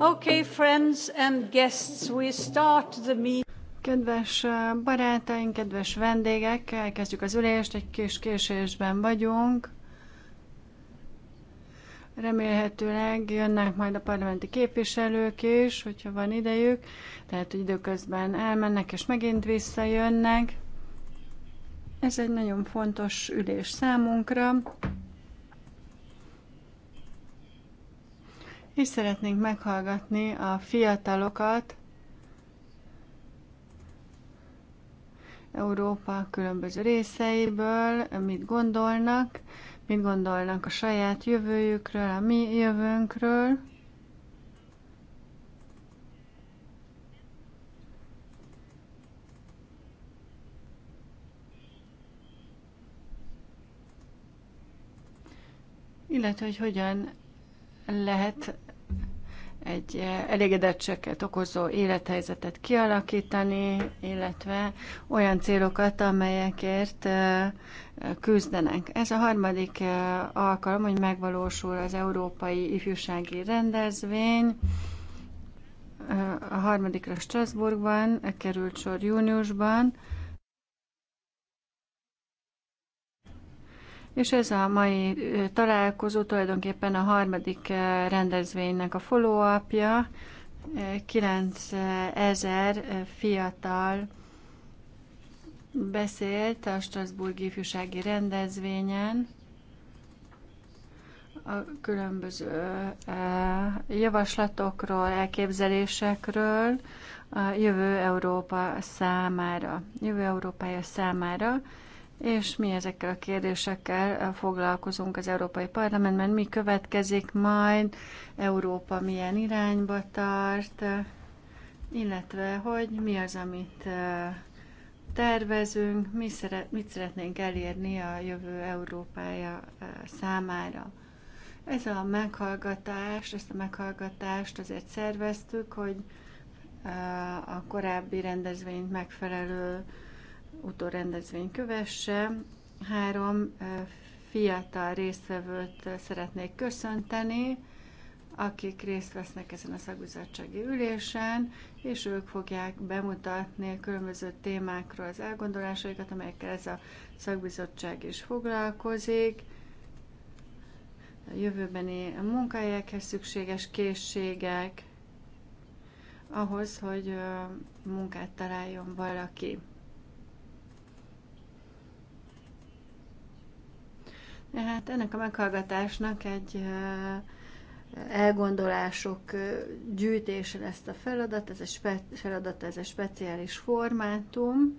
Okay, friends and guests, we start the meeting. Kedves uh, barátaink, kedves vendégek, elkezdjük az ülést, egy kis késésben vagyunk. Remélhetőleg jönnek majd a parlamenti képviselők is, hogyha van idejük, tehát hogy időközben elmennek és megint visszajönnek. Ez egy nagyon fontos ülés számunkra. és szeretnénk meghallgatni a fiatalokat Európa különböző részeiből, mit gondolnak, mit gondolnak a saját jövőjükről, a mi jövőnkről. illetve hogy hogyan lehet egy eh, elégedettséget okozó élethelyzetet kialakítani, illetve olyan célokat, amelyekért eh, küzdenek. Ez a harmadik eh, alkalom, hogy megvalósul az Európai Ifjúsági Rendezvény. A harmadikra Strasbourgban került sor júniusban. És ez a mai találkozó tulajdonképpen a harmadik rendezvénynek a follow-upja. 9000 fiatal beszélt a Strasburgi ifjúsági rendezvényen a különböző javaslatokról, elképzelésekről a jövő Európa számára, jövő Európája számára és mi ezekkel a kérdésekkel eh, foglalkozunk az Európai Parlamentben, mi következik majd, Európa milyen irányba tart, illetve hogy mi az, amit eh, tervezünk, mi szeret, mit szeretnénk elérni a jövő Európája eh, számára. Ez a meghallgatás, ezt a meghallgatást azért szerveztük, hogy a korábbi rendezvényt megfelelő utórendezvény kövesse. Három fiatal résztvevőt szeretnék köszönteni, akik részt vesznek ezen a szakbizottsági ülésen, és ők fogják bemutatni a különböző témákról az elgondolásaikat, amelyekkel ez a szakbizottság is foglalkozik. A jövőbeni munkahelyekhez szükséges készségek, ahhoz, hogy munkát találjon valaki. Hát ennek a meghallgatásnak egy elgondolások gyűjtése lesz a feladat, ez egy spe- feladat, ez egy speciális formátum.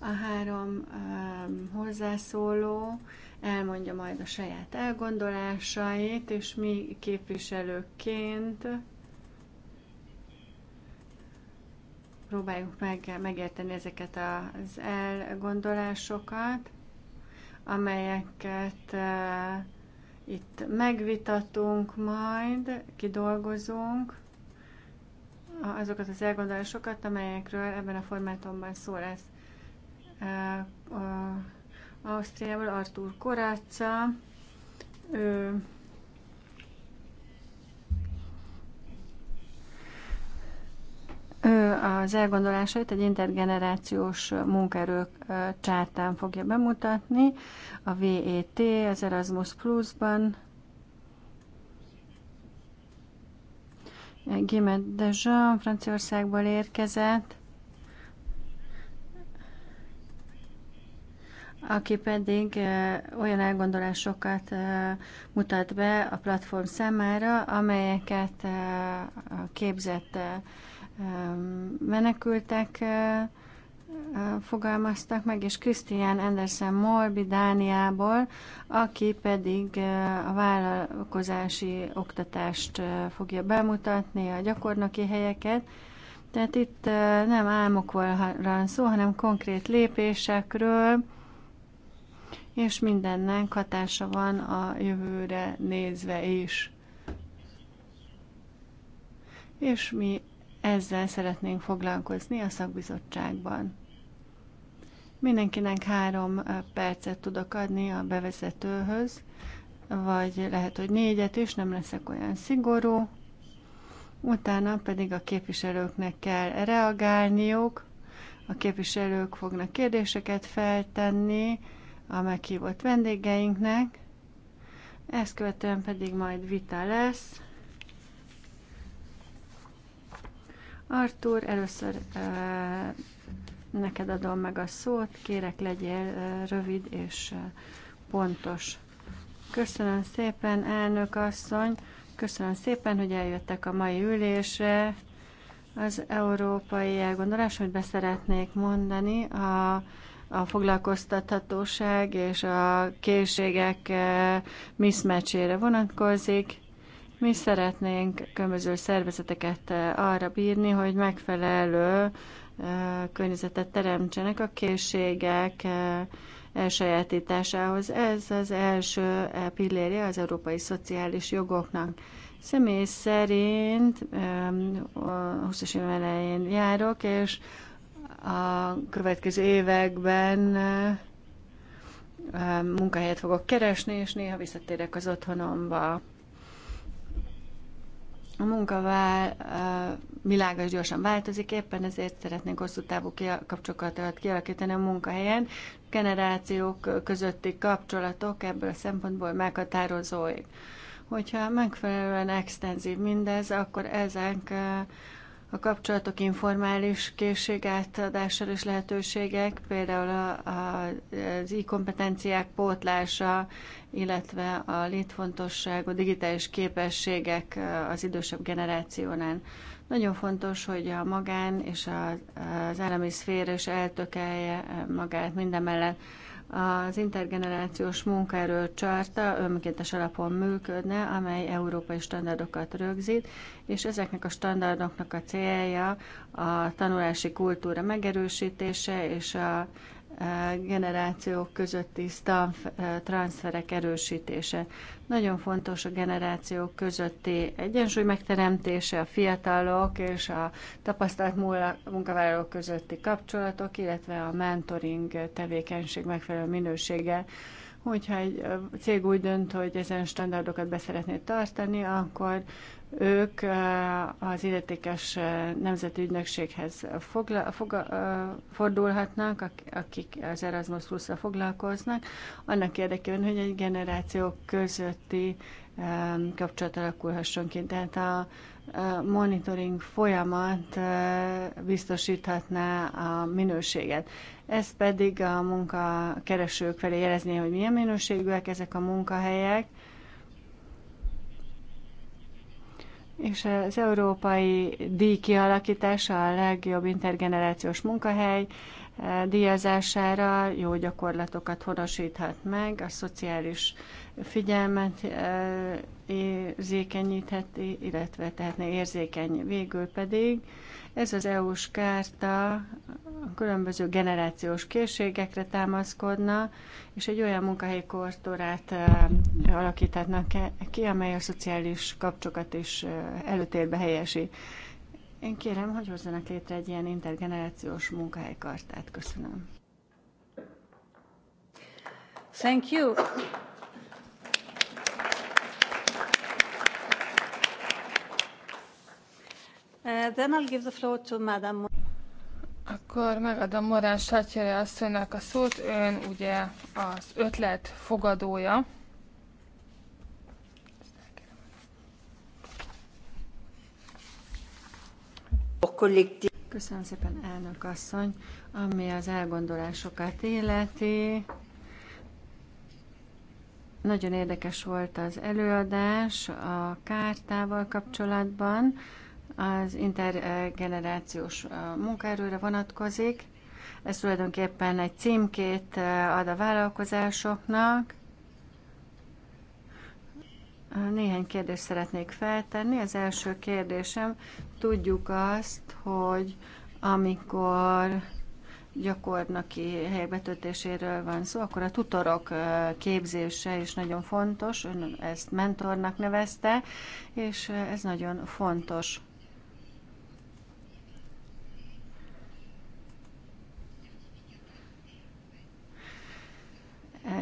A három um, hozzászóló elmondja majd a saját elgondolásait, és mi képviselőként próbáljuk meg, megérteni ezeket az elgondolásokat, amelyeket itt megvitatunk majd, kidolgozunk azokat az elgondolásokat, amelyekről ebben a formátumban szó lesz. Ausztriából Artur Korácsa, ő Ő az elgondolásait egy intergenerációs munkaerő csártán fogja bemutatni, a VET, az Erasmus Plus-ban, Gimet de Jean Franciaországból érkezett, aki pedig olyan elgondolásokat mutat be a platform számára, amelyeket képzett menekültek fogalmaztak meg, és Christian Andersen Morbi Dániából, aki pedig a vállalkozási oktatást fogja bemutatni, a gyakornoki helyeket. Tehát itt nem álmokról van szó, hanem konkrét lépésekről, és mindennek hatása van a jövőre nézve is. És mi ezzel szeretnénk foglalkozni a szakbizottságban. Mindenkinek három percet tudok adni a bevezetőhöz, vagy lehet, hogy négyet is, nem leszek olyan szigorú. Utána pedig a képviselőknek kell reagálniuk, a képviselők fognak kérdéseket feltenni a meghívott vendégeinknek, ezt követően pedig majd vita lesz. Artur, először eh, neked adom meg a szót, kérek legyél eh, rövid és eh, pontos. Köszönöm szépen, elnök asszony, köszönöm szépen, hogy eljöttek a mai ülésre. Az európai elgondolás, amit beszeretnék mondani, a a foglalkoztathatóság és a készségek miszmecsére vonatkozik. Mi szeretnénk különböző szervezeteket eh, arra bírni, hogy megfelelő eh, környezetet teremtsenek a készségek eh, elsajátításához. Ez az első pillérje az európai szociális jogoknak. Személy szerint a 20-as év elején járok, és a következő években munkahelyet fogok keresni, és néha visszatérek az otthonomba. A munkavál világos gyorsan változik, éppen ezért szeretnénk hosszú távú kapcsolatokat kialakítani a munkahelyen. Generációk közötti kapcsolatok ebből a szempontból meghatározóik. Hogyha megfelelően extenzív mindez, akkor ezek a kapcsolatok informális készség átadással is lehetőségek, például a, a, az e-kompetenciák pótlása, illetve a létfontosság, a digitális képességek az idősebb generációnál. Nagyon fontos, hogy a magán és az állami szféra is eltökelje magát mindemellett az intergenerációs munkaerő csarta önkéntes alapon működne, amely európai standardokat rögzít, és ezeknek a standardoknak a célja a tanulási kultúra megerősítése és a generációk közötti transferek erősítése. Nagyon fontos a generációk közötti egyensúly megteremtése, a fiatalok és a tapasztalt munkavállalók közötti kapcsolatok, illetve a mentoring tevékenység megfelelő minősége. Hogyha egy cég úgy dönt, hogy ezen standardokat beszeretné tartani, akkor ők az illetékes nemzeti ügynökséghez fogla, foga, fordulhatnak, akik az Erasmus plus foglalkoznak, annak érdekében, hogy egy generációk közötti kapcsolat alakulhasson ki. Tehát a monitoring folyamat biztosíthatná a minőséget. Ez pedig a munkakeresők felé jelezné, hogy milyen minőségűek ezek a munkahelyek, És az európai díj kialakítása a legjobb intergenerációs munkahely eh, díjazására jó gyakorlatokat honosíthat meg, a szociális figyelmet eh, érzékenyítheti, illetve tehetne érzékeny. Végül pedig ez az EU-s kárta a különböző generációs készségekre támaszkodna, és egy olyan munkahelyi kortorát alakítatnak ki, amely a szociális kapcsokat is előtérbe helyesi. Én kérem, hogy hozzanak létre egy ilyen intergenerációs munkahelykartát. Köszönöm. Thank you. Uh, then I'll give the floor to Madam akkor megadom Morán Sátyere asszonynak a szót. Ön ugye az ötlet fogadója. Köszönöm szépen, elnök asszony, ami az elgondolásokat illeti. Nagyon érdekes volt az előadás a kártával kapcsolatban az intergenerációs munkaerőre vonatkozik. Ez tulajdonképpen egy címkét ad a vállalkozásoknak. Néhány kérdést szeretnék feltenni. Az első kérdésem, tudjuk azt, hogy amikor gyakornoki helybetöltéséről van szó, akkor a tutorok képzése is nagyon fontos, ön ezt mentornak nevezte, és ez nagyon fontos.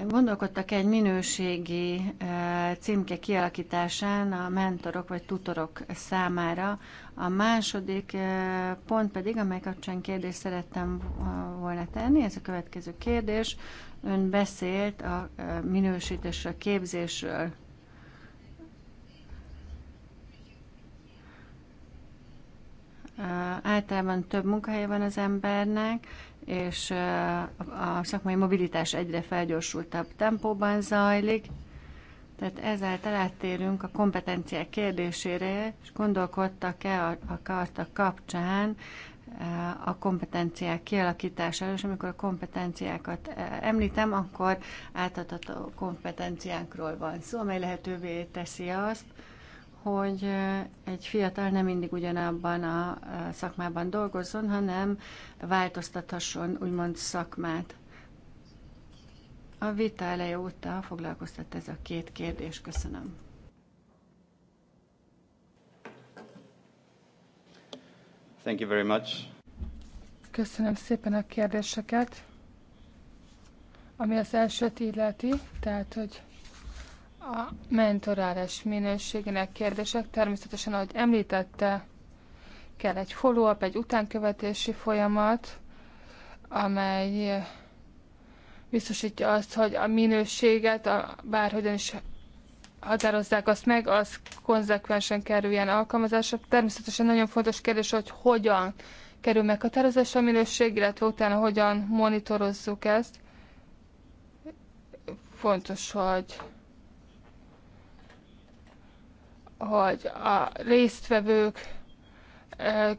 Gondolkodtak egy minőségi e, címke kialakításán a mentorok vagy tutorok számára. A második e, pont pedig, amely kapcsán kérdést szerettem volna tenni, ez a következő kérdés. Ön beszélt a e, minősítésről, a képzésről. Általában több munkahelye van az embernek, és a szakmai mobilitás egyre felgyorsultabb tempóban zajlik, tehát ezáltal áttérünk a kompetenciák kérdésére, és gondolkodtak-e a, a karta kapcsán a kompetenciák kialakítására, és amikor a kompetenciákat említem, akkor átadható kompetenciánkról van szó, amely lehetővé teszi azt, hogy egy fiatal nem mindig ugyanabban a szakmában dolgozzon, hanem változtathasson úgymond szakmát. A vita eleje óta foglalkoztat ez a két kérdés. Köszönöm. Thank you very much. Köszönöm szépen a kérdéseket. Ami az elsőt illeti, tehát, hogy a mentorálás minőségének kérdések természetesen, ahogy említette, kell egy follow-up, egy utánkövetési folyamat, amely biztosítja azt, hogy a minőséget, a, bárhogyan is határozzák azt meg, az konzekvensen kerüljen alkalmazásra. Természetesen nagyon fontos kérdés, hogy hogyan kerül meghatározásra a minőség, illetve utána hogyan monitorozzuk ezt. Fontos, hogy hogy a résztvevők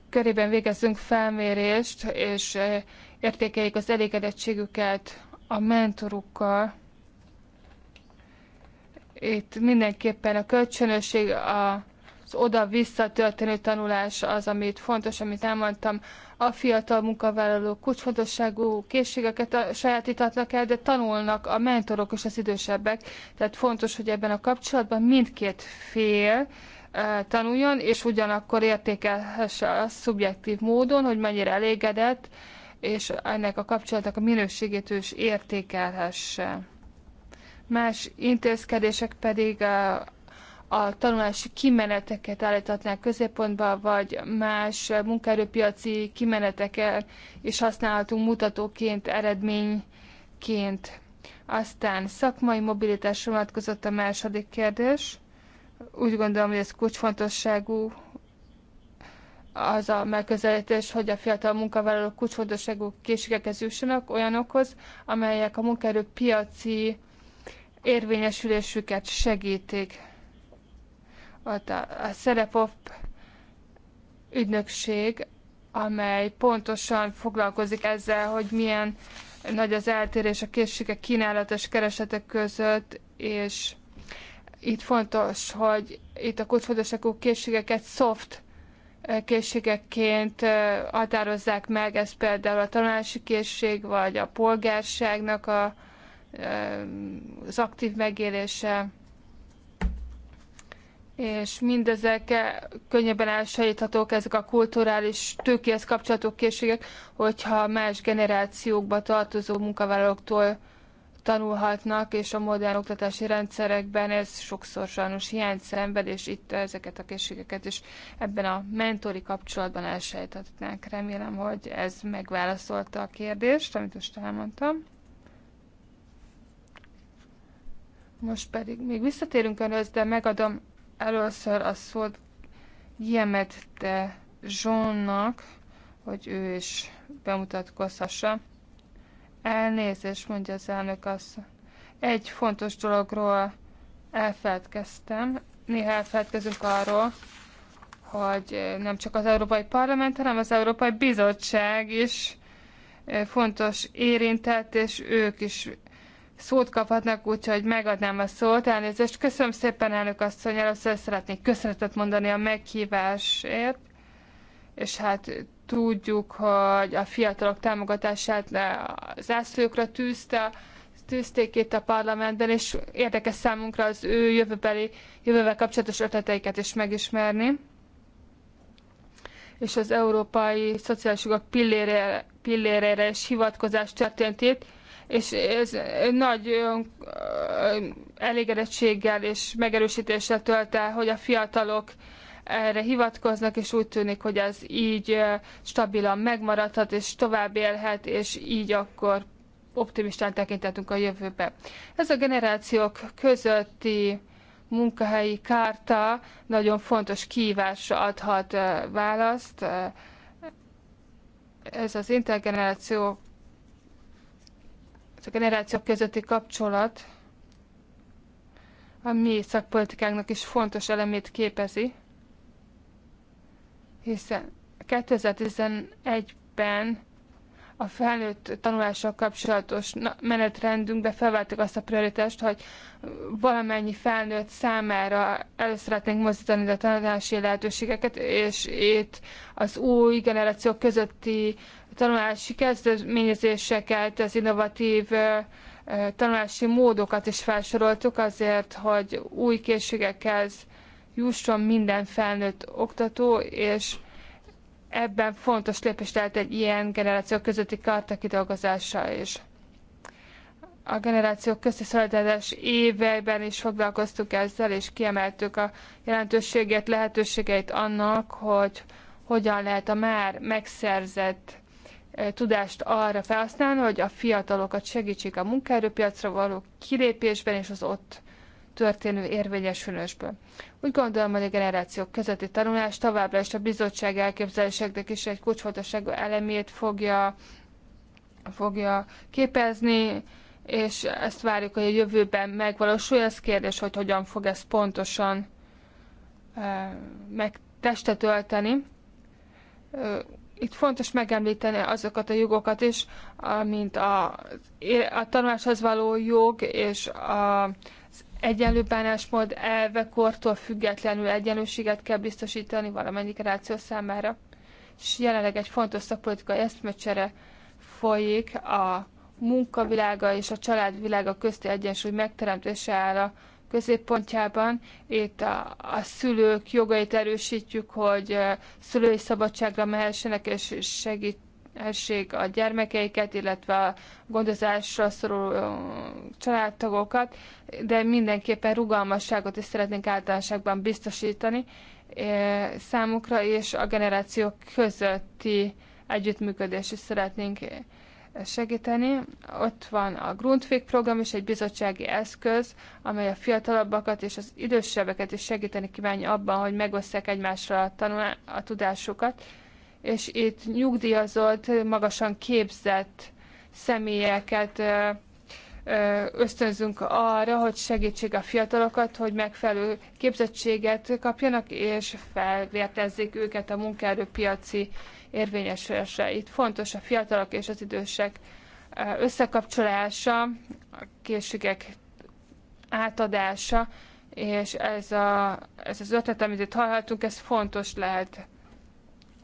körében végezzünk felmérést, és értékeljük az elégedettségüket a mentorukkal. Itt mindenképpen a kölcsönösség, a az oda-vissza történő tanulás az, amit fontos, amit elmondtam. A fiatal munkavállalók kulcsfontosságú készségeket sajátítatnak el, de tanulnak a mentorok és az idősebbek. Tehát fontos, hogy ebben a kapcsolatban mindkét fél eh, tanuljon, és ugyanakkor értékelhesse a szubjektív módon, hogy mennyire elégedett, és ennek a kapcsolatnak a minőségét ő is értékelhesse. Más intézkedések pedig eh, a tanulási kimeneteket állítatnák középpontba, vagy más munkaerőpiaci kimeneteket is használhatunk mutatóként, eredményként. Aztán szakmai mobilitásra vonatkozott a második kérdés. Úgy gondolom, hogy ez kulcsfontosságú az a megközelítés, hogy a fiatal munkavállalók kulcsfontosságú készségekhez jussanak olyanokhoz, amelyek a munkaerő piaci érvényesülésüket segítik a, a Szerepop ügynökség, amely pontosan foglalkozik ezzel, hogy milyen nagy az eltérés a készségek kínálatos és keresetek között, és itt fontos, hogy itt a kulcsfontosságú készségeket soft készségekként határozzák meg, ez például a tanulási készség, vagy a polgárságnak a, az aktív megélése, és mindezek e, könnyebben elsajíthatók ezek a kulturális tőkéhez kapcsolatok készségek, hogyha más generációkba tartozó munkavállalóktól tanulhatnak, és a modern oktatási rendszerekben ez sokszor sajnos hiány szenved, és itt ezeket a készségeket is ebben a mentori kapcsolatban elsejthetnánk. Remélem, hogy ez megválaszolta a kérdést, amit most elmondtam. Most pedig még visszatérünk önhöz, de megadom Először a szót Jemet de hogy ő is bemutatkozhassa. Elnézést, mondja az elnök azt. Egy fontos dologról elfeledkeztem. Néha elfeledkezünk arról, hogy nem csak az Európai Parlament, hanem az Európai Bizottság is fontos érintett, és ők is szót kaphatnak, úgyhogy megadnám a szót. Elnézést, köszönöm szépen, elnök asszony. Először szeretnék köszönetet mondani a meghívásért, és hát tudjuk, hogy a fiatalok támogatását zászlókra tűzte, tűzték itt a parlamentben, és érdekes számunkra az ő jövőbeli, jövővel kapcsolatos ötleteiket is megismerni. És az európai szociális jogok pillérére, pillérére is hivatkozás történt itt, és ez nagy elégedettséggel és megerősítéssel tölt el, hogy a fiatalok erre hivatkoznak, és úgy tűnik, hogy ez így stabilan megmaradhat, és tovább élhet, és így akkor optimistán tekintetünk a jövőbe. Ez a generációk közötti munkahelyi kárta nagyon fontos kívásra adhat választ. Ez az intergeneráció ez a generációk közötti kapcsolat a mi szakpolitikánknak is fontos elemét képezi, hiszen 2011-ben a felnőtt tanulással kapcsolatos menetrendünkben felváltuk azt a prioritást, hogy valamennyi felnőtt számára el szeretnénk mozdítani a tanulási lehetőségeket, és itt az új generációk közötti tanulási kezdeményezéseket, az innovatív tanulási módokat is felsoroltuk azért, hogy új készségekhez jusson minden felnőtt oktató, és ebben fontos lépést lehet egy ilyen generáció közötti karta kidolgozása is. A generációk közti szolidaritás éveiben is foglalkoztuk ezzel, és kiemeltük a jelentőségét, lehetőségeit annak, hogy hogyan lehet a már megszerzett tudást arra felhasználni, hogy a fiatalokat segítsék a munkaerőpiacra való kilépésben és az ott történő érvényesülésből. Úgy gondolom, hogy a generációk közötti tanulás továbbra is a bizottság elképzeléseknek is egy kulcsfontosságú elemét fogja, fogja képezni, és ezt várjuk, hogy a jövőben megvalósulja. Ez kérdés, hogy hogyan fog ez pontosan e, meg testet ölteni itt fontos megemlíteni azokat a jogokat is, mint a, a tanuláshoz való jog és a, egyenlő bánásmód elve kortól függetlenül egyenlőséget kell biztosítani valamennyi generáció számára. És jelenleg egy fontos szakpolitikai eszmecsere folyik a munkavilága és a családvilága közti egyensúly megteremtése áll a középpontjában. Itt a, a szülők jogait erősítjük, hogy szülői szabadságra mehessenek és segít a gyermekeiket, illetve a gondozásra szoruló családtagokat, de mindenképpen rugalmasságot is szeretnénk általánoságban biztosítani számukra, és a generációk közötti együttműködést is szeretnénk segíteni. Ott van a Grundfig program is, egy bizottsági eszköz, amely a fiatalabbakat és az idősebbeket is segíteni kívánja abban, hogy megosztják egymásra a, tanulá- a tudásukat. És itt nyugdíjazott, magasan képzett személyeket ösztönzünk arra, hogy segítsék a fiatalokat, hogy megfelelő képzettséget kapjanak, és felvértezzék őket a munkaerőpiaci piaci érvényesülése. Itt fontos a fiatalok és az idősek összekapcsolása, a készségek átadása, és ez, a, ez az ötlet, amit itt hallhatunk, ez fontos lehet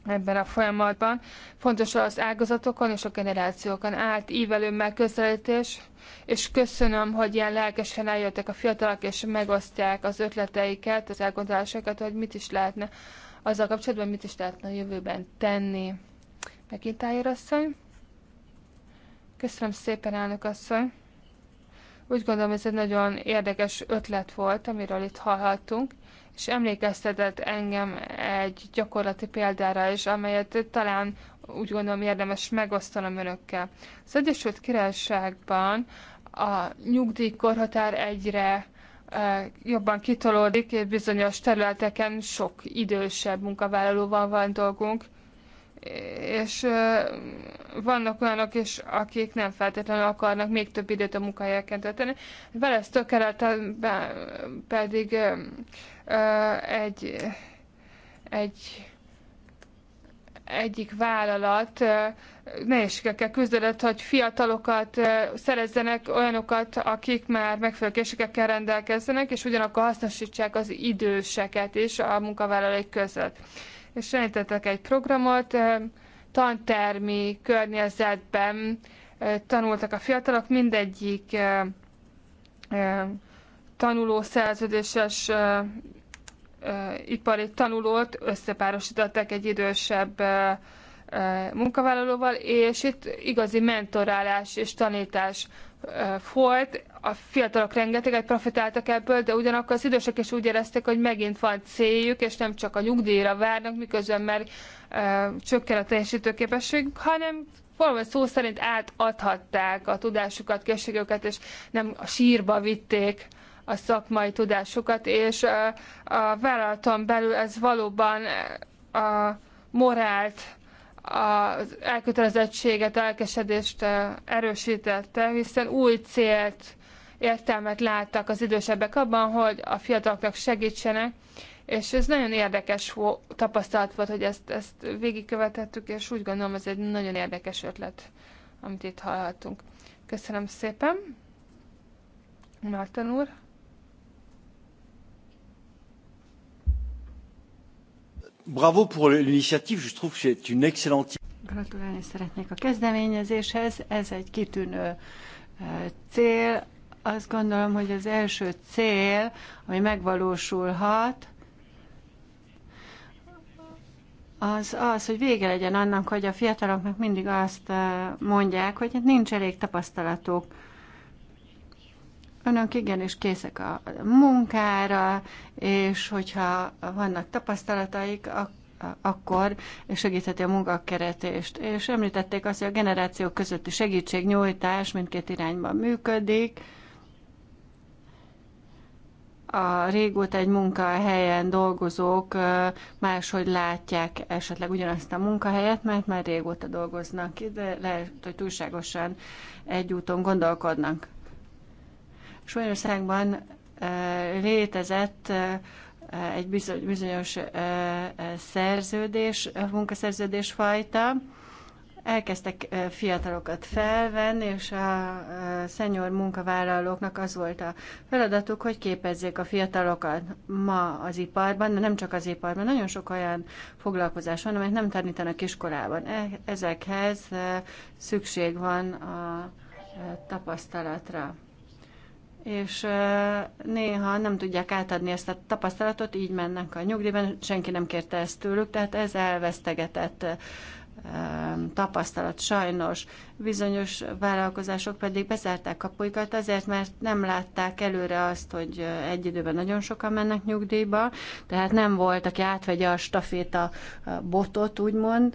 ebben a folyamatban. Fontos az ágazatokon és a generációkon át ívelő megközelítés, és köszönöm, hogy ilyen lelkesen eljöttek a fiatalok, és megosztják az ötleteiket, az elgondolásokat, hogy mit is lehetne azzal kapcsolatban mit is lehetne a jövőben tenni. Megintájér asszony. Köszönöm szépen, elnök asszony. Úgy gondolom, ez egy nagyon érdekes ötlet volt, amiről itt hallhattunk, és emlékeztetett engem egy gyakorlati példára is, amelyet talán úgy gondolom érdemes megosztanom önökkel. Az Egyesült Királyságban a nyugdíjkorhatár egyre jobban kitolódik, és bizonyos területeken sok idősebb munkavállalóval van dolgunk, és vannak olyanok is, akik nem feltétlenül akarnak még több időt a munkahelyeken tölteni. Velesz tökéletben pedig egy, egy egyik vállalat nehézségekkel küzdött, hogy fiatalokat szerezzenek, olyanokat, akik már megfelelő készségekkel rendelkezzenek, és ugyanakkor hasznosítsák az időseket is a munkavállalóik között. És rendítettek egy programot, tantermi környezetben tanultak a fiatalok, mindegyik tanuló szerződéses ipari tanulót összepárosították egy idősebb munkavállalóval, és itt igazi mentorálás és tanítás folyt. A fiatalok rengeteget profitáltak ebből, de ugyanakkor az idősek is úgy érezték, hogy megint van céljuk, és nem csak a nyugdíjra várnak, miközben már csökken a teljesítőképességük, hanem valami szó szerint átadhatták a tudásukat, készségüket, és nem a sírba vitték a szakmai tudásukat, és a vállalaton belül ez valóban a morált, az elkötelezettséget, elkesedést erősítette, hiszen új célt, értelmet láttak az idősebbek abban, hogy a fiataloknak segítsenek, és ez nagyon érdekes tapasztalat volt, hogy ezt, ezt végigkövetettük, és úgy gondolom, ez egy nagyon érdekes ötlet, amit itt hallhattunk. Köszönöm szépen, Márton úr! Bravo pour l'initiative, je trouve que c'est une excellente... Gratulálni szeretnék a kezdeményezéshez, ez egy kitűnő cél. Azt gondolom, hogy az első cél, ami megvalósulhat, az az, hogy vége legyen annak, hogy a fiataloknak mindig azt mondják, hogy hát nincs elég tapasztalatuk önök igenis készek a munkára, és hogyha vannak tapasztalataik, akkor segítheti a munkakeretést. És említették azt, hogy a generációk közötti segítségnyújtás mindkét irányban működik. A régóta egy munkahelyen dolgozók máshogy látják esetleg ugyanazt a munkahelyet, mert már régóta dolgoznak itt, de lehet, hogy túlságosan egy úton gondolkodnak. Spanyolországban létezett egy bizonyos szerződés, munkaszerződés fajta, elkezdtek fiatalokat felvenni, és a szenyor munkavállalóknak az volt a feladatuk, hogy képezzék a fiatalokat ma az iparban, de nem csak az iparban, nagyon sok olyan foglalkozás van, amelyet nem tanítanak iskolában. E, ezekhez szükség van a tapasztalatra és néha nem tudják átadni ezt a tapasztalatot, így mennek a nyugdíjban, senki nem kérte ezt tőlük, tehát ez elvesztegetett tapasztalat sajnos. Bizonyos vállalkozások pedig bezárták kapuikat azért, mert nem látták előre azt, hogy egy időben nagyon sokan mennek nyugdíjba, tehát nem volt, aki átvegye a staféta botot, úgymond,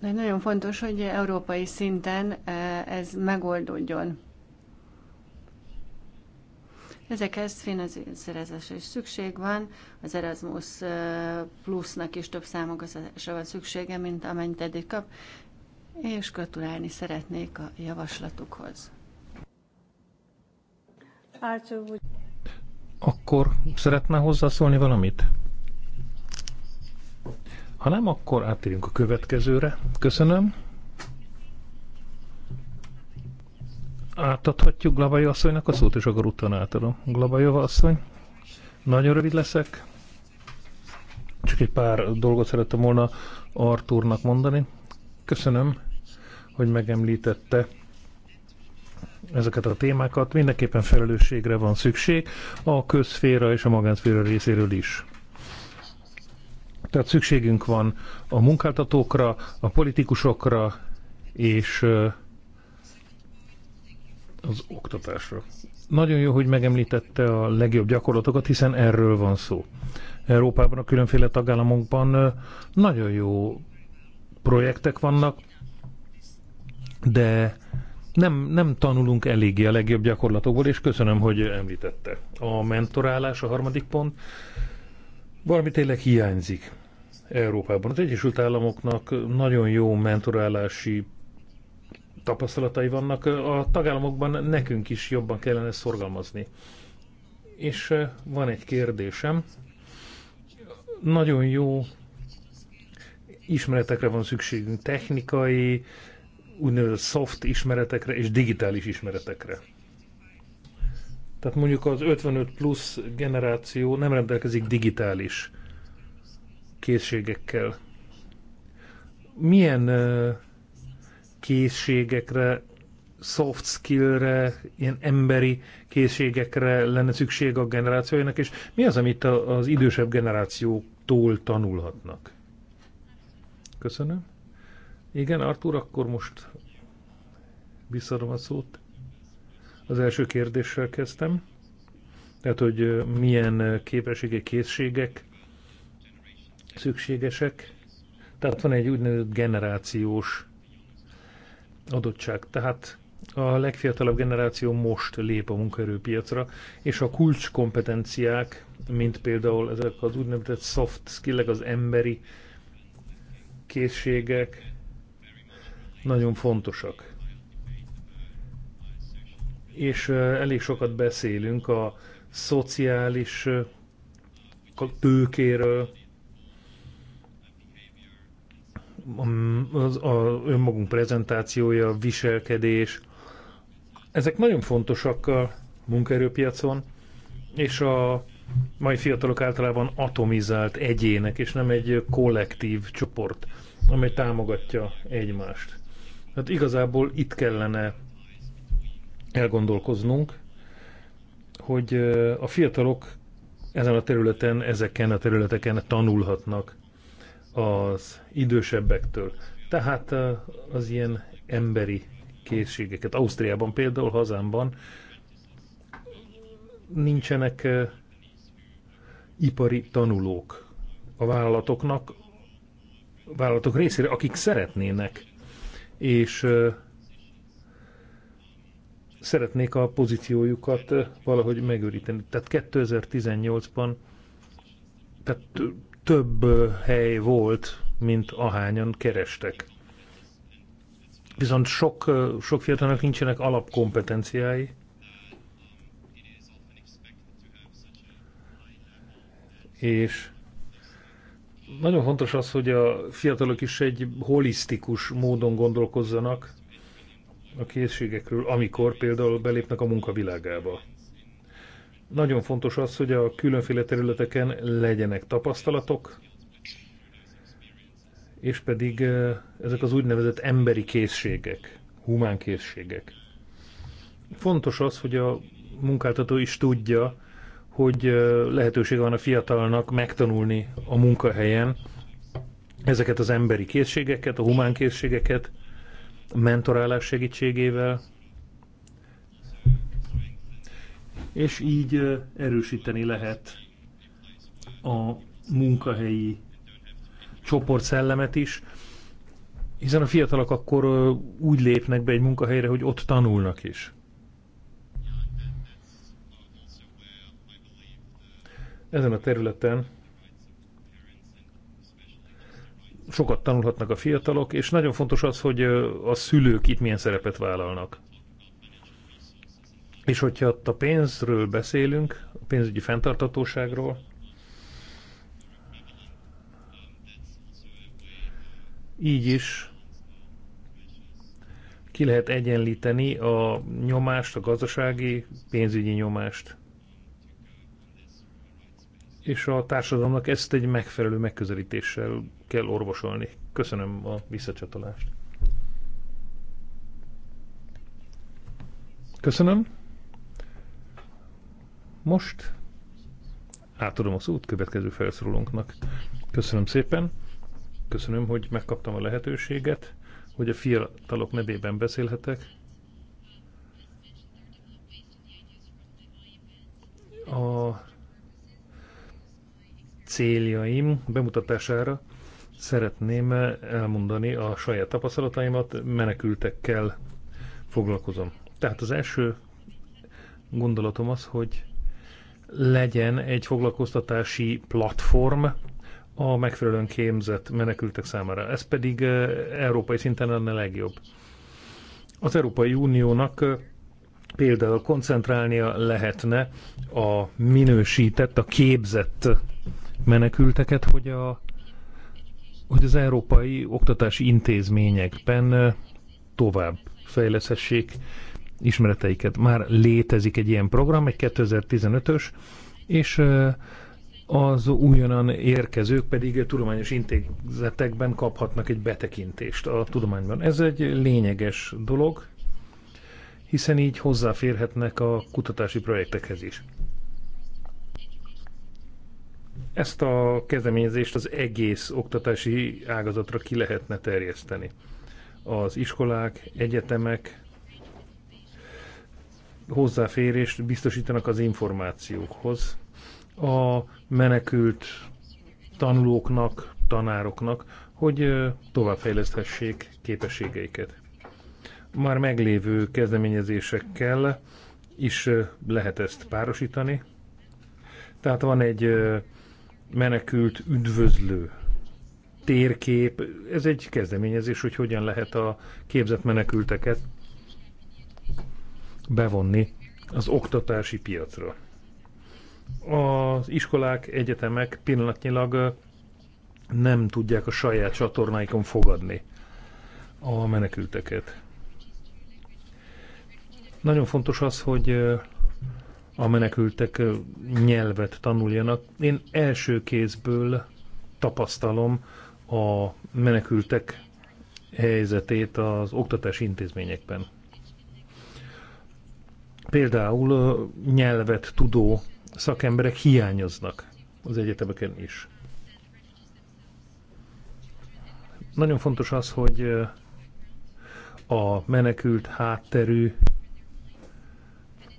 De nagyon fontos, hogy európai szinten e, ez megoldódjon. Ezekhez finanszírozásra is szükség van, az Erasmus e, plusznak is több számogatásra van szüksége, mint amennyit eddig kap, és gratulálni szeretnék a javaslatukhoz. Akkor szeretne hozzászólni valamit? Ha nem, akkor áttérünk a következőre. Köszönöm. Átadhatjuk Glabajó asszonynak a szót, és akkor utána átadom. Glabajó asszony, nagyon rövid leszek. Csak egy pár dolgot szerettem volna Artúrnak mondani. Köszönöm, hogy megemlítette ezeket a témákat. Mindenképpen felelősségre van szükség a közféra és a magánszféra részéről is. Tehát szükségünk van a munkáltatókra, a politikusokra és az oktatásra. Nagyon jó, hogy megemlítette a legjobb gyakorlatokat, hiszen erről van szó. Európában, a különféle tagállamokban nagyon jó projektek vannak, de nem, nem tanulunk eléggé a legjobb gyakorlatokból, és köszönöm, hogy említette. A mentorálás a harmadik pont. Valami tényleg hiányzik. Európában. Az Egyesült Államoknak nagyon jó mentorálási tapasztalatai vannak, a tagállamokban nekünk is jobban kellene szorgalmazni. És eh, van egy kérdésem. Nagyon jó ismeretekre van szükségünk, technikai, úgynevezett soft ismeretekre és digitális ismeretekre. Tehát mondjuk az 55 plusz generáció nem rendelkezik digitális készségekkel. Milyen készségekre, soft skillre, ilyen emberi készségekre lenne szükség a generációjának, és mi az, amit az idősebb generációtól tanulhatnak? Köszönöm. Igen, Artur, akkor most visszadom a szót. Az első kérdéssel kezdtem. Tehát, hogy milyen képességek, készségek szükségesek. Tehát van egy úgynevezett generációs adottság. Tehát a legfiatalabb generáció most lép a munkaerőpiacra, és a kulcskompetenciák, mint például ezek az úgynevezett soft skill az emberi készségek, nagyon fontosak. És elég sokat beszélünk a szociális tőkéről, az a önmagunk prezentációja, viselkedés, ezek nagyon fontosak a munkaerőpiacon, és a mai fiatalok általában atomizált egyének, és nem egy kollektív csoport, amely támogatja egymást. Hát igazából itt kellene elgondolkoznunk, hogy a fiatalok ezen a területen, ezeken a területeken tanulhatnak az idősebbektől. Tehát az ilyen emberi készségeket. Ausztriában például, hazámban nincsenek ipari tanulók a vállalatoknak, a vállalatok részére, akik szeretnének, és szeretnék a pozíciójukat valahogy megőríteni. Tehát 2018-ban tehát több hely volt, mint ahányan kerestek. Viszont sok, sok fiatalnak nincsenek alapkompetenciái, és nagyon fontos az, hogy a fiatalok is egy holisztikus módon gondolkozzanak a készségekről, amikor például belépnek a munkavilágába. Nagyon fontos az, hogy a különféle területeken legyenek tapasztalatok, és pedig ezek az úgynevezett emberi készségek, humán készségek. Fontos az, hogy a munkáltató is tudja, hogy lehetősége van a fiatalnak megtanulni a munkahelyen ezeket az emberi készségeket, a humán készségeket, mentorálás segítségével, és így erősíteni lehet a munkahelyi csoport szellemet is, hiszen a fiatalok akkor úgy lépnek be egy munkahelyre, hogy ott tanulnak is. Ezen a területen sokat tanulhatnak a fiatalok, és nagyon fontos az, hogy a szülők itt milyen szerepet vállalnak. És hogyha ott a pénzről beszélünk, a pénzügyi fenntartatóságról, így is ki lehet egyenlíteni a nyomást, a gazdasági, pénzügyi nyomást. És a társadalomnak ezt egy megfelelő megközelítéssel kell orvosolni. Köszönöm a visszacsatolást. Köszönöm. Most átadom a szót következő felszólónknak. Köszönöm szépen, köszönöm, hogy megkaptam a lehetőséget, hogy a fiatalok nevében beszélhetek. A céljaim bemutatására szeretném elmondani a saját tapasztalataimat, menekültekkel foglalkozom. Tehát az első gondolatom az, hogy legyen egy foglalkoztatási platform a megfelelően képzett menekültek számára. Ez pedig európai szinten lenne legjobb. Az Európai Uniónak például koncentrálnia lehetne a minősített, a képzett menekülteket, hogy, a, hogy az európai oktatási intézményekben tovább fejleszhessék ismereteiket. Már létezik egy ilyen program, egy 2015-ös, és az újonnan érkezők pedig tudományos intézetekben kaphatnak egy betekintést a tudományban. Ez egy lényeges dolog, hiszen így hozzáférhetnek a kutatási projektekhez is. Ezt a kezdeményezést az egész oktatási ágazatra ki lehetne terjeszteni. Az iskolák, egyetemek, hozzáférést biztosítanak az információkhoz a menekült tanulóknak, tanároknak, hogy továbbfejleszthessék képességeiket. Már meglévő kezdeményezésekkel is lehet ezt párosítani. Tehát van egy menekült üdvözlő térkép, ez egy kezdeményezés, hogy hogyan lehet a képzett menekülteket bevonni az oktatási piacra. Az iskolák, egyetemek pillanatnyilag nem tudják a saját csatornáikon fogadni a menekülteket. Nagyon fontos az, hogy a menekültek nyelvet tanuljanak. Én első kézből tapasztalom a menekültek helyzetét az oktatási intézményekben. Például nyelvet tudó szakemberek hiányoznak az egyetemeken is. Nagyon fontos az, hogy a menekült hátterű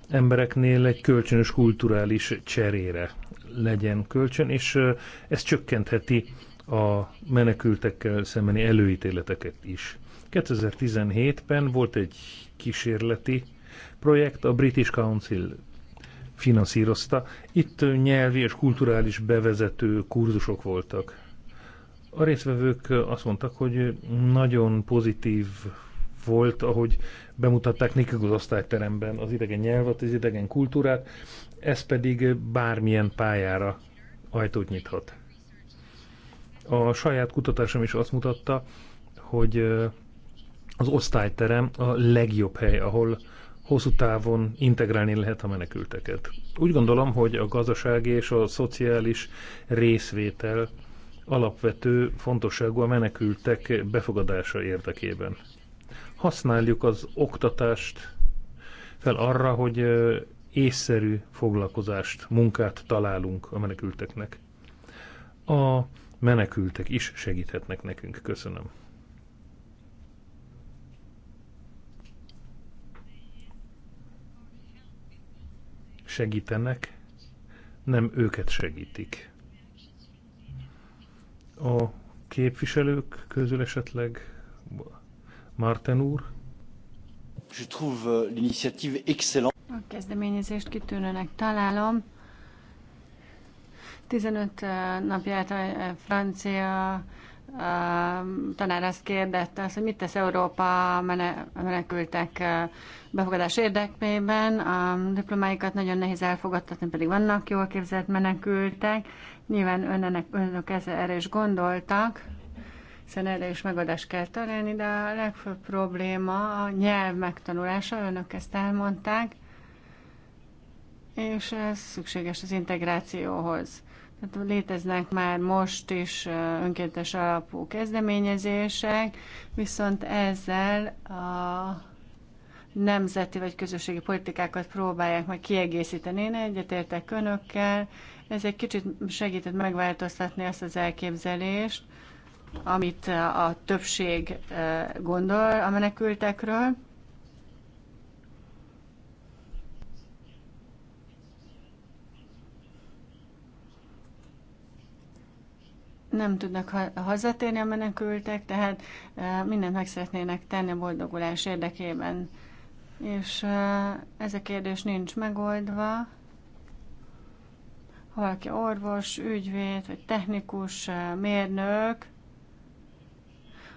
embereknél egy kölcsönös kulturális cserére legyen kölcsön, és ez csökkentheti a menekültekkel szembeni előítéleteket is. 2017-ben volt egy kísérleti projekt a British Council finanszírozta. Itt nyelvi és kulturális bevezető kurzusok voltak. A résztvevők azt mondtak, hogy nagyon pozitív volt, ahogy bemutatták nekik az osztályteremben az idegen nyelvet, az idegen kultúrát, ez pedig bármilyen pályára ajtót nyithat. A saját kutatásom is azt mutatta, hogy az osztályterem a legjobb hely, ahol hosszú távon integrálni lehet a menekülteket. Úgy gondolom, hogy a gazdasági és a szociális részvétel alapvető fontosságú a menekültek befogadása érdekében. Használjuk az oktatást fel arra, hogy észszerű foglalkozást, munkát találunk a menekülteknek. A menekültek is segíthetnek nekünk. Köszönöm. segítenek, nem őket segítik. A képviselők közül esetleg Márten úr? Je trouve euh, l'initiative excellente. A kezdeményezést kitűnőnek találom. 15 euh, napját a francia tanár azt kérdette, azt, hogy mit tesz Európa menekültek befogadás érdekében. A diplomáikat nagyon nehéz elfogadtatni, pedig vannak jól képzett menekültek. Nyilván önnek, önök erre is gondoltak, hiszen erre is megoldást kell találni, de a legfőbb probléma a nyelv megtanulása, önök ezt elmondták, és ez szükséges az integrációhoz. Tehát léteznek már most is önkéntes alapú kezdeményezések, viszont ezzel a nemzeti vagy közösségi politikákat próbálják majd kiegészíteni. Én egyetértek önökkel, ez egy kicsit segített megváltoztatni azt az elképzelést, amit a többség gondol a menekültekről. nem tudnak ha- hazatérni a menekültek, tehát e, mindent meg szeretnének tenni a boldogulás érdekében. És e, ez a kérdés nincs megoldva. Ha valaki orvos, ügyvéd, vagy technikus, e, mérnök,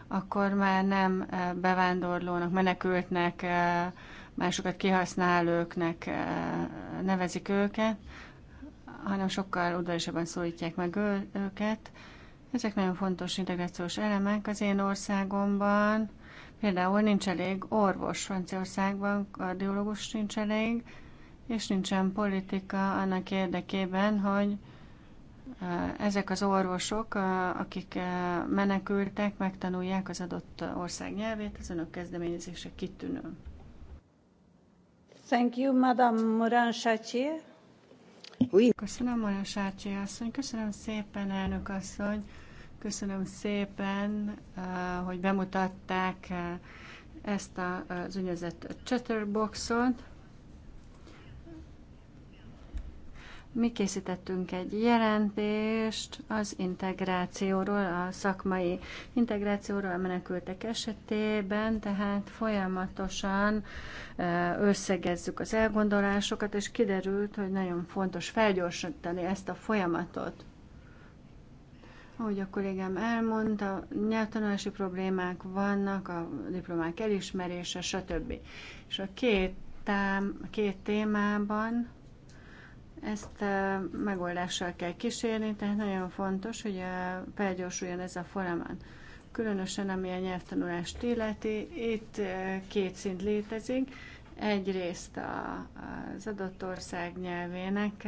akkor már nem bevándorlónak, menekültnek, másokat kihasználóknak nevezik őket, hanem sokkal udvariasabban szólítják meg őket. Ezek nagyon fontos integrációs elemek az én országomban. Például nincs elég orvos Franciaországban, kardiológus nincs elég, és nincsen politika annak érdekében, hogy ezek az orvosok, akik menekültek, megtanulják az adott ország nyelvét, az önök kezdeményezése kitűnő. Thank you, Madame Moran Köszönöm, Moran Sácsi asszony. Köszönöm szépen, elnök asszony. Köszönöm szépen, eh, hogy bemutatták eh, ezt az ügynevezett chatterboxot. Mi készítettünk egy jelentést az integrációról, a szakmai integrációról a menekültek esetében, tehát folyamatosan eh, összegezzük az elgondolásokat, és kiderült, hogy nagyon fontos felgyorsítani ezt a folyamatot. Ahogy a kollégám elmondta, nyelvtanulási problémák vannak, a diplomák elismerése, stb. És a két, tám, a két témában ezt a megoldással kell kísérni, tehát nagyon fontos, hogy felgyorsuljon ez a folyamat. Különösen ami a nyelvtanulást illeti, itt két szint létezik Egyrészt a, az adott ország nyelvének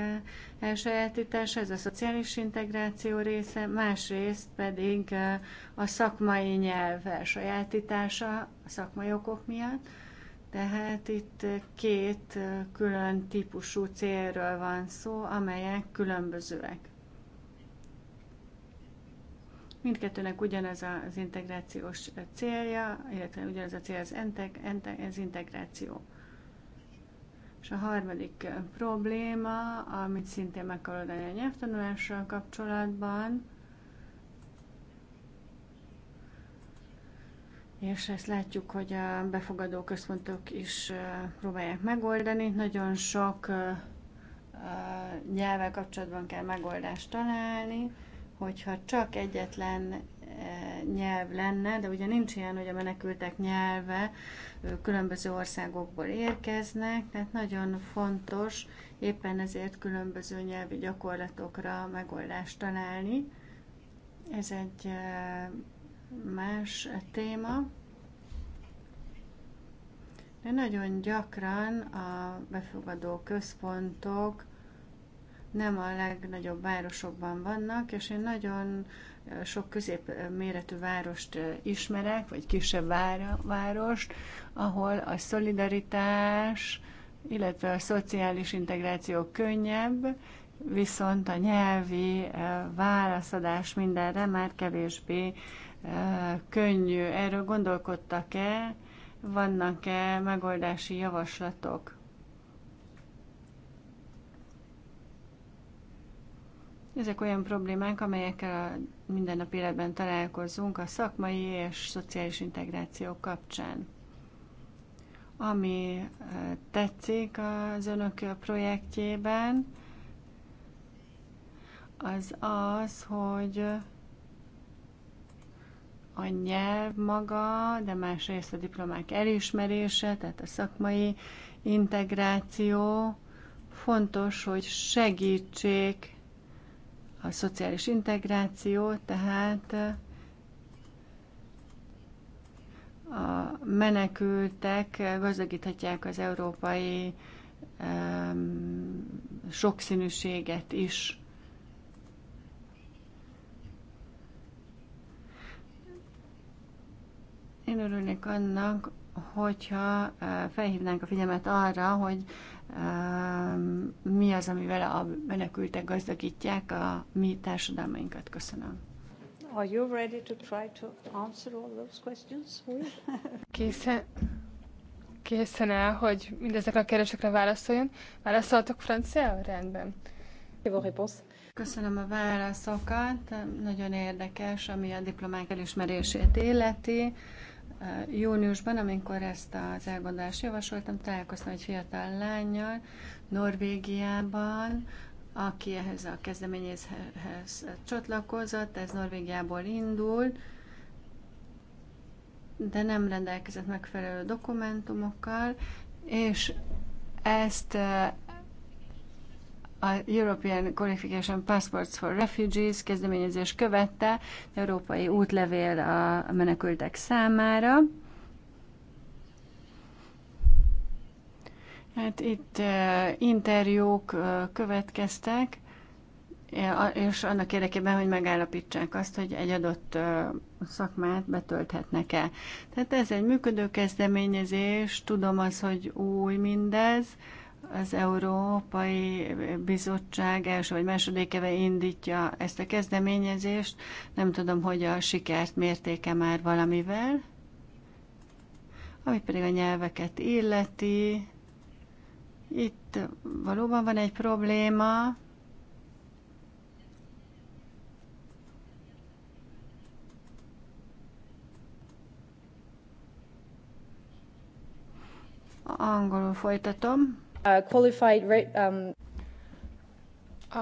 elsajátítása, e, ez a szociális integráció része, másrészt pedig e, a szakmai nyelv elsajátítása a szakmai okok miatt. Tehát itt két e, külön típusú célről van szó, amelyek különbözőek. Mindkettőnek ugyanaz az integrációs célja, illetve ugyanaz a cél az, az integráció. És a harmadik probléma, amit szintén meg kell oldani a nyelvtanulással kapcsolatban, És ezt látjuk, hogy a befogadó központok is próbálják megoldani. Nagyon sok nyelvvel kapcsolatban kell megoldást találni, hogyha csak egyetlen nyelv lenne, de ugye nincs ilyen, hogy a menekültek nyelve különböző országokból érkeznek, tehát nagyon fontos éppen ezért különböző nyelvi gyakorlatokra megoldást találni. Ez egy más téma. De nagyon gyakran a befogadó központok nem a legnagyobb városokban vannak, és én nagyon sok középméretű várost ismerek, vagy kisebb vára, várost, ahol a szolidaritás, illetve a szociális integráció könnyebb, viszont a nyelvi válaszadás mindenre már kevésbé könnyű. Erről gondolkodtak-e? Vannak-e megoldási javaslatok? Ezek olyan problémák, amelyekkel a mindennap életben találkozunk a szakmai és szociális integráció kapcsán. Ami tetszik az önök projektjében, az az, hogy a nyelv maga, de másrészt a diplomák elismerése, tehát a szakmai integráció fontos, hogy segítsék a szociális integráció tehát a menekültek gazdagíthatják az európai um, sokszínűséget is. Én örülnék annak, hogyha felhívnánk a figyelmet arra, hogy mi az, amivel a menekültek gazdagítják a mi társadalmainkat. Köszönöm. Are you ready to try to answer all those questions? Készen, készen áll, hogy mindezek a kérdésekre válaszoljon. Válaszoltok francia? Rendben. Köszönöm a válaszokat. Nagyon érdekes, ami a diplomák elismerését illeti. Eh, júniusban, amikor ezt az elgondolást javasoltam, találkoztam egy fiatal lányjal Norvégiában, aki ehhez a kezdeményezhez csatlakozott, ez Norvégiából indul, de nem rendelkezett megfelelő dokumentumokkal, és ezt eh, a European Qualification Passports for Refugees kezdeményezés követte európai útlevél a menekültek számára. Hát itt eh, interjúk eh, következtek, eh, és annak érdekében, hogy megállapítsák azt, hogy egy adott szakmát betölthetnek-e. Tehát ez egy működő kezdeményezés, tudom az, hogy új mindez, az Európai Bizottság első vagy második éve indítja ezt a kezdeményezést. Nem tudom, hogy a sikert mértéke már valamivel. Ami pedig a nyelveket illeti, itt valóban van egy probléma. Angolul folytatom qualified, um... A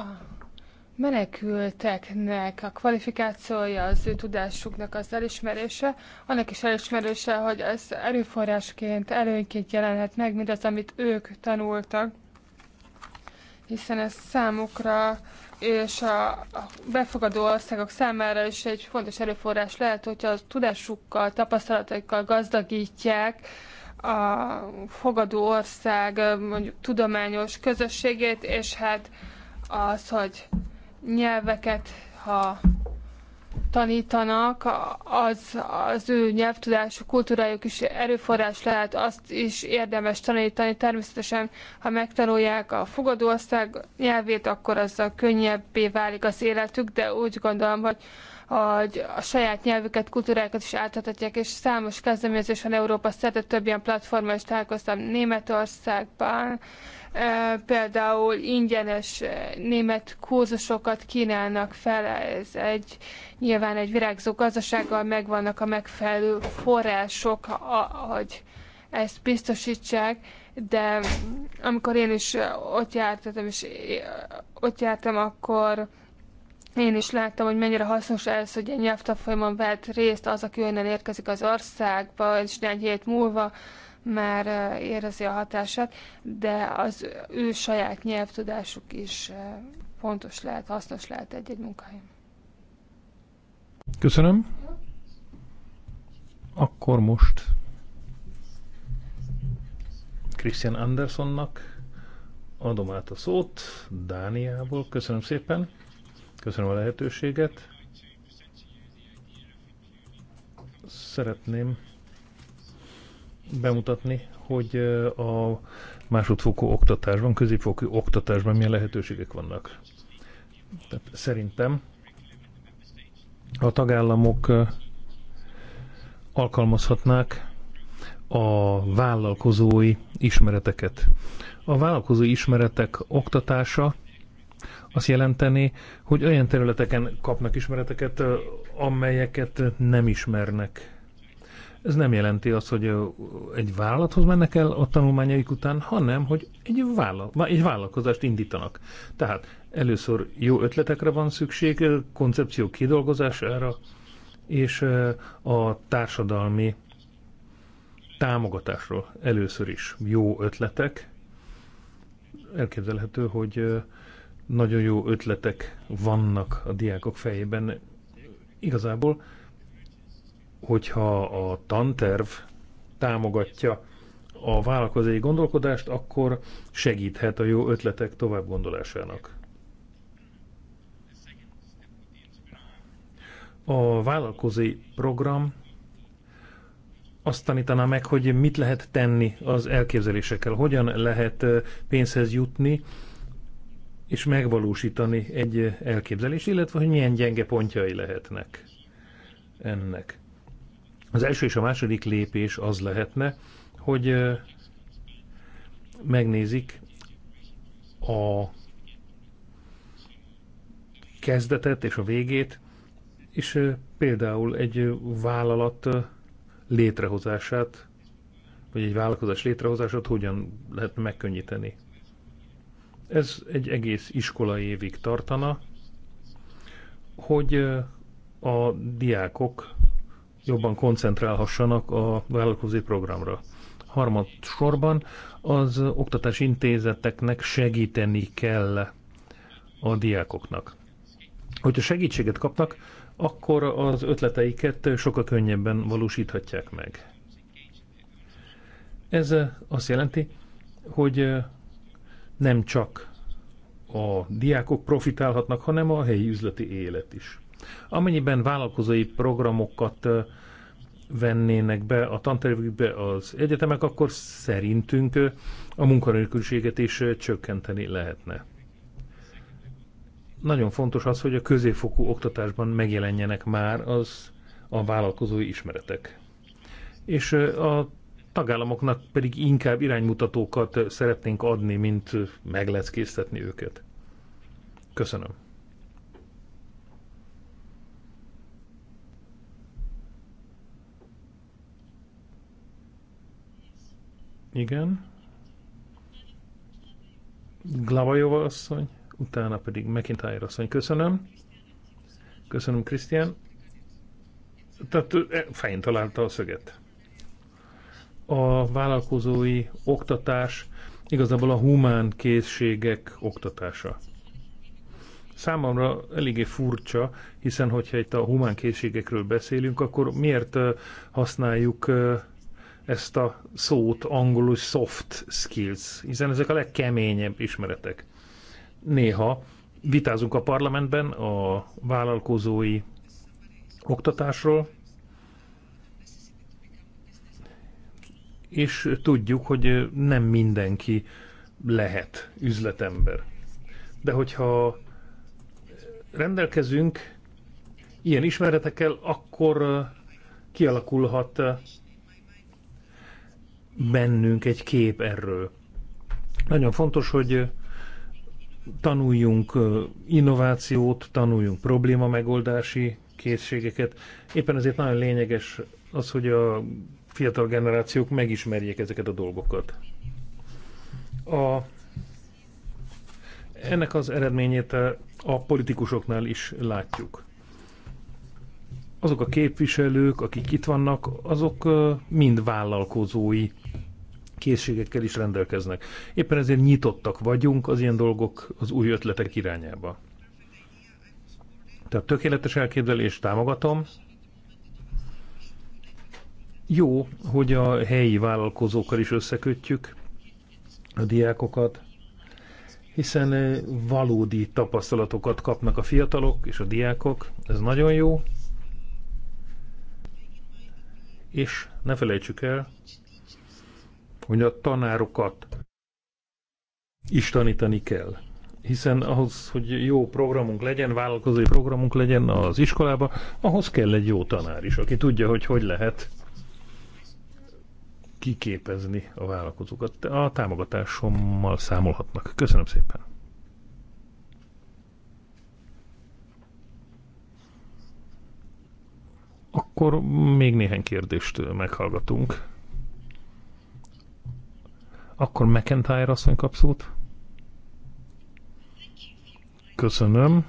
menekülteknek a kvalifikációja, az ő tudásuknak az elismerése, annak is elismerése, hogy ez erőforrásként, előnyként jelenhet meg, az amit ők tanultak, hiszen ez számukra és a befogadó országok számára is egy fontos erőforrás lehet, hogyha a tudásukkal, tapasztalataikkal gazdagítják a fogadó ország mondjuk tudományos közösségét, és hát az, hogy nyelveket, ha tanítanak, az, az ő nyelvtudásuk, kultúrájuk is erőforrás lehet, azt is érdemes tanítani. Természetesen, ha megtanulják a fogadóország nyelvét, akkor a könnyebbé válik az életük, de úgy gondolom, hogy hogy a saját nyelvüket, kultúrákat is átadhatják, és számos kezdeményezés van Európa szerte, több ilyen platformon is találkoztam Németországban, például ingyenes német kurzusokat kínálnak fel, ez egy nyilván egy virágzó gazdasággal megvannak a megfelelő források, hogy ezt biztosítsák, de amikor én is ott jártam, és ott jártam, akkor én is láttam, hogy mennyire hasznos ez, hogy egy nyelvtanfolyamon vett részt az, aki olyan érkezik az országba, és néhány hét múlva már érezi a hatását, de az ő saját nyelvtudásuk is fontos lehet, hasznos lehet egy-egy munkahelyen. Köszönöm. Akkor most Christian Andersonnak adom át a szót Dániából. Köszönöm szépen. Köszönöm a lehetőséget. Szeretném bemutatni, hogy a másodfokú oktatásban, középfokú oktatásban milyen lehetőségek vannak. Tehát szerintem a tagállamok alkalmazhatnák a vállalkozói ismereteket. A vállalkozói ismeretek oktatása azt jelenteni, hogy olyan területeken kapnak ismereteket, amelyeket nem ismernek. Ez nem jelenti azt, hogy egy vállalathoz mennek el a tanulmányaik után, hanem, hogy egy, vállal, egy vállalkozást indítanak. Tehát először jó ötletekre van szükség, koncepció kidolgozására, és a társadalmi támogatásról először is jó ötletek. Elképzelhető, hogy nagyon jó ötletek vannak a diákok fejében. Igazából, hogyha a tanterv támogatja a vállalkozói gondolkodást, akkor segíthet a jó ötletek tovább gondolásának. A vállalkozói program azt tanítaná meg, hogy mit lehet tenni az elképzelésekkel, hogyan lehet pénzhez jutni, és megvalósítani egy elképzelés, illetve hogy milyen gyenge pontjai lehetnek ennek. Az első és a második lépés az lehetne, hogy megnézik a kezdetet és a végét, és például egy vállalat létrehozását, vagy egy vállalkozás létrehozását hogyan lehet megkönnyíteni. Ez egy egész iskola évig tartana, hogy a diákok jobban koncentrálhassanak a vállalkozói programra. Harmad sorban az oktatási intézeteknek segíteni kell a diákoknak. Hogyha segítséget kapnak, akkor az ötleteiket sokkal könnyebben valósíthatják meg. Ez azt jelenti, hogy nem csak a diákok profitálhatnak, hanem a helyi üzleti élet is. Amennyiben vállalkozói programokat vennének be a tantervükbe az egyetemek, akkor szerintünk a munkanélküliséget is csökkenteni lehetne. Nagyon fontos az, hogy a középfokú oktatásban megjelenjenek már az a vállalkozói ismeretek. És a tagállamoknak pedig inkább iránymutatókat szeretnénk adni, mint megleckésztetni őket. Köszönöm. Igen. Glavajova asszony, utána pedig McIntyre asszony. Köszönöm. Köszönöm, Krisztián. Tehát eh, fején találta a szöget a vállalkozói oktatás igazából a humán készségek oktatása. Számomra eléggé furcsa, hiszen hogyha itt a humán készségekről beszélünk, akkor miért használjuk ezt a szót angolul soft skills, hiszen ezek a legkeményebb ismeretek. Néha vitázunk a parlamentben a vállalkozói oktatásról, és tudjuk, hogy nem mindenki lehet üzletember. De hogyha rendelkezünk ilyen ismeretekkel, akkor kialakulhat bennünk egy kép erről. Nagyon fontos, hogy tanuljunk innovációt, tanuljunk probléma megoldási készségeket. Éppen ezért nagyon lényeges az, hogy a fiatal generációk megismerjék ezeket a dolgokat. A, ennek az eredményét eh, a politikusoknál is látjuk. Azok a képviselők, akik itt vannak, azok eh, mind vállalkozói készségekkel is rendelkeznek. Éppen ezért nyitottak vagyunk az ilyen dolgok az új ötletek irányába. Tehát tökéletes elképzelés, támogatom, jó, hogy a helyi vállalkozókkal is összekötjük a diákokat, hiszen eh, valódi tapasztalatokat kapnak a fiatalok és a diákok, ez nagyon jó. És ne felejtsük el, hogy a tanárokat is tanítani kell. Hiszen ahhoz, hogy jó programunk legyen, vállalkozói programunk legyen az iskolába, ahhoz kell egy jó tanár is, aki tudja, hogy hogy lehet kiképezni a vállalkozókat. A támogatásommal számolhatnak. Köszönöm szépen! Akkor még néhány kérdést meghallgatunk. Akkor McIntyre asszony kap szót. Köszönöm.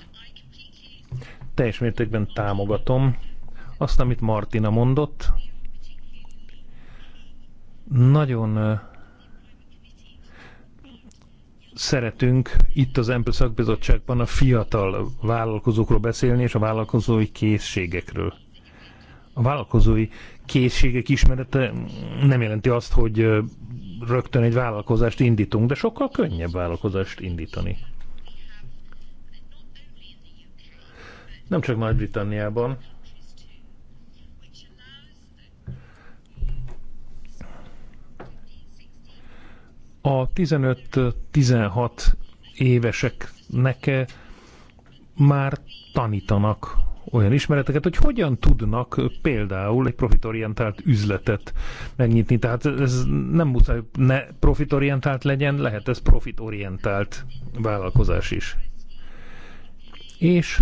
Teljes mértékben támogatom azt, amit Martina mondott nagyon szeretünk itt az Empl szakbizottságban a fiatal vállalkozókról beszélni, és a vállalkozói készségekről. A vállalkozói készségek ismerete nem jelenti azt, hogy rögtön egy vállalkozást indítunk, de sokkal könnyebb vállalkozást indítani. Nem csak Nagy-Britanniában, A 15-16 éveseknek már tanítanak olyan ismereteket, hogy hogyan tudnak például egy profitorientált üzletet megnyitni. Tehát ez nem muszáj, ne profitorientált legyen, lehet ez profitorientált vállalkozás is. És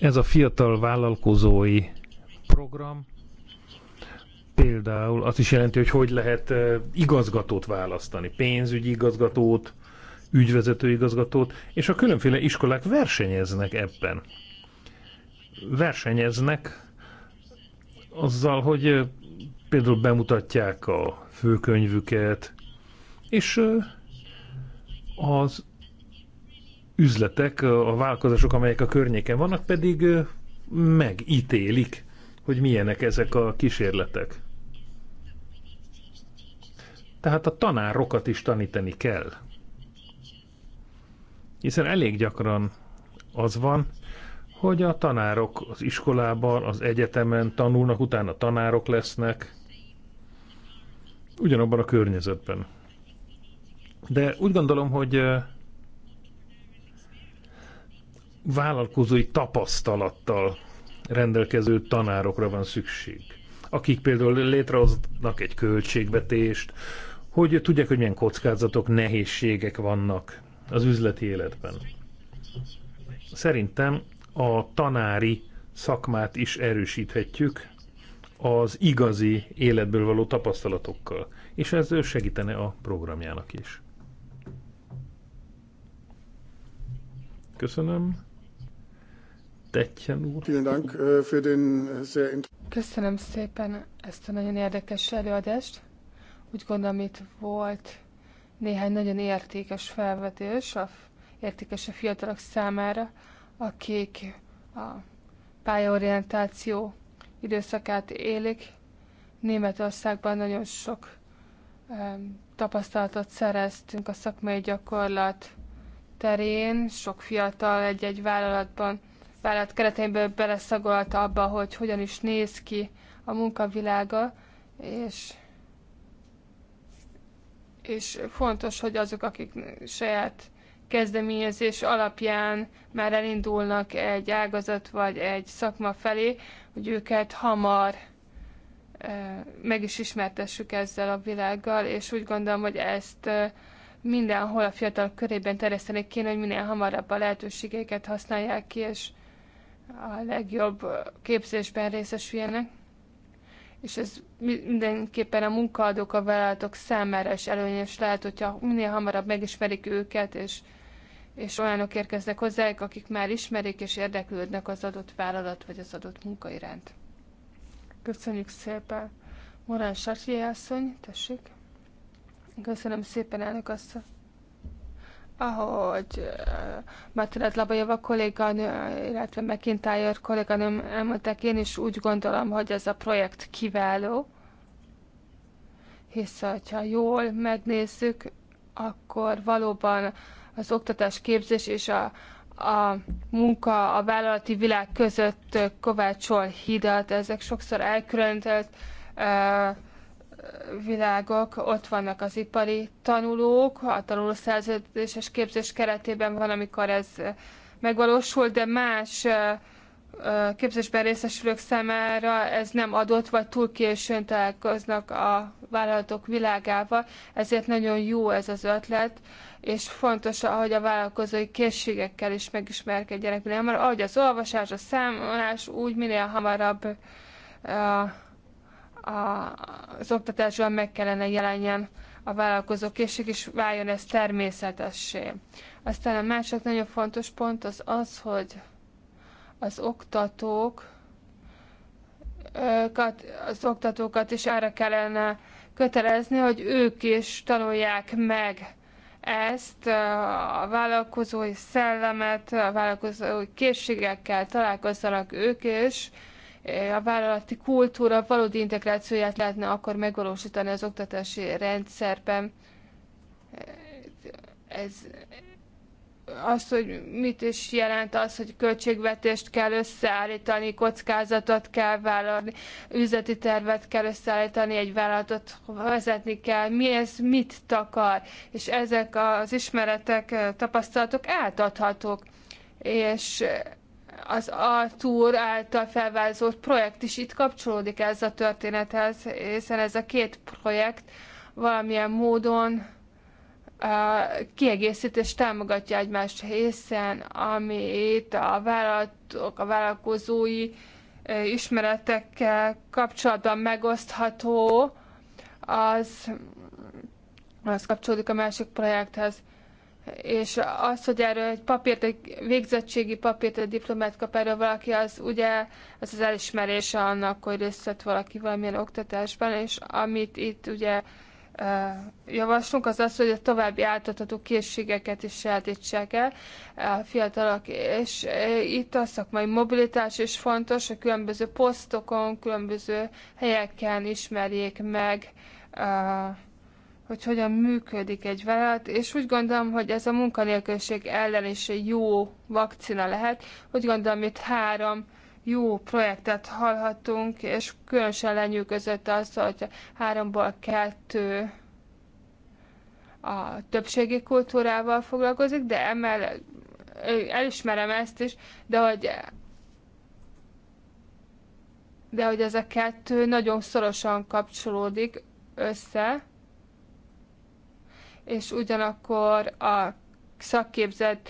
ez a fiatal vállalkozói program például azt is jelenti, hogy hogy lehet igazgatót választani, pénzügyi igazgatót, ügyvezető igazgatót, és a különféle iskolák versenyeznek ebben. Versenyeznek azzal, hogy például bemutatják a főkönyvüket, és az üzletek, a vállalkozások, amelyek a környéken vannak, pedig megítélik, hogy milyenek ezek a kísérletek. Tehát a tanárokat is tanítani kell. Hiszen elég gyakran az van, hogy a tanárok az iskolában, az egyetemen tanulnak, utána tanárok lesznek, ugyanabban a környezetben. De úgy gondolom, hogy vállalkozói tapasztalattal rendelkező tanárokra van szükség. Akik például létrehoznak egy költségvetést, hogy tudják, hogy milyen kockázatok, nehézségek vannak az üzleti életben. Szerintem a tanári szakmát is erősíthetjük az igazi életből való tapasztalatokkal, és ez segítene a programjának is. Köszönöm. Detjen úr. Äh, äh, Köszönöm szépen ezt a nagyon érdekes előadást. Úgy gondolom itt volt néhány nagyon értékes felvetés, a, értékes a fiatalok számára, akik a pályaorientáció időszakát élik. Németországban nagyon sok um, tapasztalatot szereztünk a szakmai gyakorlat terén. Sok fiatal egy-egy vállalatban, vállalat kereteimből beleszagolta abba, hogy hogyan is néz ki a munkavilága, és és fontos, hogy azok, akik saját kezdeményezés alapján már elindulnak egy ágazat vagy egy szakma felé, hogy őket hamar eh, meg is ismertessük ezzel a világgal, és úgy gondolom, hogy ezt eh, mindenhol a fiatal körében terjeszteni kéne, hogy minél hamarabb a lehetőségeket használják ki, és a legjobb képzésben részesüljenek és ez mindenképpen a munkaadók, a vállalatok számára is előnyös lehet, hogyha minél hamarabb megismerik őket, és, és olyanok érkeznek hozzájuk, akik már ismerik és érdeklődnek az adott vállalat vagy az adott munka iránt. Köszönjük szépen! Morán Sartier asszony, tessék! Köszönöm szépen, elnök asszony! ahogy Maturat Labajova kolléganő, illetve McIntyre kolléganőm elmondták, én is úgy gondolom, hogy ez a projekt kiváló, hisz ha jól megnézzük, akkor valóban az oktatás képzés és a, a munka, a vállalati világ között kovácsol hidat, ezek sokszor elkülönített uh, világok, ott vannak az ipari tanulók, a tanulószerződéses képzés keretében van, amikor ez megvalósul, de más képzésben részesülők számára ez nem adott, vagy túl későn találkoznak a vállalatok világával, ezért nagyon jó ez az ötlet, és fontos, hogy a vállalkozói készségekkel is megismerkedjenek minél hamarabb, ahogy az olvasás, a számolás, úgy minél hamarabb uh, az oktatásban meg kellene jelenjen a készség, és váljon ez természetessé. Aztán a másik nagyon fontos pont az az, hogy az oktatók az oktatókat is arra kellene kötelezni, hogy ők is tanulják meg ezt, a vállalkozói szellemet, a vállalkozói készségekkel találkozzanak ők is, a vállalati kultúra valódi integrációját lehetne akkor megvalósítani az oktatási rendszerben. Ez, az, hogy mit is jelent az, hogy költségvetést kell összeállítani, kockázatot kell vállalni, üzleti tervet kell összeállítani, egy vállalatot vezetni kell, mi ez mit takar, és ezek az ismeretek, tapasztalatok átadhatók. És az a túr által felvázolt projekt is itt kapcsolódik ez a történethez, hiszen ez a két projekt valamilyen módon kiegészít és támogatja egymást, hiszen amit a vállalatok, a vállalkozói ismeretekkel kapcsolatban megosztható, az, az kapcsolódik a másik projekthez és az, hogy erről egy papírt, egy végzettségi papírt, egy diplomát kap erről valaki, az ugye az az elismerése annak, hogy részt vett valaki valamilyen oktatásban, és amit itt ugye javaslunk, az az, hogy a további áltatható készségeket is sajátítsák el a fiatalok, és itt a szakmai mobilitás is fontos, a különböző posztokon, különböző helyeken ismerjék meg hogy hogyan működik egy vállalat, és úgy gondolom, hogy ez a munkanélküliség ellen is egy jó vakcina lehet. Úgy gondolom, itt három jó projektet hallhatunk, és különösen lenyűgözött az, hogy háromból kettő a többségi kultúrával foglalkozik, de emel elismerem ezt is, de hogy de hogy ez a kettő nagyon szorosan kapcsolódik össze, és ugyanakkor a szakképzett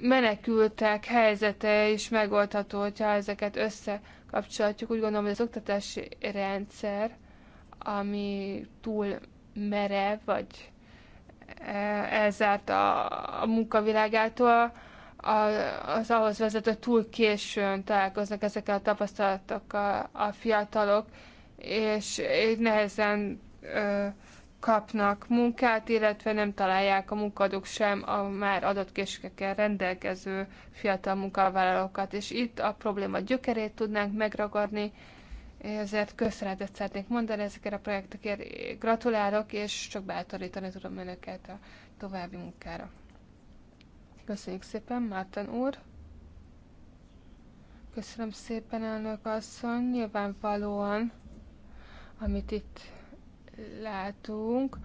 menekültek helyzete is megoldható, ha ezeket összekapcsolatjuk. Úgy gondolom, hogy az oktatási rendszer, ami túl merev, vagy e, elzárt a, a munkavilágától, a, az ahhoz vezető túl későn találkoznak ezekkel a tapasztalatokkal a fiatalok, és nehezen ö, kapnak munkát, illetve nem találják a munkadók sem a már adott készségekkel rendelkező fiatal munkavállalókat. És itt a probléma gyökerét tudnánk megragadni, ezért köszönetet szeretnék mondani ezekre a projektekért. Gratulálok, és csak bátorítani tudom önöket a további munkára. Köszönjük szépen, Márten úr! Köszönöm szépen, elnök asszony! Nyilvánvalóan, amit itt látunk,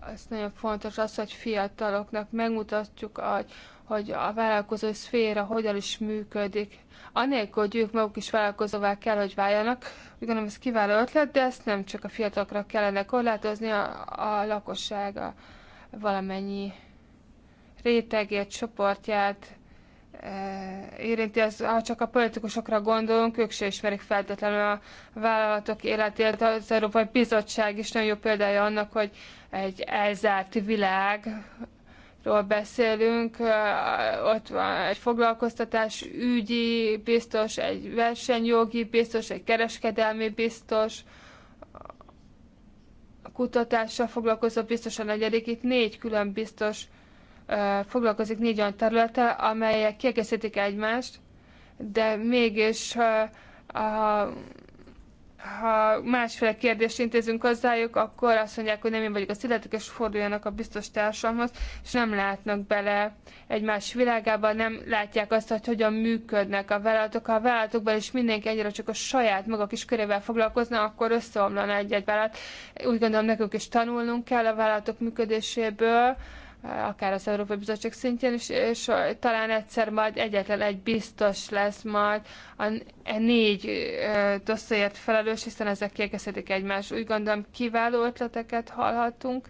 az nagyon fontos az, hogy fiataloknak megmutatjuk, hogy, hogy a vállalkozói szféra hogyan is működik. Anélkül, hogy ők maguk is vállalkozóvá kell, hogy váljanak. Úgy gondolom, ez kiváló ötlet, de ezt nem csak a fiatalokra kellene korlátozni, a, a lakosság a valamennyi rétegét, csoportját Eh, érinti, az, ha csak a politikusokra gondolunk, ők sem ismerik feltétlenül a vállalatok életét. Az Európai Bizottság is nagyon jó példája annak, hogy egy elzárt világról beszélünk, eh, ott van egy foglalkoztatás ügyi biztos, egy versenyjogi biztos, egy kereskedelmi biztos, kutatással foglalkozó biztos a negyedik, itt négy külön biztos foglalkozik négy olyan területe, amelyek kiegészítik egymást, de mégis ha, ha másféle kérdést intézünk hozzájuk, akkor azt mondják, hogy nem én vagyok az és forduljanak a biztos társamhoz, és nem látnak bele egymás világába, nem látják azt, hogy hogyan működnek a vállalatok. Ha a vállalatokban is mindenki egyre csak a saját maga kis körével foglalkozna, akkor összeomlana egy-egy vállalat. Úgy gondolom, nekünk is tanulnunk kell a vállalatok működéséből, akár az Európai Bizottság szintjén is, és talán egyszer majd egyetlen egy biztos lesz majd a e négy dosszéért felelős, hiszen ezek kiegészítik egymást. Úgy gondolom, kiváló ötleteket hallhatunk,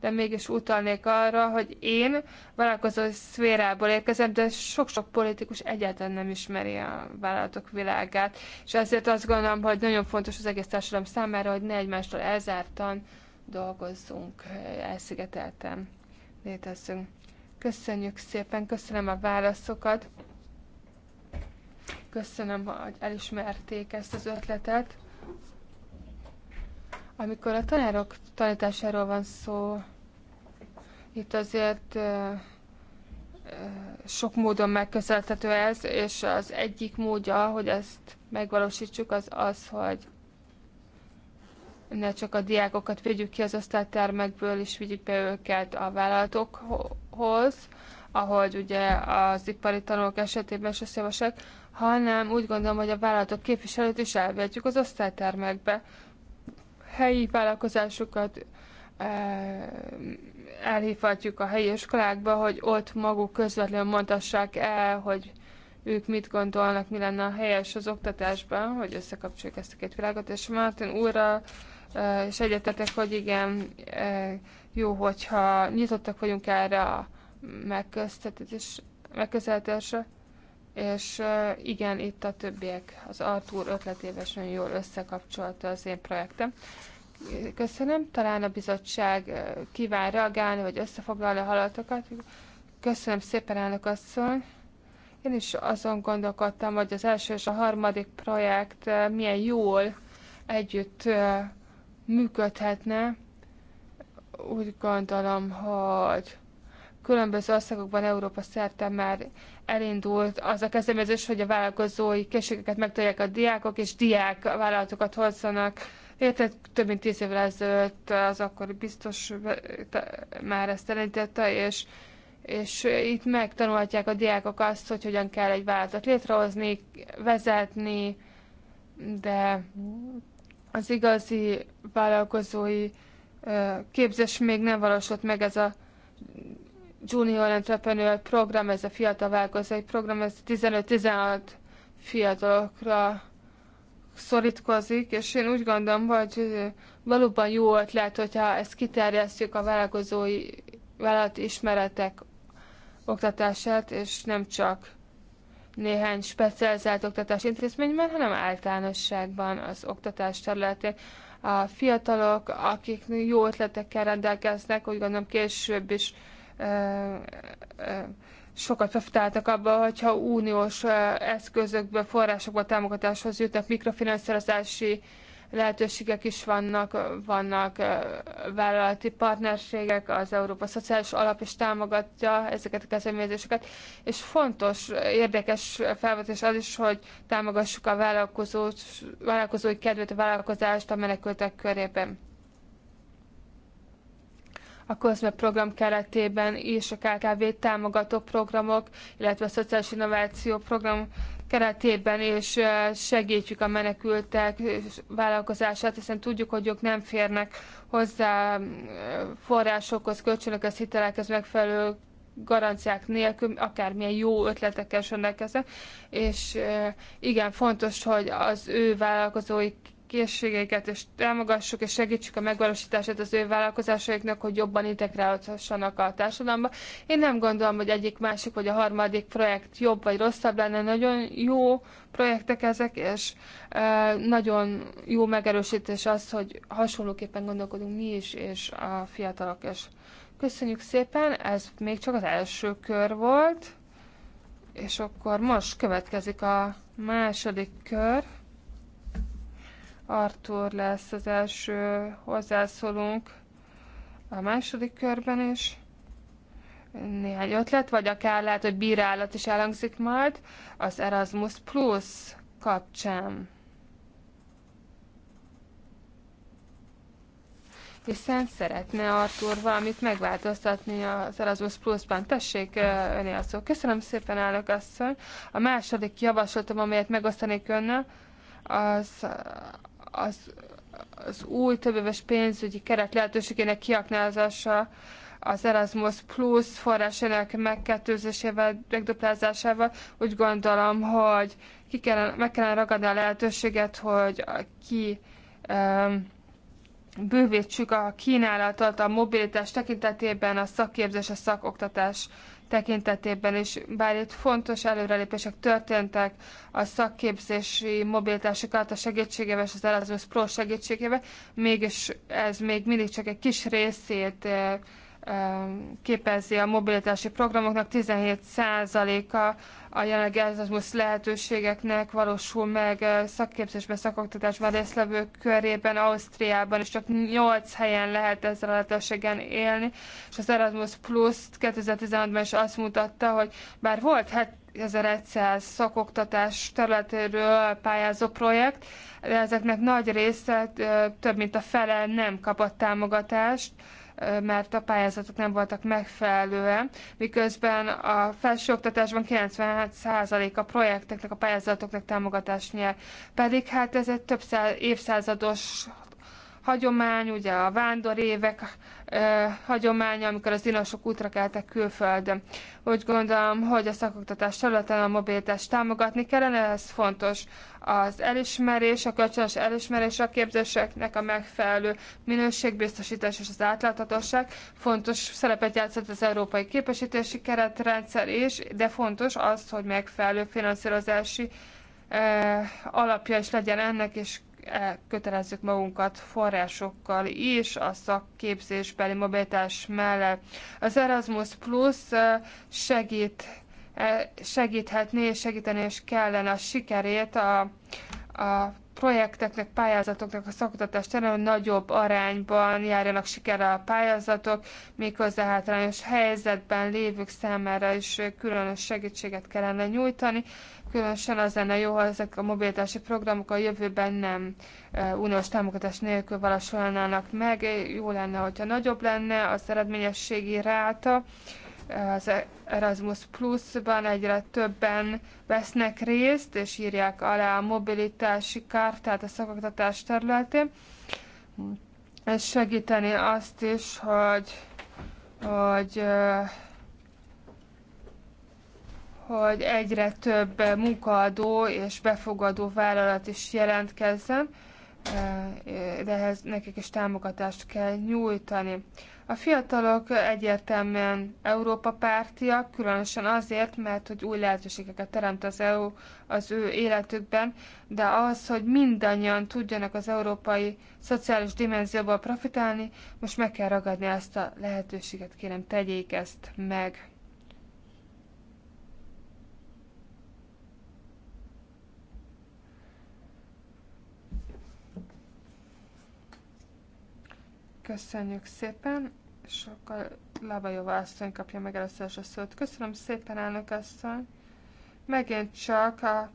de mégis utalnék arra, hogy én vállalkozó szférából érkezem, de sok-sok politikus egyáltalán nem ismeri a vállalatok világát, és ezért azt gondolom, hogy nagyon fontos az egész társadalom számára, hogy ne egymástól elzártan dolgozzunk elszigetelten létezzünk. Köszönjük szépen, köszönöm a válaszokat, köszönöm, hogy elismerték ezt az ötletet. Amikor a tanárok tanításáról van szó, itt azért sok módon megközelíthető ez, és az egyik módja, hogy ezt megvalósítsuk, az az, hogy ne csak a diákokat vigyük ki az osztálytermekből, és vigyük be őket a vállalatokhoz, ahogy ugye az ipari tanulók esetében is ezt javaslják, hanem úgy gondolom, hogy a vállalatok képviselőt is elvetjük az osztálytermekbe. Helyi vállalkozásukat eh, elhívhatjuk a helyi iskolákba, hogy ott maguk közvetlenül mondhassák el, hogy ők mit gondolnak, mi lenne a helyes az oktatásban, hogy összekapcsoljuk ezt a két világot, és Martin úrral és egyetetek, hogy igen, jó, hogyha nyitottak vagyunk erre a megközelítésre, és igen, itt a többiek, az Artur ötletével nagyon jól összekapcsolta az én projektem. Köszönöm, talán a bizottság kíván reagálni, vagy összefoglalni a halatokat. Köszönöm szépen, elnök asszony. Én is azon gondolkodtam, hogy az első és a harmadik projekt milyen jól együtt működhetne. Úgy gondolom, hogy különböző országokban Európa szerte már elindult az a kezdeményezés, hogy a vállalkozói készségeket megtalálják a diákok, és diák vállalatokat hozzanak. Érted, több mint tíz évvel ezelőtt az akkor biztos már ezt elindította, és és itt megtanulhatják a diákok azt, hogy hogyan kell egy vállalatot létrehozni, vezetni, de az igazi vállalkozói képzés még nem valósult meg ez a Junior Entrepreneur program, ez a fiatal vállalkozói program, ez 15-16 fiatalokra szorítkozik, és én úgy gondolom, hogy valóban jó ötlet, hogyha ezt kiterjesztjük a vállalkozói vállalati ismeretek oktatását, és nem csak néhány specializált oktatási intézményben, hanem általánosságban az oktatás területén. A fiatalok, akik jó ötletekkel rendelkeznek, úgy gondolom később is ö, ö, sokat profitáltak abban, hogyha uniós eszközökből, forrásokból támogatáshoz jutnak mikrofinanszírozási lehetőségek is vannak, vannak vállalati partnerségek, az Európa Szociális Alap is támogatja ezeket a kezdeményezéseket, és fontos, érdekes felvetés az is, hogy támogassuk a vállalkozói kedvet, a vállalkozást a menekültek körében a COSME program keretében is a KKV támogató programok, illetve a szociális innováció program keretében, és segítjük a menekültek vállalkozását, hiszen tudjuk, hogy ők nem férnek hozzá forrásokhoz, kölcsönökhez, hitelekhez megfelelő garanciák nélkül, akármilyen jó ötletekkel rendelkeznek, és igen, fontos, hogy az ő vállalkozói készségeiket, és támogassuk és segítsük a megvalósítását az ő vállalkozásaiknak, hogy jobban integrálhassanak a társadalomba. Én nem gondolom, hogy egyik másik vagy a harmadik projekt jobb vagy rosszabb lenne, nagyon jó projektek ezek, és e, nagyon jó megerősítés az, hogy hasonlóképpen gondolkodunk mi is, és a fiatalok is. Köszönjük szépen, ez még csak az első kör volt, és akkor most következik a második kör. Artur lesz az első hozzászólunk a második körben is. Néhány ötlet, vagy akár lehet, hogy bírálat is elhangzik majd az Erasmus Plus kapcsán. hiszen szeretne Artur valamit megváltoztatni az Erasmus Plus-ban. Tessék, öné a szó. Köszönöm szépen, állok asszony. A második javaslatom, amelyet megosztanék önnel, az az, az új többéves pénzügyi keret lehetőségének kiaknázása, az Erasmus Plus forrásának megkettőzésével, megduplázásával úgy gondolom, hogy ki kell meg kellene ragadni a lehetőséget, hogy ki um, bővítsük a kínálatot a mobilitás tekintetében a szakképzés, a szakoktatás tekintetében is, bár itt fontos előrelépések történtek a szakképzési mobilitások a segítségével és az Erasmus Pro segítségével, mégis ez még mindig csak egy kis részét eh, eh, képezi a mobilitási programoknak, 17%-a a jelenlegi Erasmus lehetőségeknek valósul meg eh, szakképzésben, szakoktatásban részlevők körében, Ausztriában, és csak 8 helyen lehet ezzel a lehetőségen élni, és az Erasmus Plus 2016-ban is azt mutatta, hogy bár volt 1100 szakoktatás területéről pályázó projekt, de ezeknek nagy része, eh, több mint a fele nem kapott támogatást, mert a pályázatok nem voltak megfelelően, miközben a felsőoktatásban 97% a projekteknek, a pályázatoknak támogatást nyer. Pedig hát ez egy több évszázados hagyomány, ugye a vándorévek hagyománya, amikor az inasok útra keltek külföldön. Úgy gondolom, hogy a szakoktatás területen a mobilitást támogatni kellene, ez fontos. Az elismerés, a kölcsönös elismerés a képzéseknek a megfelelő minőségbiztosítás és az átláthatóság fontos szerepet játszott az európai képesítési keretrendszer is, de fontos az, hogy megfelelő finanszírozási alapja is legyen ennek, és elkötelezzük magunkat forrásokkal is a szakképzésbeli mobilitás mellett. Az Erasmus Plus segít, segíthetné és segíteni is kellene a sikerét a, a projekteknek, pályázatoknak a szaktatás terén nagyobb arányban járjanak sikerre a pályázatok, méghozzá hátrányos helyzetben lévők számára is különös segítséget kellene nyújtani. Különösen az lenne jó, ha ezek a mobilitási programok a jövőben nem e, uniós támogatás nélkül valósulnának meg. Jó lenne, hogyha nagyobb lenne az eredményességi ráta, az Erasmus Plus-ban egyre többen vesznek részt, és írják alá a mobilitási kártát a szakoktatás területén. Ez segíteni azt is, hogy, hogy, hogy egyre több munkaadó és befogadó vállalat is jelentkezzen, de ehhez nekik is támogatást kell nyújtani. A fiatalok egyértelműen Európa pártiak, különösen azért, mert hogy új lehetőségeket teremt az EU az ő életükben, de az, hogy mindannyian tudjanak az európai szociális dimenzióból profitálni, most meg kell ragadni ezt a lehetőséget, kérem, tegyék ezt meg. Köszönjük szépen! sokkal Labajova asszony kapja meg először a szót. Köszönöm szépen, elnök asszony. Megint csak, a,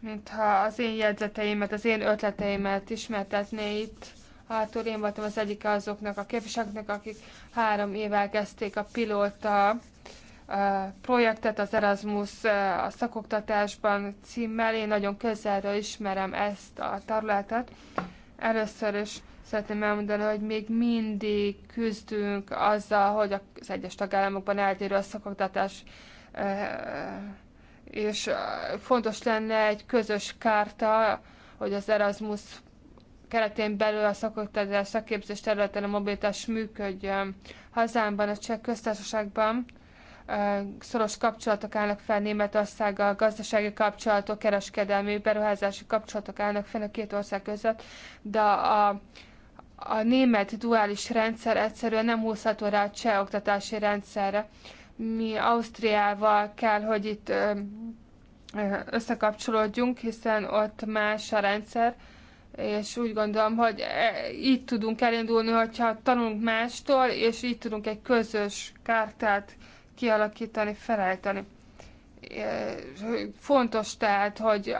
mintha az én jegyzeteimet, az én ötleteimet ismertetné itt. Artur, én voltam az egyik azoknak a képviselőknek, akik három évvel kezdték a pilóta projektet az Erasmus a szakoktatásban címmel. Én nagyon közelről ismerem ezt a területet. Először is szeretném elmondani, hogy még mindig küzdünk azzal, hogy az egyes tagállamokban eltérő a szakoktatás, és fontos lenne egy közös kárta, hogy az Erasmus keretén belül a szakoktatás, szakképzés területen a mobilitás működjön. Hazámban, a cseh köztársaságban szoros kapcsolatok állnak fel Németországgal, gazdasági kapcsolatok, kereskedelmi, beruházási kapcsolatok állnak fel a két ország között, de a a német duális rendszer egyszerűen nem húzható rá a cseh oktatási rendszerre. Mi Ausztriával kell, hogy itt összekapcsolódjunk, hiszen ott más a rendszer, és úgy gondolom, hogy e, így tudunk elindulni, hogyha tanulunk mástól, és így tudunk egy közös kártát kialakítani, felállítani fontos tehát, hogy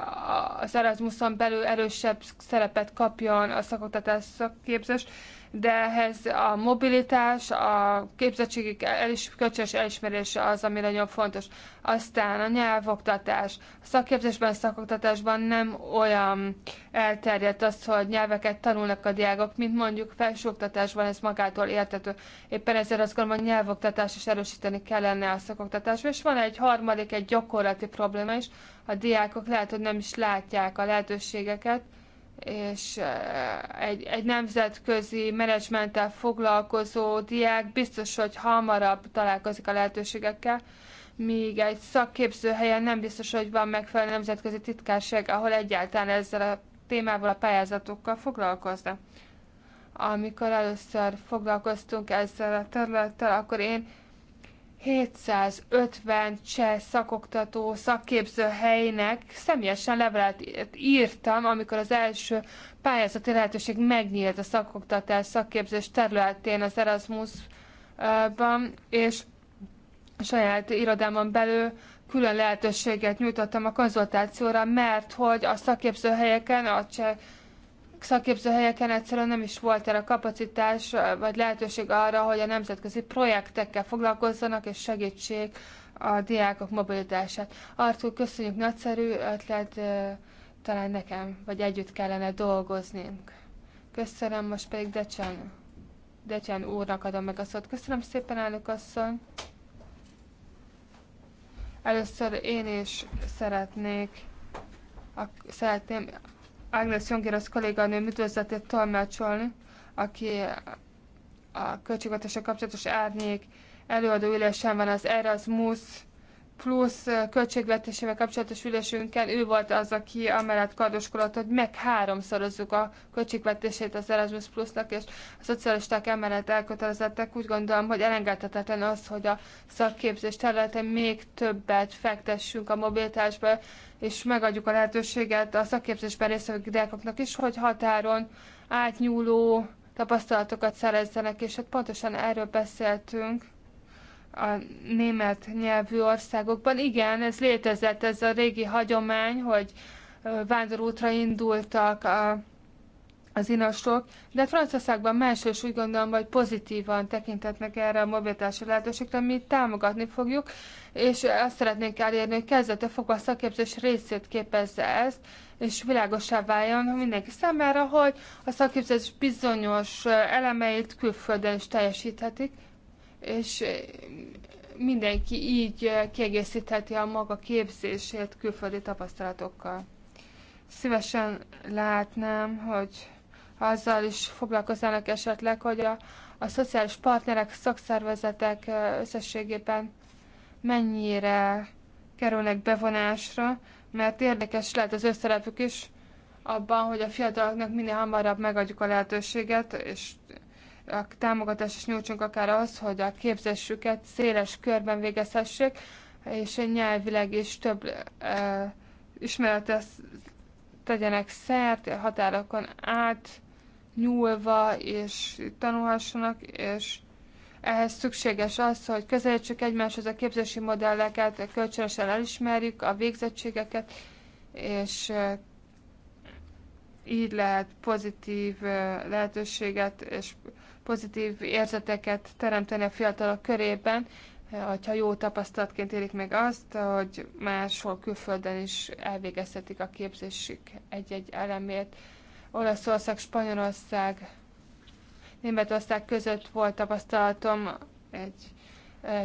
az Erasmuson belül erősebb szerepet kapjon a szakoktatás szakképzés, de ehhez a mobilitás, a képzettségi elis, kölcsönös elismerése az, ami nagyon fontos. Aztán a nyelvoktatás. A szakképzésben, a szakoktatásban nem olyan elterjedt az, hogy nyelveket tanulnak a diákok, mint mondjuk felsőoktatásban, ez magától értető. Éppen ezért azt gondolom, hogy nyelvoktatás is erősíteni kellene a szakoktatásban, és van egy harmadik, egy gyakorlati probléma is, a diákok lehet, hogy nem is látják a lehetőségeket, és egy, egy nemzetközi menedzsmenttel foglalkozó diák biztos, hogy hamarabb találkozik a lehetőségekkel, míg egy szakképzőhelyen nem biztos, hogy van megfelelő nemzetközi titkárság, ahol egyáltalán ezzel a témával, a pályázatokkal foglalkoznak. Amikor először foglalkoztunk ezzel a területtel, akkor én 750 cseh szakoktató, szakképző helynek személyesen levelet írtam, amikor az első pályázati lehetőség megnyílt a szakoktatás, szakképzés területén az Erasmusban, és a saját irodámon belül külön lehetőséget nyújtottam a konzultációra, mert hogy a helyeken a cseh szakképzőhelyeken egyszerűen nem is volt erre kapacitás, vagy lehetőség arra, hogy a nemzetközi projektekkel foglalkozzanak és segítsék a diákok mobilitását. Artur, köszönjük, nagyszerű ötlet, talán nekem, vagy együtt kellene dolgoznunk. Köszönöm, most pedig Decsen, Decsen úrnak adom meg a szót. Köszönöm szépen, elnök asszony. Először én is szeretnék, a, szeretném Agnes Jonger az kolléganőm üdvözletét tolmácsolni, aki a költségvetéssel kapcsolatos árnyék előadó ülésen van az Erasmus plusz költségvetésével kapcsolatos ülésünkkel ő volt az, aki amellett kardoskodott, hogy meg háromszorozzuk a költségvetését az Erasmus plusznak, és a szocialisták emellett elkötelezettek. Úgy gondolom, hogy elengedhetetlen az, hogy a szakképzés területén még többet fektessünk a mobilitásba, és megadjuk a lehetőséget a szakképzésben résztvevő diákoknak is, hogy határon átnyúló tapasztalatokat szerezzenek, és hát pontosan erről beszéltünk a német nyelvű országokban. Igen, ez létezett, ez a régi hagyomány, hogy vándorútra indultak a, az inasok, de Franciaországban más, és úgy gondolom, hogy pozitívan tekintetnek erre a mobiltási lehetőségre, mi támogatni fogjuk, és azt szeretnénk elérni, hogy kezdete fogva a szakképzés részét képezze ezt, és világosá váljon mindenki számára, hogy a szakképzés bizonyos elemeit külföldön is teljesíthetik, és eh, mindenki így eh, kiegészítheti a maga képzését külföldi tapasztalatokkal. Szívesen látnám, hogy azzal is foglalkoznának esetleg, hogy a, a szociális partnerek, szakszervezetek eh, összességében mennyire kerülnek bevonásra, mert érdekes lehet az összerepük is abban, hogy a fiataloknak minél hamarabb megadjuk a lehetőséget, és a támogatás is nyújtsunk, akár az, hogy a képzésüket széles körben végezhessék, és a nyelvileg is több e, ismeretet tegyenek szert, a határokon át nyúlva, és tanulhassanak, és ehhez szükséges az, hogy közelítsük egymáshoz a képzési modelleket, kölcsönösen elismerjük a végzettségeket, és így lehet pozitív lehetőséget és pozitív érzeteket teremteni a fiatalok körében, hogyha jó tapasztalatként érik meg azt, hogy máshol külföldön is elvégezhetik a képzésük egy-egy elemét. Olaszország, Spanyolország, Németország között volt tapasztalatom egy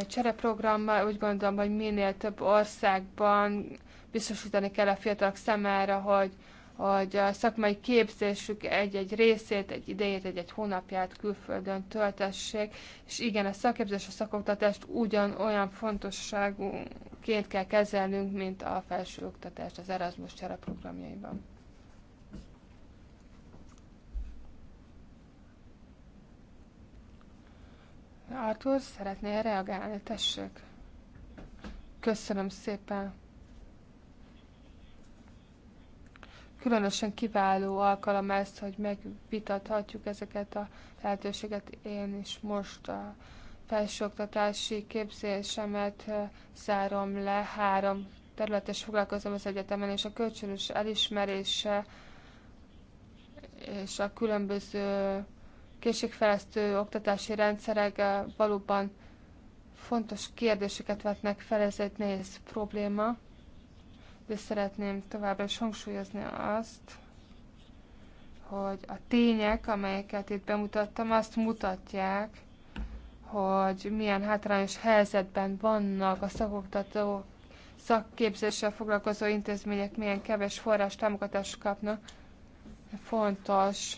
csereprogrammal. Úgy gondolom, hogy minél több országban biztosítani kell a fiatalok számára, hogy hogy a szakmai képzésük egy-egy részét, egy idejét, egy-egy hónapját külföldön töltessék, és igen, a szakképzés, a szakoktatást ugyanolyan fontosságúként kell kezelnünk, mint a felsőoktatást az Erasmus Csere programjaiban. Artur, szeretnél reagálni? Tessék! Köszönöm szépen! különösen kiváló alkalom ez, hogy megvitathatjuk ezeket a lehetőséget. Én is most a felsőoktatási képzésemet zárom le, három területes foglalkozom az egyetemen, és a kölcsönös elismerése és a különböző készségfejlesztő oktatási rendszerek valóban fontos kérdéseket vetnek fel, ez egy nehéz probléma de szeretném továbbra is hangsúlyozni azt, hogy a tények, amelyeket itt bemutattam, azt mutatják, hogy milyen hátrányos helyzetben vannak a szakoktató szakképzéssel foglalkozó intézmények, milyen kevés forrás támogatást kapnak. Fontos,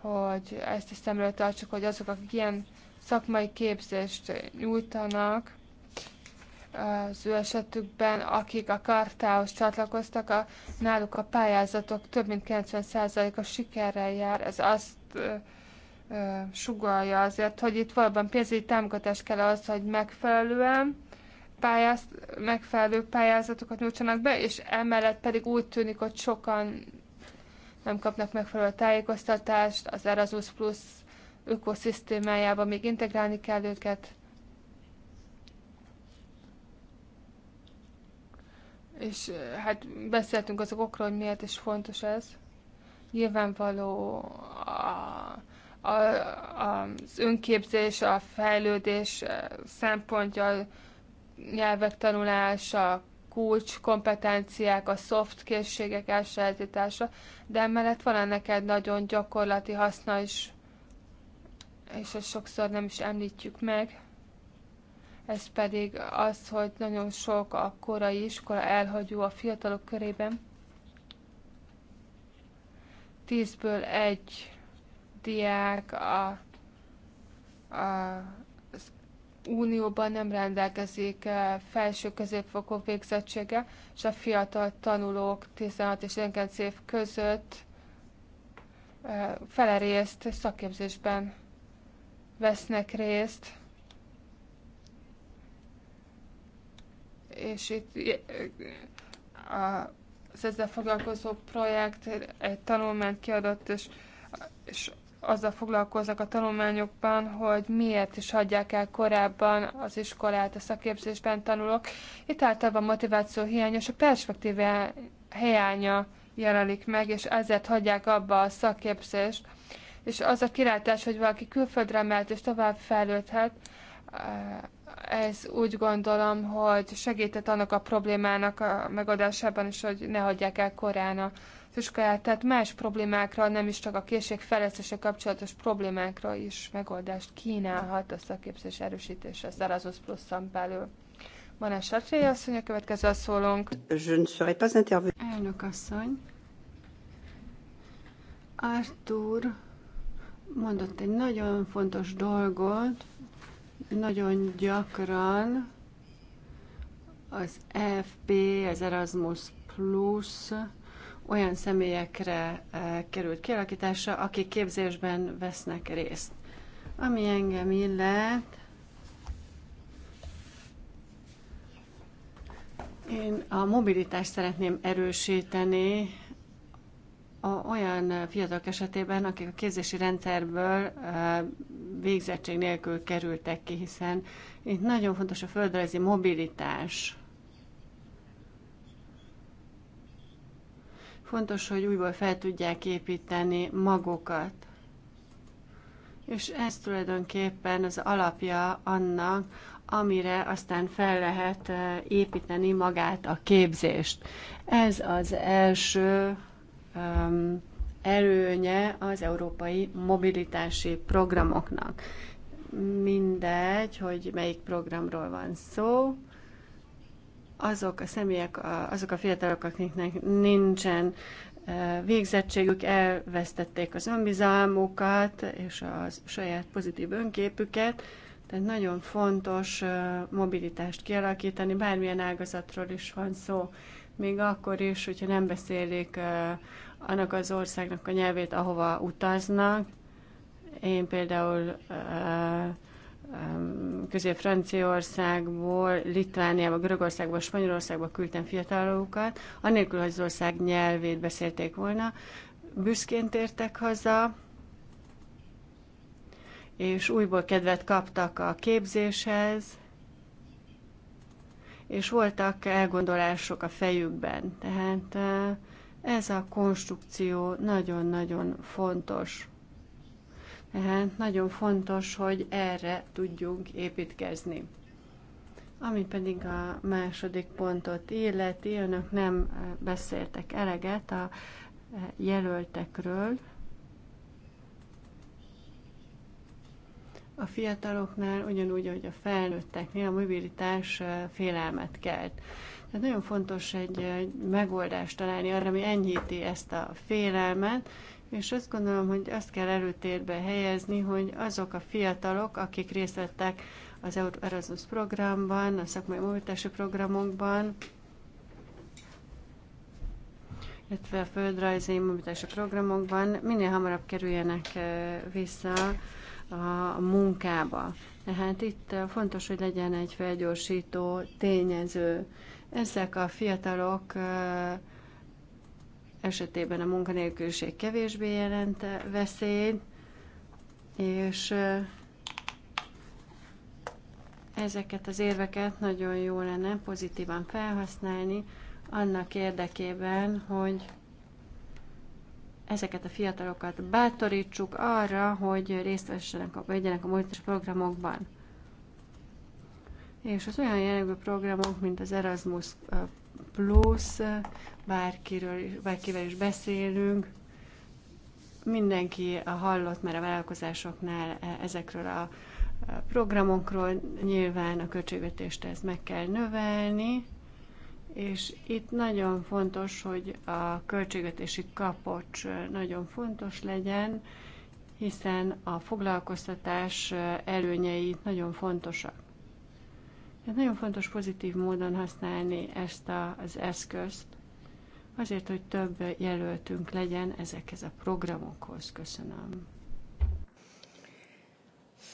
hogy ezt is szemről tartsuk, hogy azok, akik ilyen szakmai képzést nyújtanak, az ő esetükben, akik a kartához csatlakoztak, a, náluk a pályázatok több mint 90%-a sikerrel jár. Ez azt ö, ö, sugalja azért, hogy itt valóban pénzügyi támogatás kell az, hogy megfelelően pályáz, megfelelő pályázatokat nyújtsanak be, és emellett pedig úgy tűnik, hogy sokan nem kapnak megfelelő tájékoztatást, az Erasmus Plus ökoszisztémájába még integrálni kell őket és hát beszéltünk az hogy miért is fontos ez. Nyilvánvaló a, a, az önképzés, a fejlődés szempontja, nyelvek tanulása, kulcs kompetenciák, a soft készségek elsajátítása, de emellett van ennek egy nagyon gyakorlati haszna is, és ezt sokszor nem is említjük meg ez pedig az, hogy nagyon sok a korai iskola elhagyó a fiatalok körében. Tízből egy diák a, a, az unióban nem rendelkezik eh, felső középfokú végzettsége, és a fiatal tanulók 16 és 19 év között eh, felerészt szakképzésben vesznek részt és itt a, az ezzel foglalkozó projekt egy tanulmányt kiadott, és, és azzal foglalkoznak a tanulmányokban, hogy miért is hagyják el korábban az iskolát, a szakképzésben tanulok. Itt általában motiváció hiánya és a perspektíve hiánya jelenik meg, és ezért hagyják abba a szakképzést. És az a kilátás, hogy valaki külföldre mehet és tovább fejlődhet, ez úgy gondolom, hogy segített annak a problémának a megoldásában is, hogy ne hagyják el korán a iskolát, tehát más problémákra, nem is csak a készségfejlesztése kapcsolatos problémákra is megoldást kínálhat a szakképzés erősítése az Erasmus plus belül. van a Sartré asszony, a következő a szólónk? Je ne serai pas Elnök asszony. Arthur mondott egy nagyon fontos dolgot, nagyon gyakran az FP, az Erasmus Plus olyan személyekre eh, került kialakítása, akik képzésben vesznek részt. Ami engem illet, én a mobilitást szeretném erősíteni olyan fiatalok esetében, akik a képzési rendszerből végzettség nélkül kerültek ki, hiszen itt nagyon fontos a földrajzi mobilitás. Fontos, hogy újból fel tudják építeni magukat. És ez tulajdonképpen az alapja annak, amire aztán fel lehet építeni magát a képzést. Ez az első Um, előnye az európai mobilitási programoknak. Mindegy, hogy melyik programról van szó, azok a személyek, azok a fiatalok, akiknek nincsen uh, végzettségük, elvesztették az önbizalmukat és a saját pozitív önképüket, tehát nagyon fontos uh, mobilitást kialakítani, bármilyen ágazatról is van szó, még akkor is, hogyha nem beszélik uh, annak az országnak a nyelvét, ahova utaznak. Én például Közép-Franciaországból, Litvániába, Görögországba, Spanyolországba küldtem fiatalokat, anélkül, hogy az ország nyelvét beszélték volna. Büszkén tértek haza, és újból kedvet kaptak a képzéshez, és voltak elgondolások a fejükben. Tehát uh, ez a konstrukció nagyon-nagyon fontos. Tehát nagyon fontos, hogy erre tudjunk építkezni. Ami pedig a második pontot illeti, önök nem eh, beszéltek eleget a eh, jelöltekről. A fiataloknál, ugyanúgy, ahogy a felnőtteknél a mobilitás eh, félelmet kelt. Tehát nagyon fontos egy, egy megoldást találni arra, ami enyhíti ezt a félelmet, és azt gondolom, hogy azt kell előtérbe helyezni, hogy azok a fiatalok, akik részt vettek az Erasmus programban, a szakmai mobilitási programokban, illetve a földrajzi mobilitási programokban minél hamarabb kerüljenek vissza a munkába. Tehát itt fontos, hogy legyen egy felgyorsító tényező. Ezek a fiatalok esetében a munkanélküliség kevésbé jelent veszélyt, és ezeket az érveket nagyon jó lenne pozitívan felhasználni, annak érdekében, hogy ezeket a fiatalokat bátorítsuk arra, hogy részt vessenek, vegyenek a múltes programokban. És az olyan jellegű programok, mint az Erasmus Plus, bárkiről, bárkivel is beszélünk, mindenki hallott már a vállalkozásoknál ezekről a programokról, nyilván a költségvetést ez meg kell növelni, és itt nagyon fontos, hogy a költségvetési kapocs nagyon fontos legyen, hiszen a foglalkoztatás előnyei nagyon fontosak. Tehát nagyon fontos pozitív módon használni ezt a, az eszközt, azért, hogy több jelöltünk legyen ezekhez a programokhoz. Köszönöm.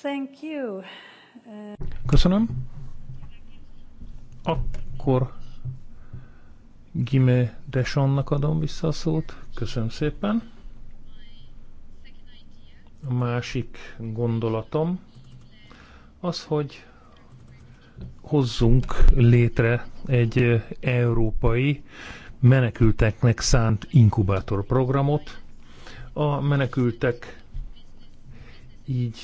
Thank you. Köszönöm. Akkor Gime Desonnak adom vissza a szót. Köszönöm szépen. A másik gondolatom az, hogy hozzunk létre egy európai menekülteknek szánt inkubátorprogramot. A menekültek így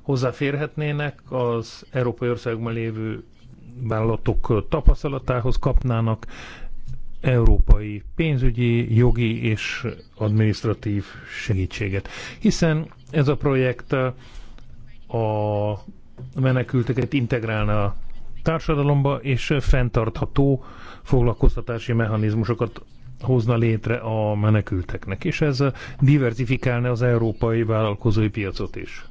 hozzáférhetnének az európai országban lévő vállalatok tapasztalatához kapnának európai pénzügyi, jogi és adminisztratív segítséget. Hiszen ez a projekt a menekülteket integrálna a társadalomba, és fenntartható foglalkoztatási mechanizmusokat hozna létre a menekülteknek, és ez diversifikálna az európai vállalkozói piacot is.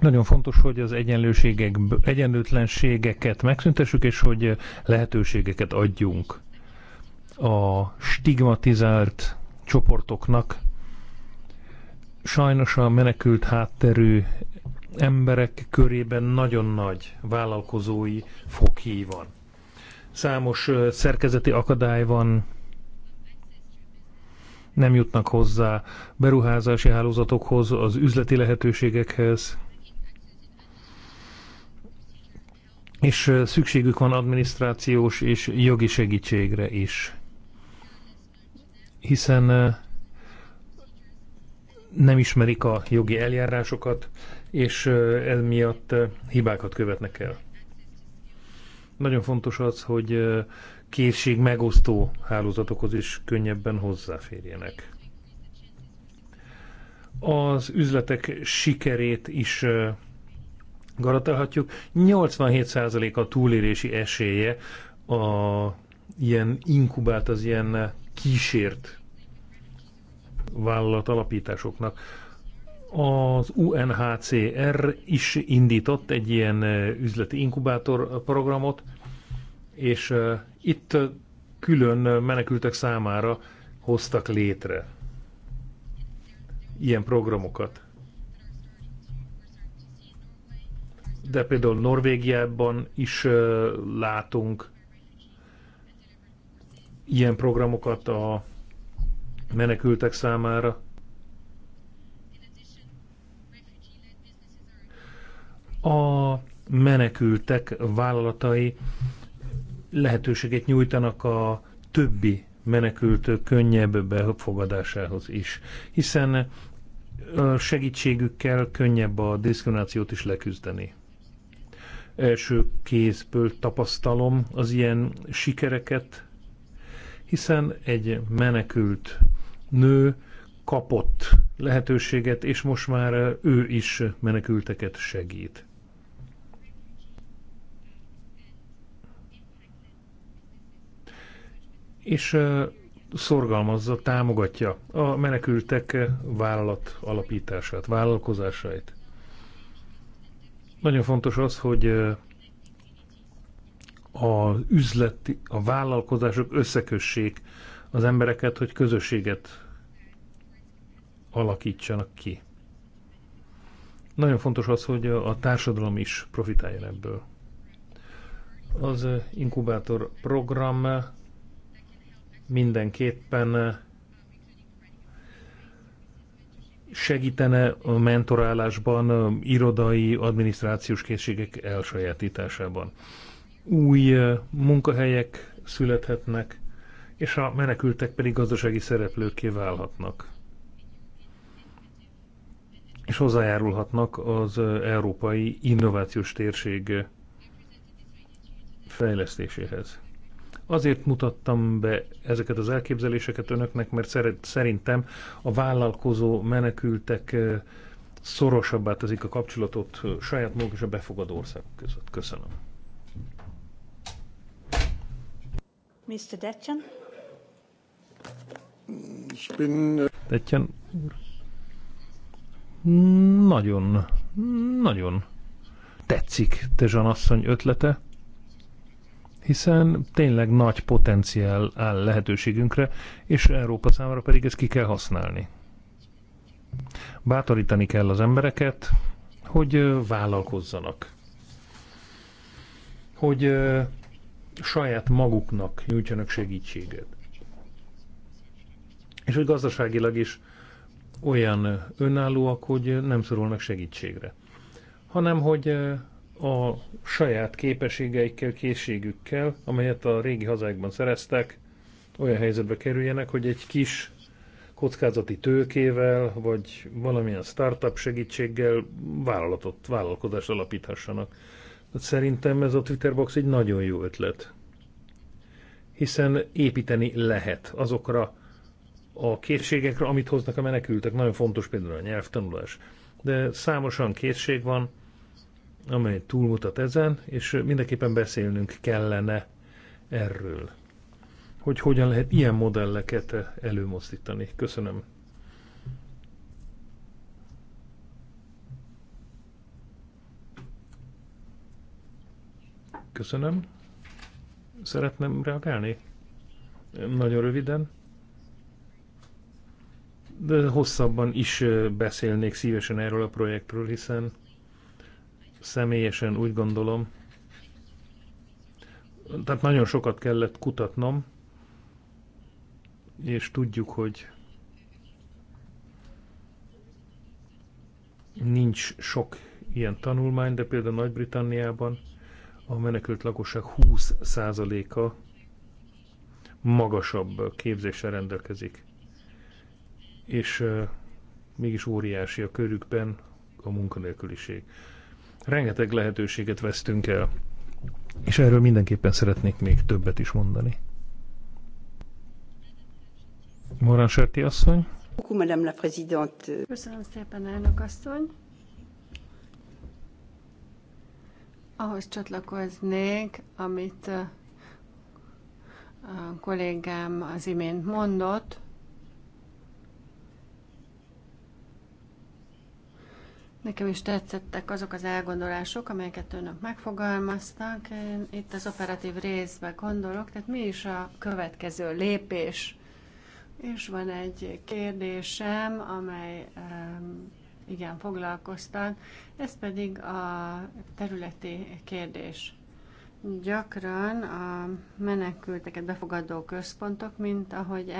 Nagyon fontos, hogy az egyenlőségek, egyenlőtlenségeket megszüntessük, és hogy lehetőségeket adjunk a stigmatizált csoportoknak, sajnos a menekült hátterű emberek körében nagyon nagy vállalkozói foghí van. Számos szerkezeti akadály van, nem jutnak hozzá beruházási hálózatokhoz, az üzleti lehetőségekhez, és szükségük van adminisztrációs és jogi segítségre is. Hiszen nem ismerik a jogi eljárásokat, és ez miatt hibákat követnek el. Nagyon fontos az, hogy készség megosztó hálózatokhoz is könnyebben hozzáférjenek. Az üzletek sikerét is garantálhatjuk. 87% a túlélési esélye a ilyen inkubált, az ilyen kísért vállalat alapításoknak. Az UNHCR is indított egy ilyen üzleti inkubátor programot, és itt külön menekültek számára hoztak létre ilyen programokat. De például Norvégiában is látunk ilyen programokat a menekültek számára. A menekültek vállalatai lehetőséget nyújtanak a többi menekült könnyebb befogadásához is, hiszen segítségükkel könnyebb a diszkriminációt is leküzdeni. Első kézből tapasztalom az ilyen sikereket, hiszen egy menekült nő kapott lehetőséget, és most már ő is menekülteket segít. És szorgalmazza, támogatja a menekültek vállalat alapítását, vállalkozásait. Nagyon fontos az, hogy a üzleti, a vállalkozások összekössék az embereket, hogy közösséget alakítsanak ki. Nagyon fontos az, hogy a társadalom is profitáljon ebből. Az inkubátor program mindenképpen segítene a mentorálásban, irodai, adminisztrációs készségek elsajátításában. Új munkahelyek születhetnek, és a menekültek pedig gazdasági szereplőkké válhatnak. És hozzájárulhatnak az európai innovációs térség fejlesztéséhez. Azért mutattam be ezeket az elképzeléseket önöknek, mert szerintem a vállalkozó menekültek szorosabbá teszik a kapcsolatot saját maguk és a befogadó ország között. Köszönöm. Mr. Detchen? Bin... Äh, úr. Nagyon, nagyon tetszik Tezsan asszony ötlete, hiszen tényleg nagy potenciál áll lehetőségünkre, és Európa számára pedig ezt ki kell használni. Bátorítani kell az embereket, hogy vállalkozzanak. Hogy saját maguknak nyújtsanak segítséget és hogy gazdaságilag is olyan önállóak, hogy nem szorulnak segítségre, hanem hogy eh, a saját képességeikkel, készségükkel, amelyet a régi hazákban szereztek, olyan helyzetbe kerüljenek, hogy egy kis kockázati tőkével, vagy valamilyen startup segítséggel vállalatot, vállalkozást alapíthassanak. Tehát szerintem ez a Twitterbox egy nagyon jó ötlet. Hiszen építeni lehet azokra a készségekre, amit hoznak a menekültek. Nagyon fontos például a nyelvtanulás. De számosan készség van, amely túlmutat ezen, és mindenképpen beszélnünk kellene erről, hogy hogyan lehet ilyen modelleket előmozdítani. Köszönöm. Köszönöm. Szeretném reagálni? Nagyon röviden de hosszabban is beszélnék szívesen erről a projektről, hiszen személyesen úgy gondolom, tehát nagyon sokat kellett kutatnom, és tudjuk, hogy nincs sok ilyen tanulmány, de például Nagy-Britanniában a menekült lakosság 20%-a magasabb képzéssel rendelkezik és mégis óriási a körükben a munkanélküliség. Rengeteg lehetőséget vesztünk el, és erről mindenképpen szeretnék még többet is mondani. Morán Serti asszony. Köszönöm szépen, elnök asszony. Ahhoz csatlakoznék, amit a kollégám az imént mondott, Nekem is tetszettek azok az elgondolások, amelyeket önök megfogalmaztak. Én itt az operatív részbe gondolok, tehát mi is a következő lépés? És van egy kérdésem, amely igen foglalkoztat, ez pedig a területi kérdés. Gyakran a menekülteket befogadó központok, mint ahogy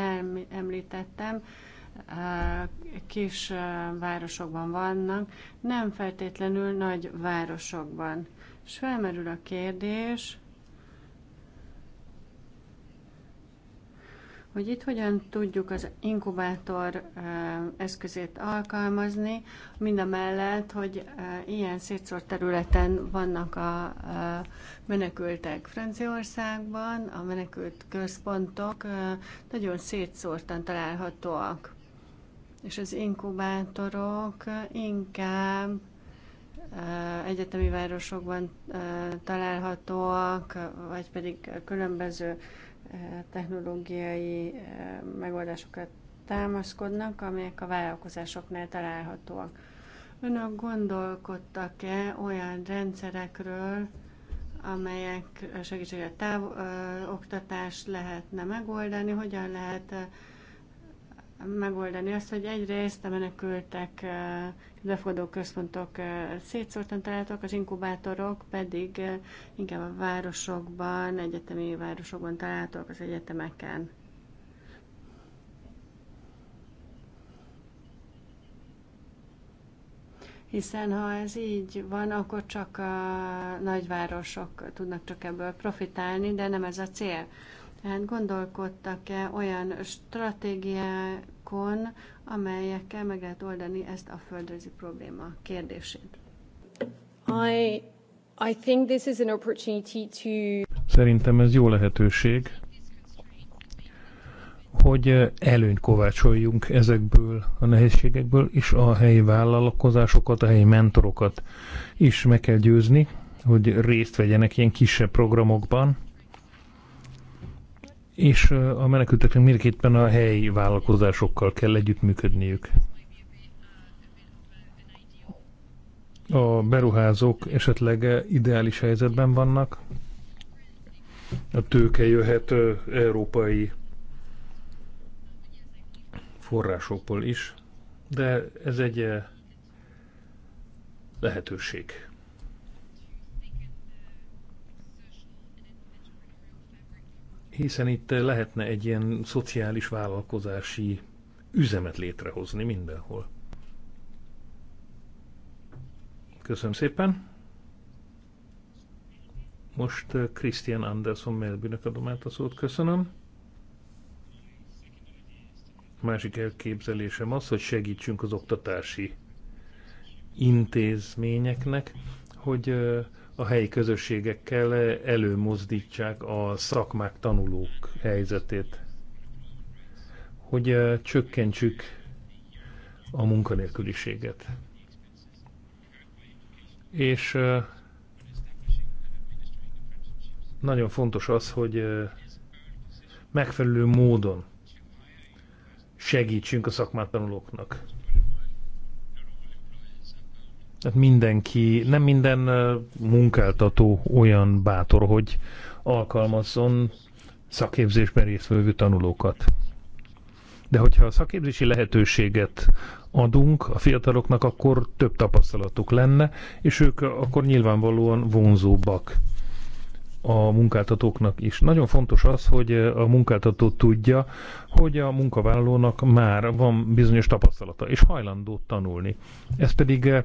említettem, kis városokban vannak, nem feltétlenül nagy városokban. És felmerül a kérdés, hogy itt hogyan tudjuk az inkubátor eszközét alkalmazni, mind a mellett, hogy ilyen szétszórt területen vannak a menekültek Franciaországban, a menekült központok nagyon szétszórtan találhatóak és az inkubátorok inkább egyetemi városokban találhatóak, vagy pedig különböző technológiai megoldásokat támaszkodnak, amelyek a vállalkozásoknál találhatóak. Önök gondolkodtak-e olyan rendszerekről, amelyek segítségével távoktatást lehetne megoldani, hogyan lehet megoldani azt, hogy egyrészt a menekültek, befogadó központok szétszórtan találtak az inkubátorok pedig inkább a városokban, egyetemi városokban találtak az egyetemeken. Hiszen ha ez így van, akkor csak a nagyvárosok tudnak csak ebből profitálni, de nem ez a cél. Tehát gondolkodtak-e olyan stratégiákon, amelyekkel meg lehet oldani ezt a földrajzi probléma kérdését? I, I think this is an opportunity to... Szerintem ez jó lehetőség, hogy előnyt kovácsoljunk ezekből a nehézségekből, és a helyi vállalkozásokat, a helyi mentorokat is meg kell győzni, hogy részt vegyenek ilyen kisebb programokban, és a menekülteknek mindenképpen a helyi vállalkozásokkal kell együttműködniük. A beruházók esetleg ideális helyzetben vannak, a tőke jöhet európai forrásokból is, de ez egy lehetőség. hiszen itt lehetne egy ilyen szociális vállalkozási üzemet létrehozni mindenhol. Köszönöm szépen. Most eh, Christian Anderson Melbynek adom át a szót. Köszönöm. Másik elképzelésem az, hogy segítsünk az oktatási intézményeknek, hogy eh, a helyi közösségekkel előmozdítsák a szakmák tanulók helyzetét, hogy csökkentsük a munkanélküliséget. És nagyon fontos az, hogy megfelelő módon segítsünk a szakmát tanulóknak. Tehát mindenki, nem minden munkáltató olyan bátor, hogy alkalmazzon szakképzésben résztvevő tanulókat. De hogyha a szakképzési lehetőséget adunk a fiataloknak, akkor több tapasztalatuk lenne, és ők akkor nyilvánvalóan vonzóbbak a munkáltatóknak is. Nagyon fontos az, hogy a munkáltató tudja, hogy a munkavállalónak már van bizonyos tapasztalata, és hajlandó tanulni. Ez pedig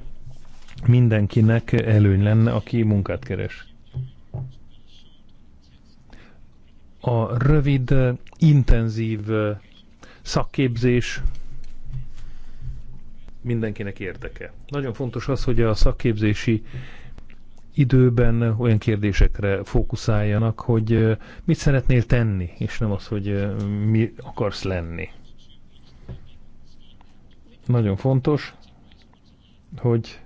mindenkinek előny lenne, aki munkát keres. A rövid, intenzív szakképzés mindenkinek érdeke. Nagyon fontos az, hogy a szakképzési időben olyan kérdésekre fókuszáljanak, hogy mit szeretnél tenni, és nem az, hogy mi akarsz lenni. Nagyon fontos, hogy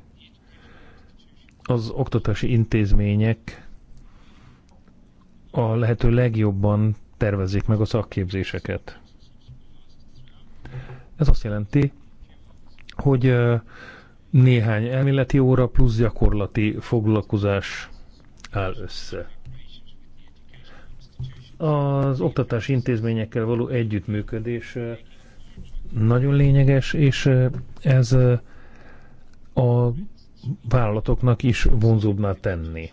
az oktatási intézmények a lehető legjobban tervezik meg a szakképzéseket. Ez azt jelenti, hogy néhány elméleti óra plusz gyakorlati foglalkozás áll össze. Az oktatási intézményekkel való együttműködés nagyon lényeges, és ez a vállalatoknak is vonzóbbá tenni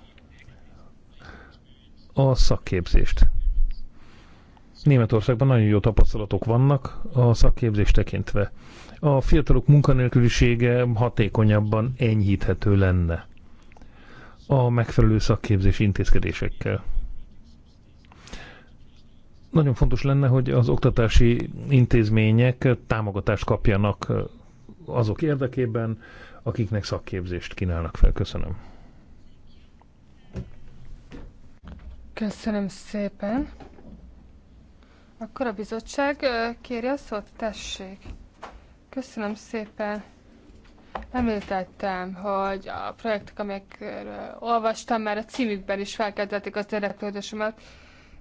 a szakképzést. Németországban nagyon jó tapasztalatok vannak a szakképzést tekintve. A fiatalok munkanélkülisége hatékonyabban enyhíthető lenne a megfelelő szakképzés intézkedésekkel. Nagyon fontos lenne, hogy az oktatási intézmények támogatást kapjanak azok érdekében, akiknek szakképzést kínálnak fel. Köszönöm. Köszönöm szépen. Akkor a bizottság kéri a szót, tessék. Köszönöm szépen. Említettem, hogy a projektek, amelyekről olvastam, már a címükben is felkeltették az érdeklődésemet,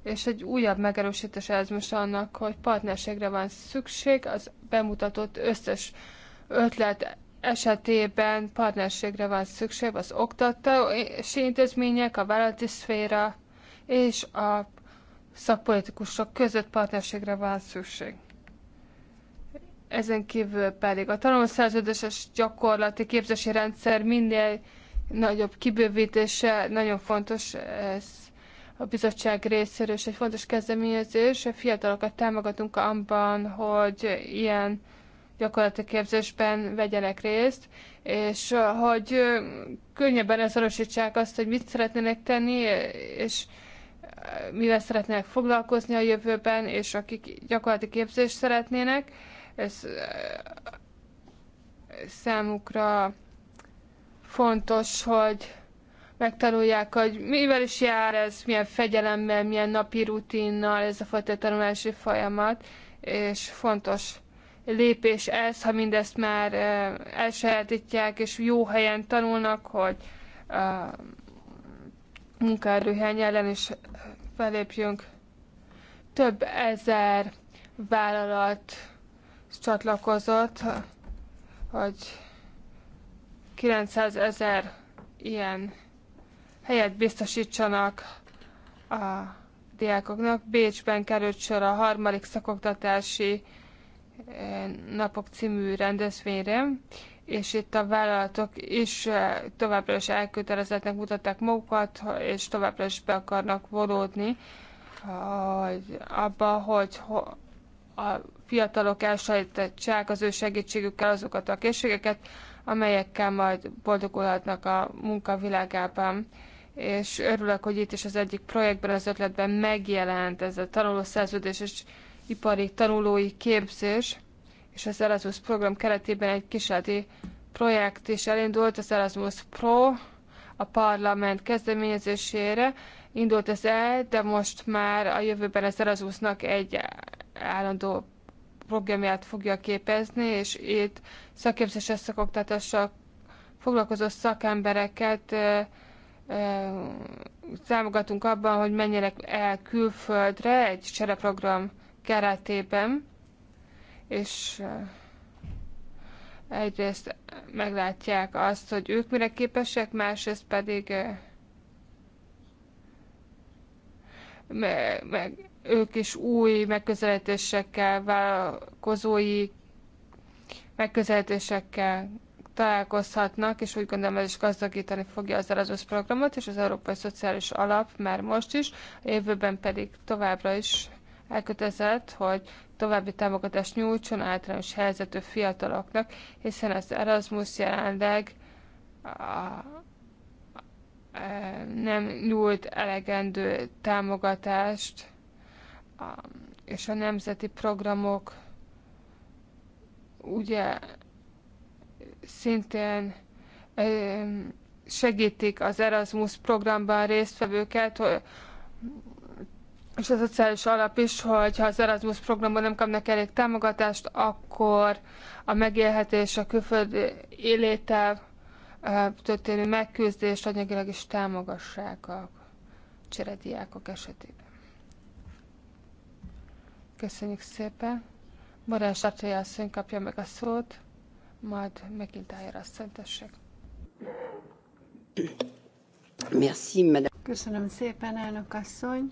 és egy újabb megerősítés ez most annak, hogy partnerségre van szükség az bemutatott összes ötlet esetében partnerségre van szükség az oktatási intézmények, a vállalati szféra és a szakpolitikusok között partnerségre van szükség. Ezen kívül pedig a tanulszerződéses gyakorlati képzési rendszer minél nagyobb kibővítése nagyon fontos, ez a bizottság részéről is egy fontos kezdeményezés. A fiatalokat támogatunk abban, hogy ilyen gyakorlati képzésben vegyenek részt, és hogy könnyebben azonosítsák azt, hogy mit szeretnének tenni, és mivel szeretnének foglalkozni a jövőben, és akik gyakorlati képzést szeretnének, ez számukra fontos, hogy megtanulják, hogy mivel is jár ez, milyen fegyelemmel, milyen napi rutinnal ez a fajta tanulási folyamat, és fontos lépés ez, ha mindezt már elsajátítják, és jó helyen tanulnak, hogy munkaerőhány ellen is felépjünk. Több ezer vállalat csatlakozott, hogy 900 ezer ilyen helyet biztosítsanak a diákoknak. Bécsben került sor a harmadik szakoktatási napok című rendezvényre, és itt a vállalatok is eh, továbbra is elkötelezettnek mutatták magukat, és továbbra is be akarnak vonódni hogy abba, hogy a fiatalok elsajátítsák az ő segítségükkel azokat a készségeket, amelyekkel majd boldogulhatnak a munkavilágában. És örülök, hogy itt is az egyik projektben, az ötletben megjelent ez a tanulószerződés, és ipari tanulói képzés, és az Erasmus program keretében egy kísérleti projekt is elindult, az Erasmus Pro a parlament kezdeményezésére indult ez el, de most már a jövőben az Erasmusnak egy állandó programját fogja képezni, és itt szakképzéses szakoktatással foglalkozó szakembereket támogatunk abban, hogy menjenek el külföldre egy csereprogram keretében, és egyrészt meglátják azt, hogy ők mire képesek, másrészt pedig meg, meg ők is új megközelítésekkel, vállalkozói megközelítésekkel találkozhatnak, és úgy gondolom ez is gazdagítani fogja az Erasmus programot és az Európai Szociális Alap már most is, a jövőben pedig továbbra is elkötelezett, hogy további támogatást nyújtson általános helyzetű fiataloknak, hiszen az Erasmus jelenleg a, a, e, nem nyújt elegendő támogatást, a, és a nemzeti programok ugye szintén e, segítik az Erasmus programban résztvevőket, hogy és a szociális alap is, hogy ha az Erasmus programban nem kapnak elég támogatást, akkor a megélhetés, a külföldi élétel történő megküzdést anyagilag is támogassák a cserediákok esetében. Köszönjük szépen. Morás Sartai asszony kapja meg a szót, majd megint álljára a tessék. Köszönöm szépen, elnök asszony.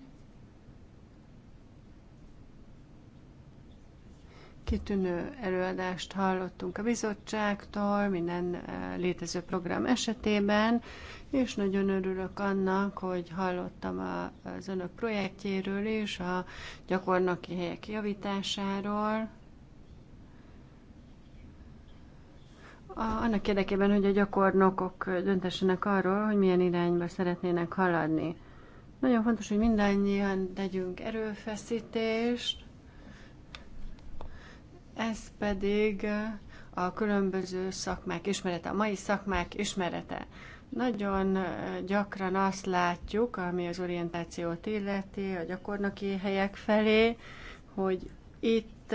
Kitűnő előadást hallottunk a bizottságtól minden eh, létező program esetében, és nagyon örülök annak, hogy hallottam az önök projektjéről és a gyakornoki helyek javításáról. Annak érdekében, hogy a gyakornokok döntessenek arról, hogy milyen irányba szeretnének haladni. Nagyon fontos, hogy mindannyian tegyünk erőfeszítést, ez pedig a különböző szakmák ismerete, a mai szakmák ismerete. Nagyon gyakran azt látjuk, ami az orientációt illeti, a gyakornoki helyek felé, hogy itt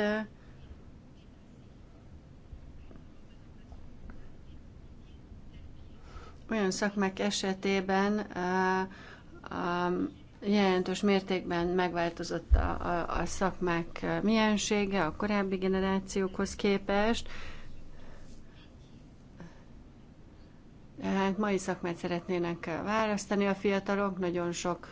olyan szakmák esetében jelentős mértékben megváltozott a, a, a szakmák miensége a korábbi generációkhoz képest. Hát mai szakmát szeretnének választani a fiatalok, nagyon sok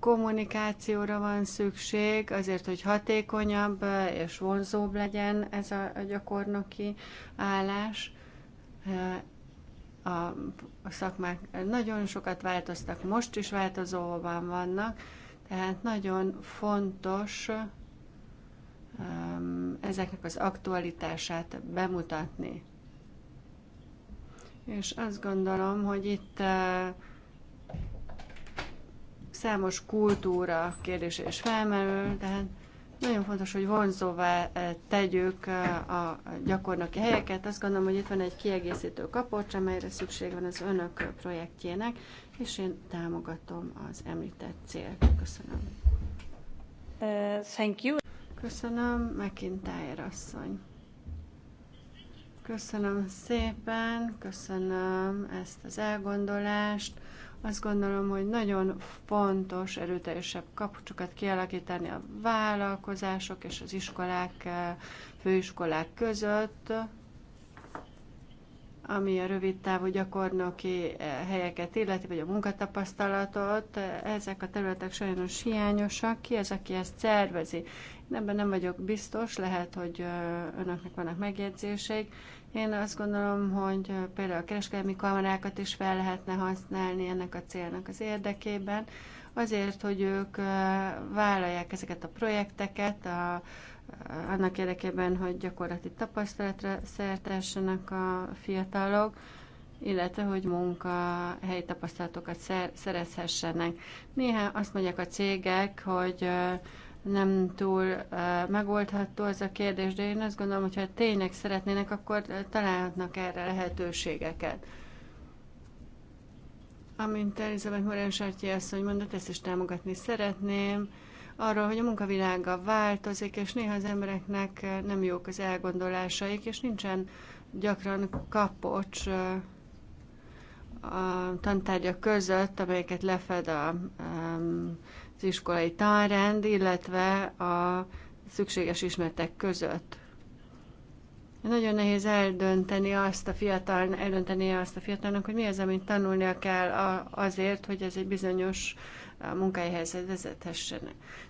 kommunikációra van szükség, azért, hogy hatékonyabb és vonzóbb legyen ez a gyakornoki állás a szakmák nagyon sokat változtak, most is változóban vannak, tehát nagyon fontos um, ezeknek az aktualitását bemutatni. És azt gondolom, hogy itt uh, számos kultúra kérdése is felmerül, tehát nagyon fontos, hogy vonzóvá eh, tegyük eh, a gyakornoki helyeket. Azt gondolom, hogy itt van egy kiegészítő kapocs, amelyre szükség van az önök projektjének, és én támogatom az említett célt. Köszönöm. Uh, thank you. Köszönöm, McIntyre asszony. Köszönöm szépen, köszönöm ezt az elgondolást azt gondolom, hogy nagyon fontos erőteljesebb kapcsokat kialakítani a vállalkozások és az iskolák, eh, főiskolák között, ami a rövid távú gyakornoki eh, helyeket illeti, vagy a munkatapasztalatot, ezek a területek sajnos hiányosak. Ki az, aki ezt szervezi? Én ebben nem vagyok biztos, lehet, hogy eh, önöknek vannak megjegyzéseik. Én azt gondolom, hogy például a kereskedelmi kamarákat is fel lehetne használni ennek a célnak az érdekében, azért, hogy ők vállalják ezeket a projekteket, a, annak érdekében, hogy gyakorlati tapasztalatra szertessenek a fiatalok, illetve hogy munkahelyi tapasztalatokat szerezhessenek. Néha azt mondják a cégek, hogy uh, nem túl uh, megoldható ez a kérdés, de én azt gondolom, hogy ha tényleg szeretnének, akkor találhatnak erre lehetőségeket. Amint Elizabeth Morán Sartyi asszony mondott, ezt is támogatni szeretném, arról, hogy a munkavilága változik, és néha az embereknek nem jók az elgondolásaik, és nincsen gyakran kapocs uh, a tantárgyak között, amelyeket lefed a um, az iskolai tanrend, illetve a szükséges ismertek között. Nagyon nehéz eldönteni azt a fiatal, eldönteni azt a fiatalnak, hogy mi az, amit tanulnia kell azért, hogy ez egy bizonyos munkájhez vezethessen.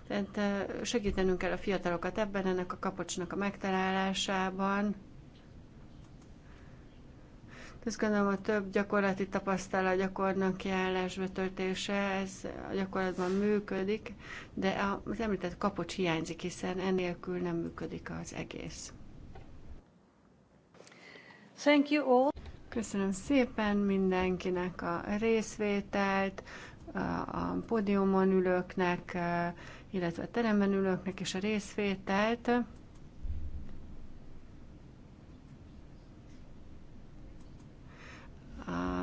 Tehát segítenünk kell a fiatalokat ebben, ennek a kapocsnak a megtalálásában, azt gondolom, a több gyakorlati tapasztalat gyakornak állásba töltése, ez a gyakorlatban működik, de az említett kapocs hiányzik, hiszen enélkül nem működik az egész. Thank you all. Köszönöm szépen mindenkinek a részvételt, a pódiumon ülőknek, illetve a teremben ülőknek is a részvételt.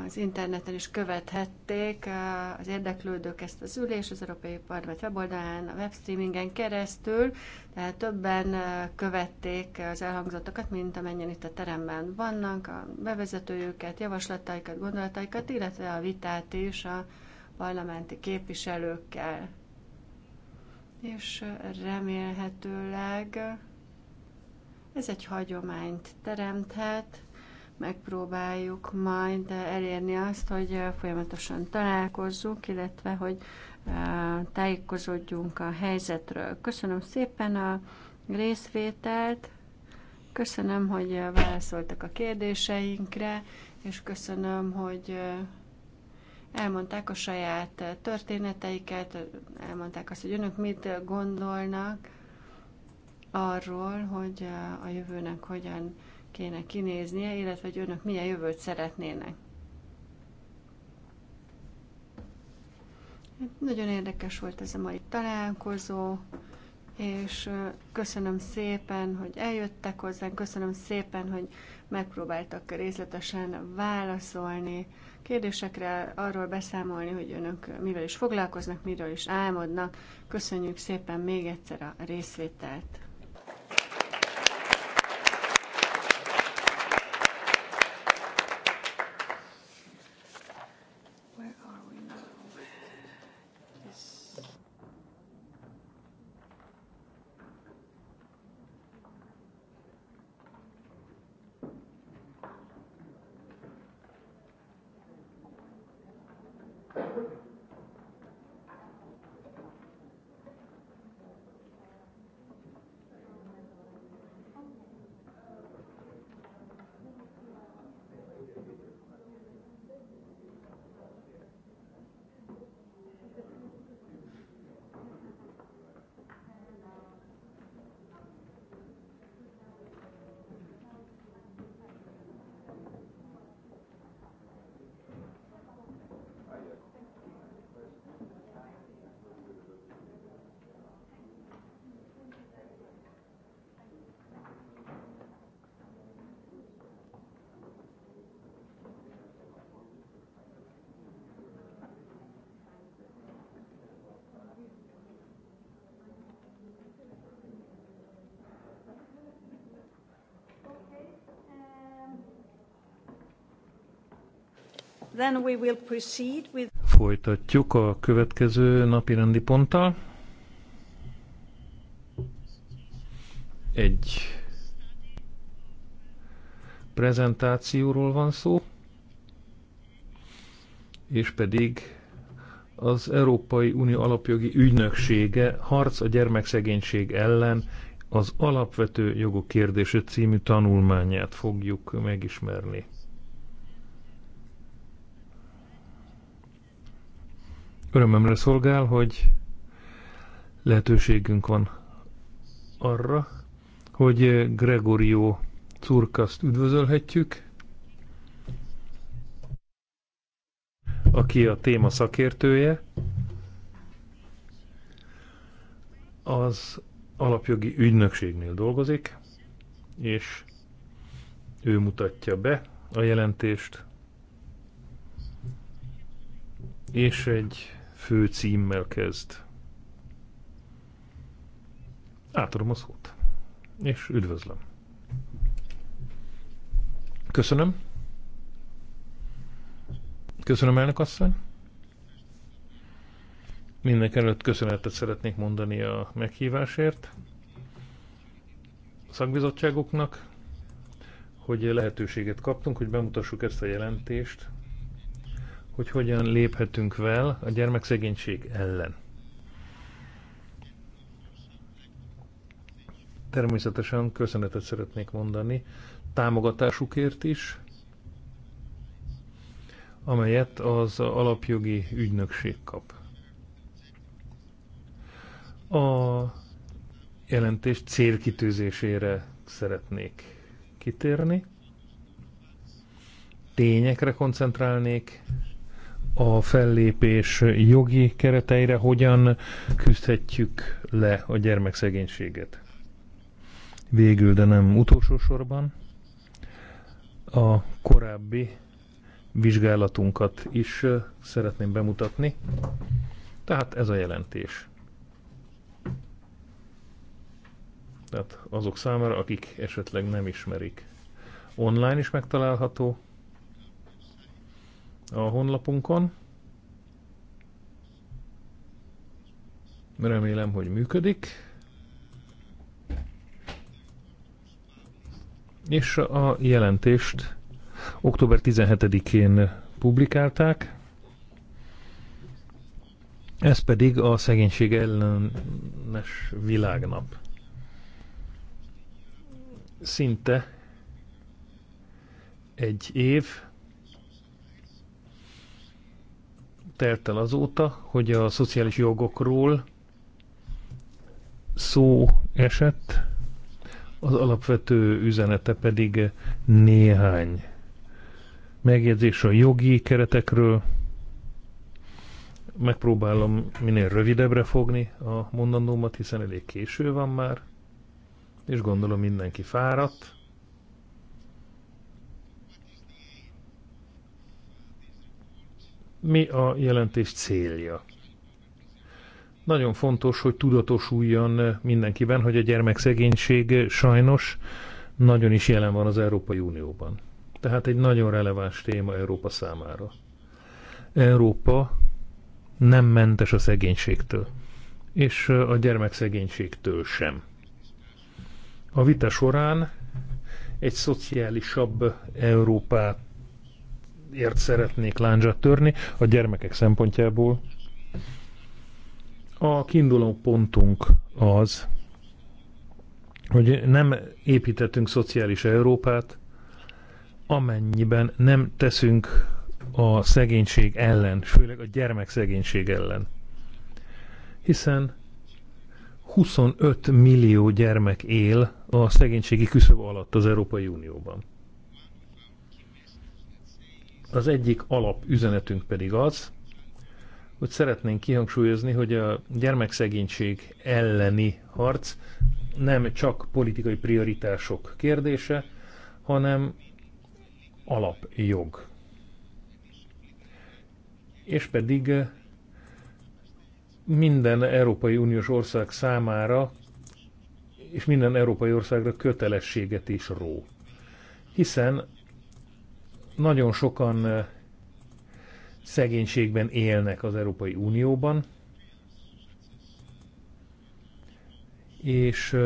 az interneten is követhették eh, az érdeklődők ezt az ülés az Európai Parlament weboldalán, a webstreamingen keresztül, tehát többen eh, követték az elhangzottakat, mint amennyien itt a teremben vannak, a bevezetőjüket, javaslataikat, gondolataikat, illetve a vitát is a parlamenti képviselőkkel. És eh, remélhetőleg ez egy hagyományt teremthet, megpróbáljuk majd elérni azt, hogy eh, folyamatosan találkozzunk, illetve hogy eh, tájékozódjunk a helyzetről. Köszönöm szépen a részvételt, köszönöm, hogy eh, válaszoltak a kérdéseinkre, és köszönöm, hogy elmondták a saját történeteiket, elmondták azt, hogy önök mit gondolnak arról, hogy a jövőnek hogyan kéne kinéznie, illetve hogy önök milyen jövőt szeretnének. Hát nagyon érdekes volt ez a mai találkozó, és köszönöm szépen, hogy eljöttek hozzánk, köszönöm szépen, hogy megpróbáltak részletesen válaszolni kérdésekre, arról beszámolni, hogy önök mivel is foglalkoznak, miről is álmodnak. Köszönjük szépen még egyszer a részvételt! Then we will proceed with... Folytatjuk a következő napi rendi ponttal. Egy prezentációról van szó, és pedig az Európai Unió Alapjogi Ügynöksége harc a gyermekszegénység ellen az alapvető jogok kérdése című tanulmányát fogjuk megismerni. Örömömre szolgál, hogy lehetőségünk van arra, hogy Gregorio Curkaszt üdvözölhetjük, aki a téma szakértője, az alapjogi ügynökségnél dolgozik, és ő mutatja be a jelentést, és egy fő címmel kezd. Átadom a szót. És üdvözlöm. Köszönöm. Köszönöm, elnök asszony. Mindenek előtt köszönetet szeretnék mondani a meghívásért a szakbizottságoknak, hogy lehetőséget kaptunk, hogy bemutassuk ezt a jelentést hogy hogyan léphetünk fel a gyermekszegénység ellen. Természetesen köszönetet szeretnék mondani támogatásukért is, amelyet az alapjogi ügynökség kap. A jelentés célkitűzésére szeretnék kitérni, tényekre koncentrálnék, a fellépés jogi kereteire, hogyan küzdhetjük le a gyermekszegénységet. Végül, de nem utolsó sorban, a korábbi vizsgálatunkat is szeretném bemutatni. Tehát ez a jelentés. Tehát azok számára, akik esetleg nem ismerik. Online is megtalálható, a honlapunkon. Remélem, hogy működik. És a jelentést október 17-én publikálták. Ez pedig a szegénység ellenes világnap. Szinte egy év telt el azóta, hogy a szociális jogokról szó esett, az alapvető üzenete pedig néhány megjegyzés a jogi keretekről. Megpróbálom minél rövidebbre fogni a mondandómat, hiszen elég késő van már, és gondolom mindenki fáradt. mi a jelentés célja. Nagyon fontos, hogy tudatosuljon mindenkiben, hogy a gyermekszegénység sajnos nagyon is jelen van az Európai Unióban. Tehát egy nagyon releváns téma Európa számára. Európa nem mentes a szegénységtől, és a gyermekszegénységtől sem. A vita során egy szociálisabb Európát ért szeretnék láncsat törni a gyermekek szempontjából. A kiinduló pontunk az, hogy nem építettünk szociális Európát, amennyiben nem teszünk a szegénység ellen, főleg a gyermekszegénység ellen. Hiszen 25 millió gyermek él a szegénységi küszöb alatt az Európai Unióban. Az egyik alap üzenetünk pedig az, hogy szeretnénk kihangsúlyozni, hogy a gyermekszegénység elleni harc nem csak politikai prioritások kérdése, hanem alapjog. És pedig minden Európai Uniós ország számára és minden európai országra kötelességet is ró. Hiszen nagyon sokan szegénységben élnek az Európai Unióban, és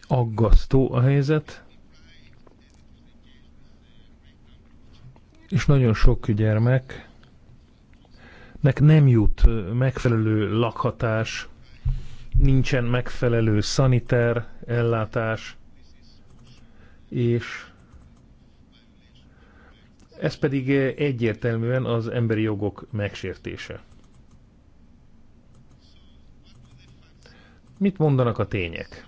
aggasztó a helyzet, és nagyon sok gyermeknek nem jut megfelelő lakhatás, nincsen megfelelő szaniter ellátás, és ez pedig egyértelműen az emberi jogok megsértése. Mit mondanak a tények?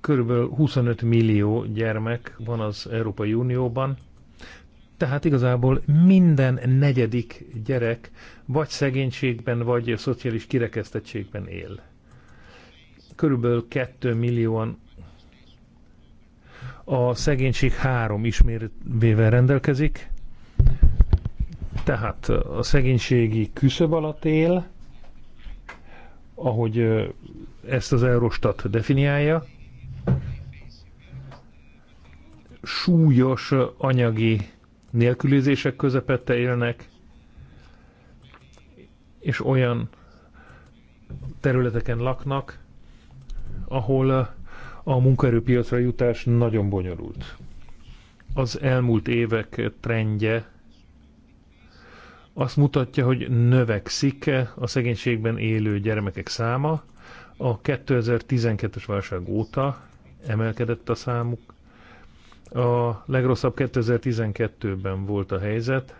Körülbelül 25 millió gyermek van az Európai Unióban, tehát igazából minden negyedik gyerek vagy szegénységben, vagy szociális kirekesztettségben él körülbelül 2 millióan a szegénység három ismérvével rendelkezik, tehát a szegénységi küszöb alatt él, ahogy ezt az Eurostat definiálja, súlyos anyagi nélkülözések közepette élnek, és olyan területeken laknak, ahol eh, a munkaerőpiacra jutás nagyon bonyolult. Az elmúlt évek trendje azt mutatja, hogy növekszik -e a szegénységben élő gyermekek száma. A 2012-es válság óta emelkedett a számuk. A legrosszabb 2012-ben volt a helyzet,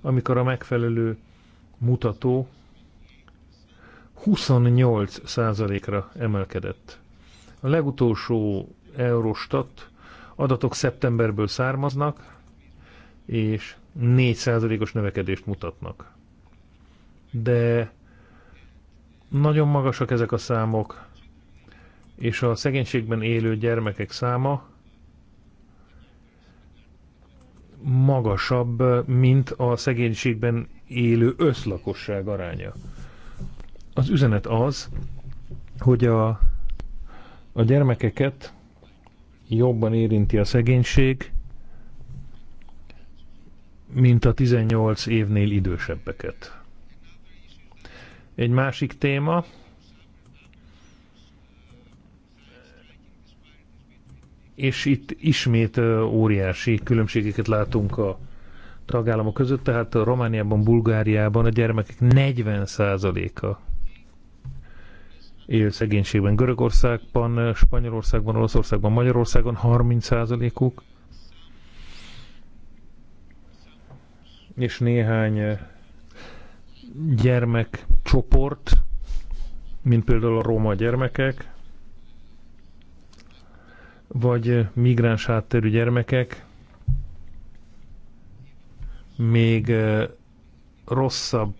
amikor a megfelelő mutató 28%-ra emelkedett. A legutolsó Eurostat adatok szeptemberből származnak, és 4%-os növekedést mutatnak. De nagyon magasak ezek a számok, és a szegénységben élő gyermekek száma magasabb, mint a szegénységben élő összlakosság aránya. Az üzenet az, hogy a a gyermekeket jobban érinti a szegénység, mint a 18 évnél idősebbeket. Egy másik téma, és itt ismét óriási különbségeket látunk a tagállamok között, tehát a Romániában, Bulgáriában a gyermekek 40%-a él szegénységben Görögországban, Spanyolországban, Olaszországban, Magyarországon 30%-uk, és néhány eh, gyermekcsoport, mint például a roma gyermekek, vagy eh, migráns hátterű gyermekek, még eh, rosszabb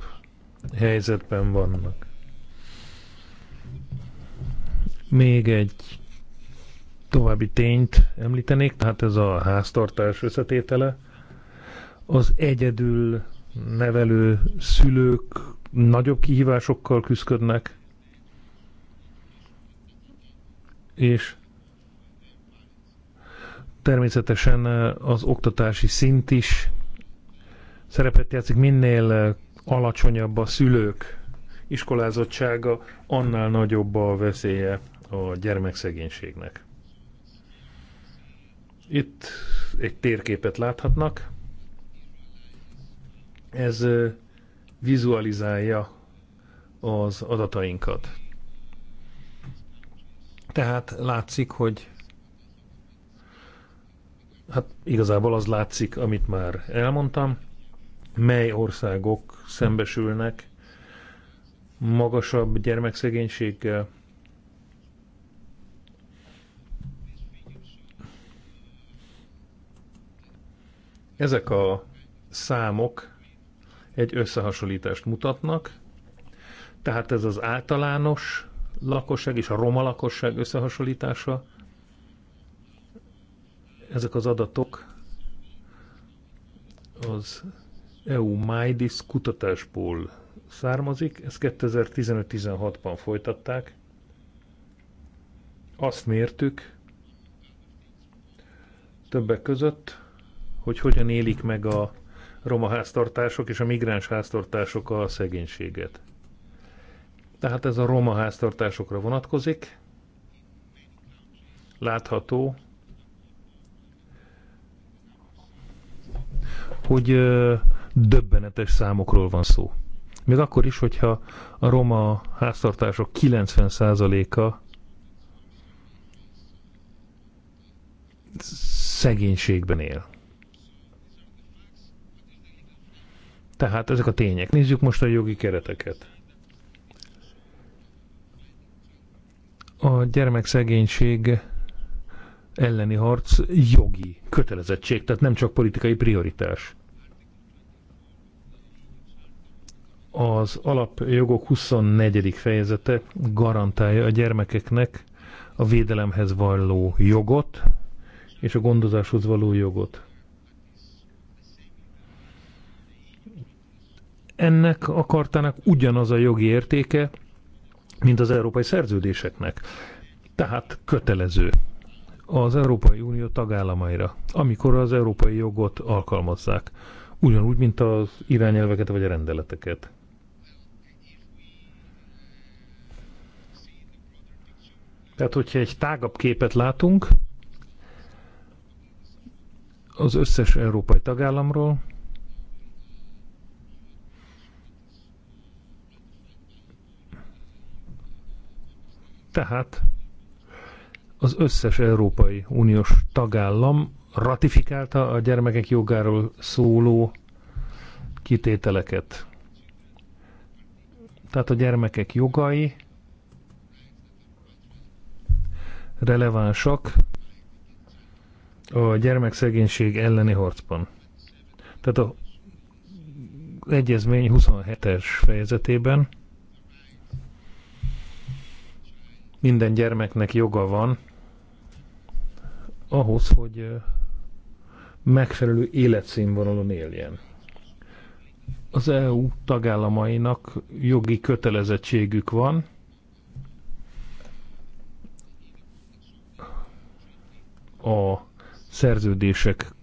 helyzetben vannak. Még egy további tényt említenék, tehát ez a háztartás összetétele. Az egyedül nevelő szülők nagyobb kihívásokkal küzdködnek, és természetesen az oktatási szint is szerepet játszik, minél alacsonyabb a szülők iskolázottsága, annál nagyobb a veszélye a gyermekszegénységnek. Itt egy térképet láthatnak. Ez vizualizálja az adatainkat. Tehát látszik, hogy hát igazából az látszik, amit már elmondtam, mely országok szembesülnek magasabb gyermekszegénységgel, Ezek a számok egy összehasonlítást mutatnak, tehát ez az általános lakosság és a roma lakosság összehasonlítása. Ezek az adatok az EU MIDIS kutatásból származik, ezt 2015-16-ban folytatták. Azt mértük, többek között, hogy hogyan élik meg a roma háztartások és a migráns háztartások a szegénységet. Tehát ez a roma háztartásokra vonatkozik. Látható, hogy döbbenetes számokról van szó. Még akkor is, hogyha a roma háztartások 90%-a szegénységben él. Tehát ezek a tények. Nézzük most a jogi kereteket. A gyermekszegénység elleni harc jogi kötelezettség, tehát nem csak politikai prioritás. Az alapjogok 24. fejezete garantálja a gyermekeknek a védelemhez való jogot és a gondozáshoz való jogot. ennek a kartának ugyanaz a jogi értéke, mint az európai szerződéseknek. Tehát kötelező az Európai Unió tagállamaira, amikor az európai jogot alkalmazzák. Ugyanúgy, mint az irányelveket vagy a rendeleteket. Tehát, hogyha egy tágabb képet látunk az összes európai tagállamról, Tehát az összes Európai Uniós tagállam ratifikálta a gyermekek jogáról szóló kitételeket. Tehát a gyermekek jogai relevánsak a gyermekszegénység elleni harcban. Tehát a egyezmény 27-es fejezetében Minden gyermeknek joga van ahhoz, hogy megfelelő életszínvonalon éljen. Az EU tagállamainak jogi kötelezettségük van, a szerződések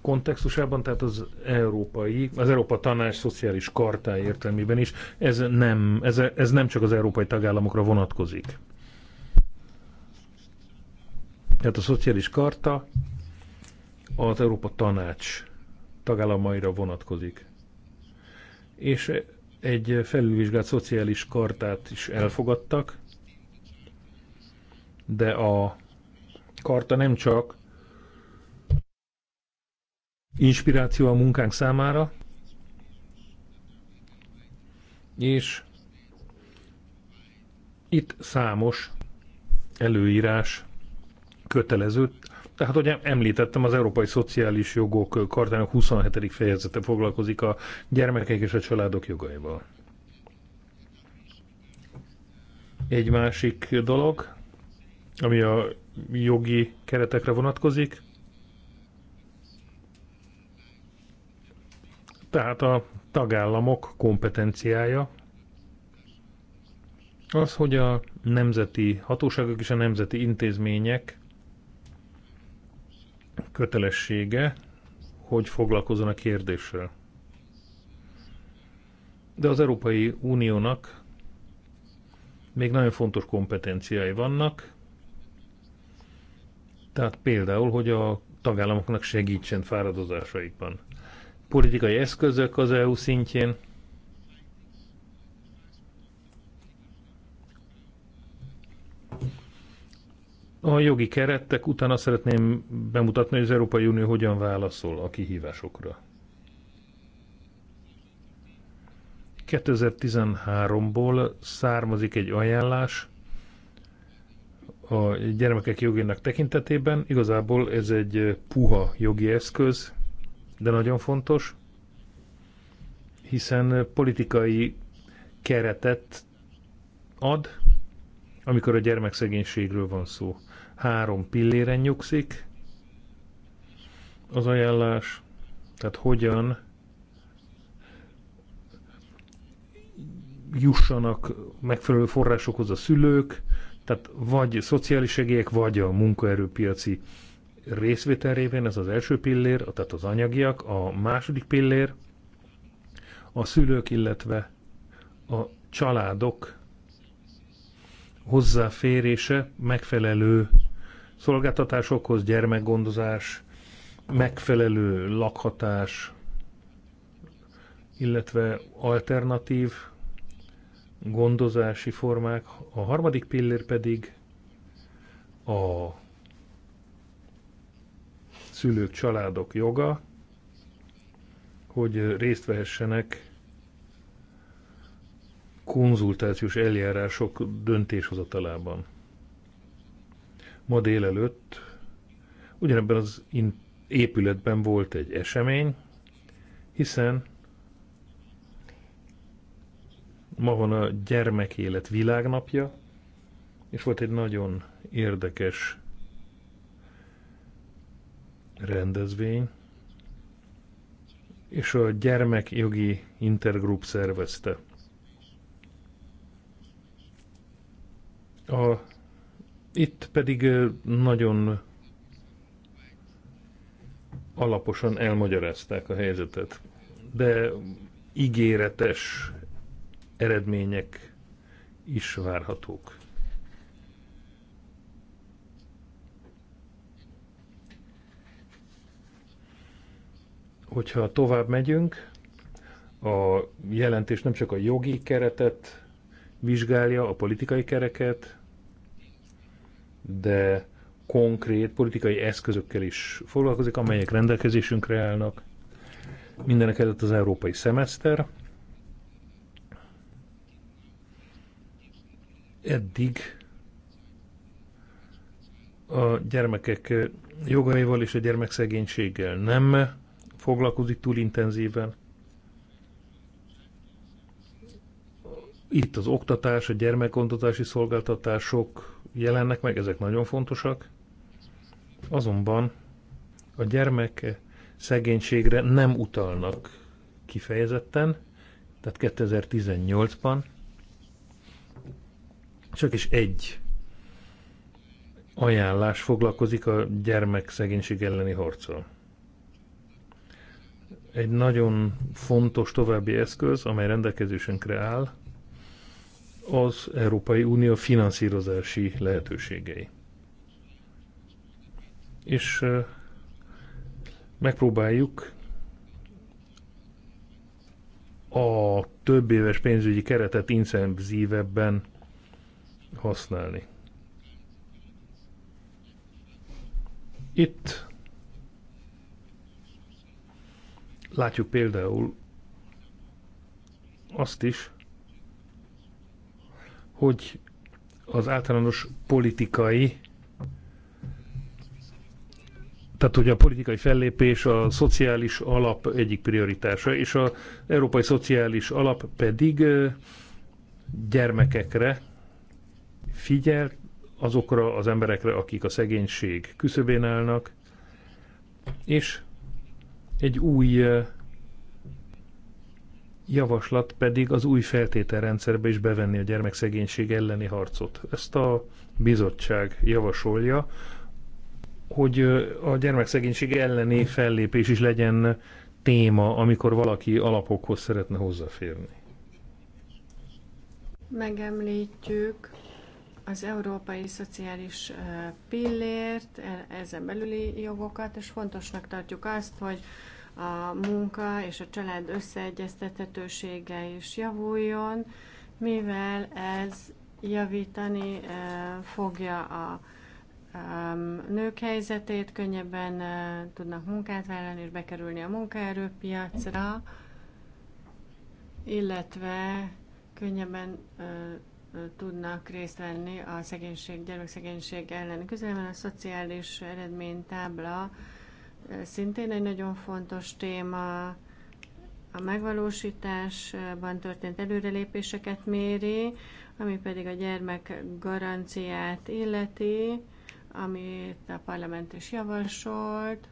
kontextusában, tehát az európai, az Európa Tanács szociális kartája értelmében is, ez nem, ez, ez nem csak az európai tagállamokra vonatkozik. Tehát a szociális karta az Európa Tanács tagállamaira vonatkozik. És egy felülvizsgált szociális kartát is elfogadtak, de a karta nem csak inspiráció a munkánk számára, és itt számos előírás kötelező. Tehát, hogy említettem, az Európai Szociális Jogok Kartának 27. fejezete foglalkozik a gyermekek és a családok jogaival. Egy másik dolog, ami a jogi keretekre vonatkozik, Tehát a tagállamok kompetenciája az, hogy a nemzeti hatóságok és a nemzeti intézmények kötelessége, hogy foglalkozzon a kérdéssel. De az Európai Uniónak még nagyon fontos kompetenciái vannak, tehát például, hogy a tagállamoknak segítsen fáradozásaikban politikai eszközök az EU szintjén. A jogi kerettek utána szeretném bemutatni, hogy az Európai Unió hogyan válaszol a kihívásokra. 2013-ból származik egy ajánlás a gyermekek jogének tekintetében. Igazából ez egy puha jogi eszköz, de nagyon fontos, hiszen politikai keretet ad, amikor a gyermekszegénységről van szó. Három pilléren nyugszik az ajánlás, tehát hogyan jussanak megfelelő forrásokhoz a szülők, tehát vagy szociális segélyek, vagy a munkaerőpiaci részvétel révén, ez az első pillér, tehát az anyagiak, a második pillér, a szülők, illetve a családok hozzáférése megfelelő szolgáltatásokhoz, gyermekgondozás, megfelelő lakhatás, illetve alternatív gondozási formák. A harmadik pillér pedig a szülők, családok joga, hogy részt vehessenek konzultációs eljárások döntéshozatalában. Ma délelőtt ugyanebben az épületben volt egy esemény, hiszen ma van a gyermekélet világnapja, és volt egy nagyon érdekes rendezvény, és a gyermekjogi intergroup szervezte. A, itt pedig nagyon alaposan elmagyarázták a helyzetet, de ígéretes eredmények is várhatók. Hogyha tovább megyünk, a jelentés nem csak a jogi keretet vizsgálja, a politikai kereket, de konkrét politikai eszközökkel is foglalkozik, amelyek rendelkezésünkre állnak. Mindenek előtt az európai szemeszter. Eddig a gyermekek jogaival és a gyermekszegénységgel nem foglalkozik túl intenzíven. Itt az oktatás, a gyermekontatási szolgáltatások jelennek meg, ezek nagyon fontosak. Azonban a gyermek szegénységre nem utalnak kifejezetten, tehát 2018-ban csak is egy ajánlás foglalkozik a gyermek szegénység elleni harccal egy nagyon fontos további eszköz, amely rendelkezésünkre áll, az Európai Unió finanszírozási lehetőségei. És megpróbáljuk a több éves pénzügyi keretet inszenzívebben használni. Itt Látjuk például azt is, hogy az általános politikai, tehát hogy a politikai fellépés a szociális alap egyik prioritása, és az európai szociális alap pedig gyermekekre figyel, azokra az emberekre, akik a szegénység küszöbén állnak, és egy új javaslat pedig az új feltételrendszerbe is bevenni a gyermekszegénység elleni harcot. Ezt a bizottság javasolja, hogy a gyermekszegénység elleni fellépés is legyen téma, amikor valaki alapokhoz szeretne hozzáférni. Megemlítjük az európai szociális pillért, e, ezen belüli jogokat, és fontosnak tartjuk azt, hogy a munka és a család összeegyeztethetősége is javuljon, mivel ez javítani fogja a nők helyzetét, könnyebben tudnak munkát vállalni és bekerülni a munkaerőpiacra, illetve könnyebben tudnak részt venni a szegénység, gyermekszegénység ellen. Közelben a szociális eredménytábla szintén egy nagyon fontos téma. A megvalósításban történt előrelépéseket méri, ami pedig a gyermek garanciát illeti, amit a parlament is javasolt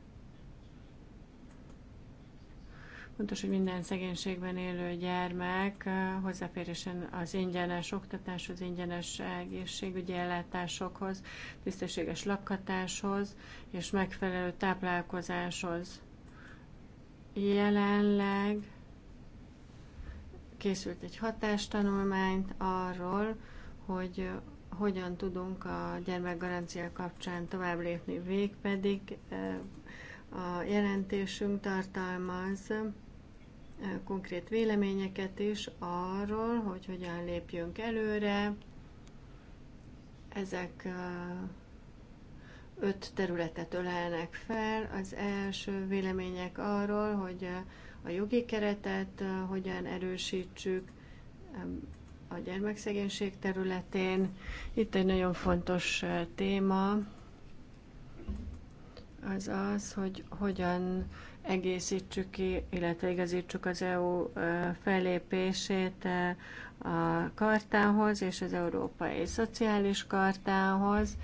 Fontos, hogy minden szegénységben élő gyermek hozzáférésen az ingyenes oktatáshoz, ingyenes egészségügyi ellátásokhoz, tisztességes lakhatáshoz és megfelelő táplálkozáshoz. Jelenleg készült egy hatástanulmányt arról, hogy hogyan tudunk a gyermekgarancia kapcsán tovább lépni. Végpedig a jelentésünk tartalmaz konkrét véleményeket is arról, hogy hogyan lépjünk előre. Ezek öt területet ölelnek fel. Az első vélemények arról, hogy a jogi keretet hogyan erősítsük a gyermekszegénység területén. Itt egy nagyon fontos téma az az, hogy hogyan egészítsük ki, illetve igazítsuk az EU fellépését a kartához és az Európai Szociális Kartához,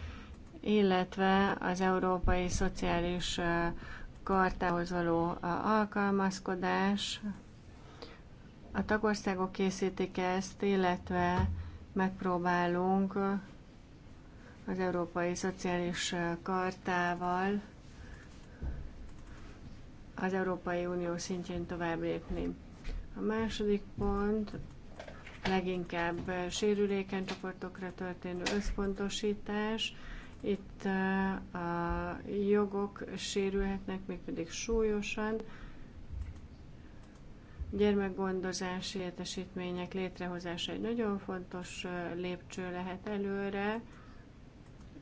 illetve az Európai Szociális Kartához való alkalmazkodás. A tagországok készítik ezt, illetve megpróbálunk az Európai Szociális Kartával az Európai Unió szintjén tovább lépni. A második pont leginkább sérülékeny csoportokra történő összpontosítás. Itt a jogok sérülhetnek, mégpedig súlyosan. Gyermekgondozási értesítmények létrehozása egy nagyon fontos lépcső lehet előre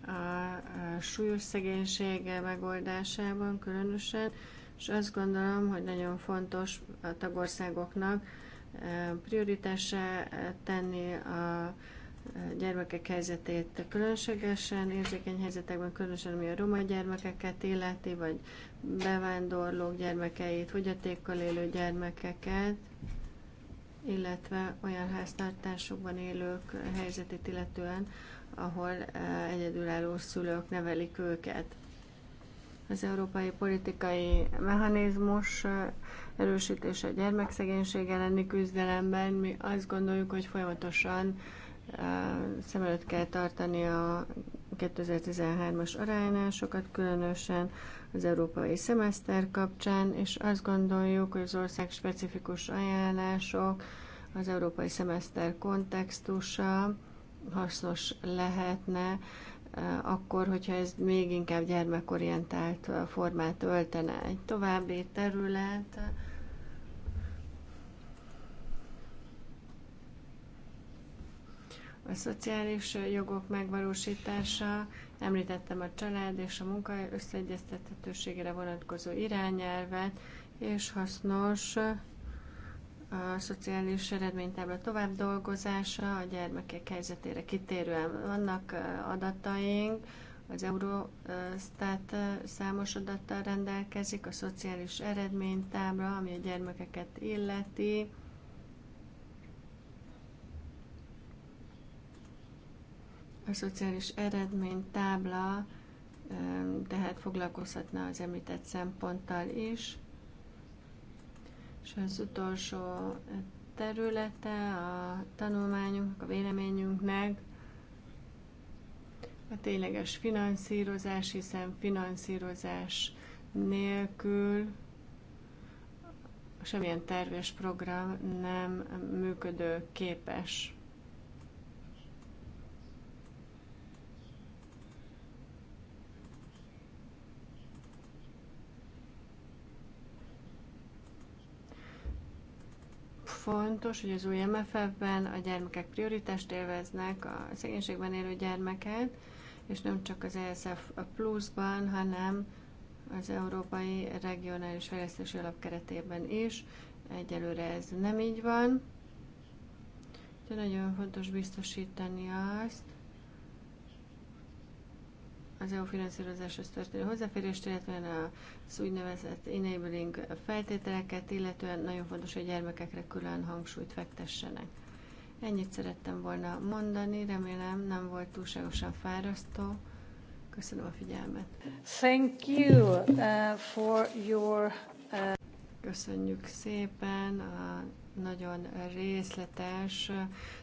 a súlyos szegénység megoldásában különösen és azt gondolom, hogy nagyon fontos a tagországoknak eh, prioritásra eh, tenni a eh, gyermekek helyzetét különlegesen érzékeny helyzetekben, különösen ami a roma gyermekeket illeti, vagy bevándorlók gyermekeit, fogyatékkal élő gyermekeket, illetve olyan háztartásokban élők helyzetét illetően, ahol egyedülálló szülők nevelik őket az európai politikai mechanizmus erősítése a gyermekszegénység elleni küzdelemben. Mi azt gondoljuk, hogy folyamatosan szem előtt kell tartani a 2013-as arányásokat, különösen az európai szemeszter kapcsán, és azt gondoljuk, hogy az ország specifikus ajánlások, az európai szemeszter kontextusa hasznos lehetne akkor, hogyha ez még inkább gyermekorientált formát öltene. Egy további terület, a szociális jogok megvalósítása, említettem a család és a munka összeegyeztethetőségére vonatkozó irányelvet, és hasznos a szociális eredménytábla tovább dolgozása, a gyermekek helyzetére kitérően vannak adataink, az Eurostat számos adattal rendelkezik, a szociális eredménytábla, ami a gyermekeket illeti. A szociális eredménytábla tehát foglalkozhatna az említett szemponttal is. És az utolsó területe a tanulmányunk, a véleményünknek a tényleges finanszírozás, hiszen finanszírozás nélkül semmilyen terves program nem működő képes. fontos, hogy az új MFF-ben a gyermekek prioritást élveznek, a szegénységben élő gyermeket, és nem csak az ESF pluszban, hanem az Európai Regionális Fejlesztési Alap keretében is. Egyelőre ez nem így van. De nagyon fontos biztosítani azt, az EU finanszírozáshoz történő hozzáférést, illetve az úgynevezett enabling feltételeket, illetően nagyon fontos, hogy gyermekekre külön hangsúlyt fektessenek. Ennyit szerettem volna mondani, remélem nem volt túlságosan fárasztó. Köszönöm a figyelmet. Thank you uh, for your... Uh... Köszönjük szépen a nagyon részletes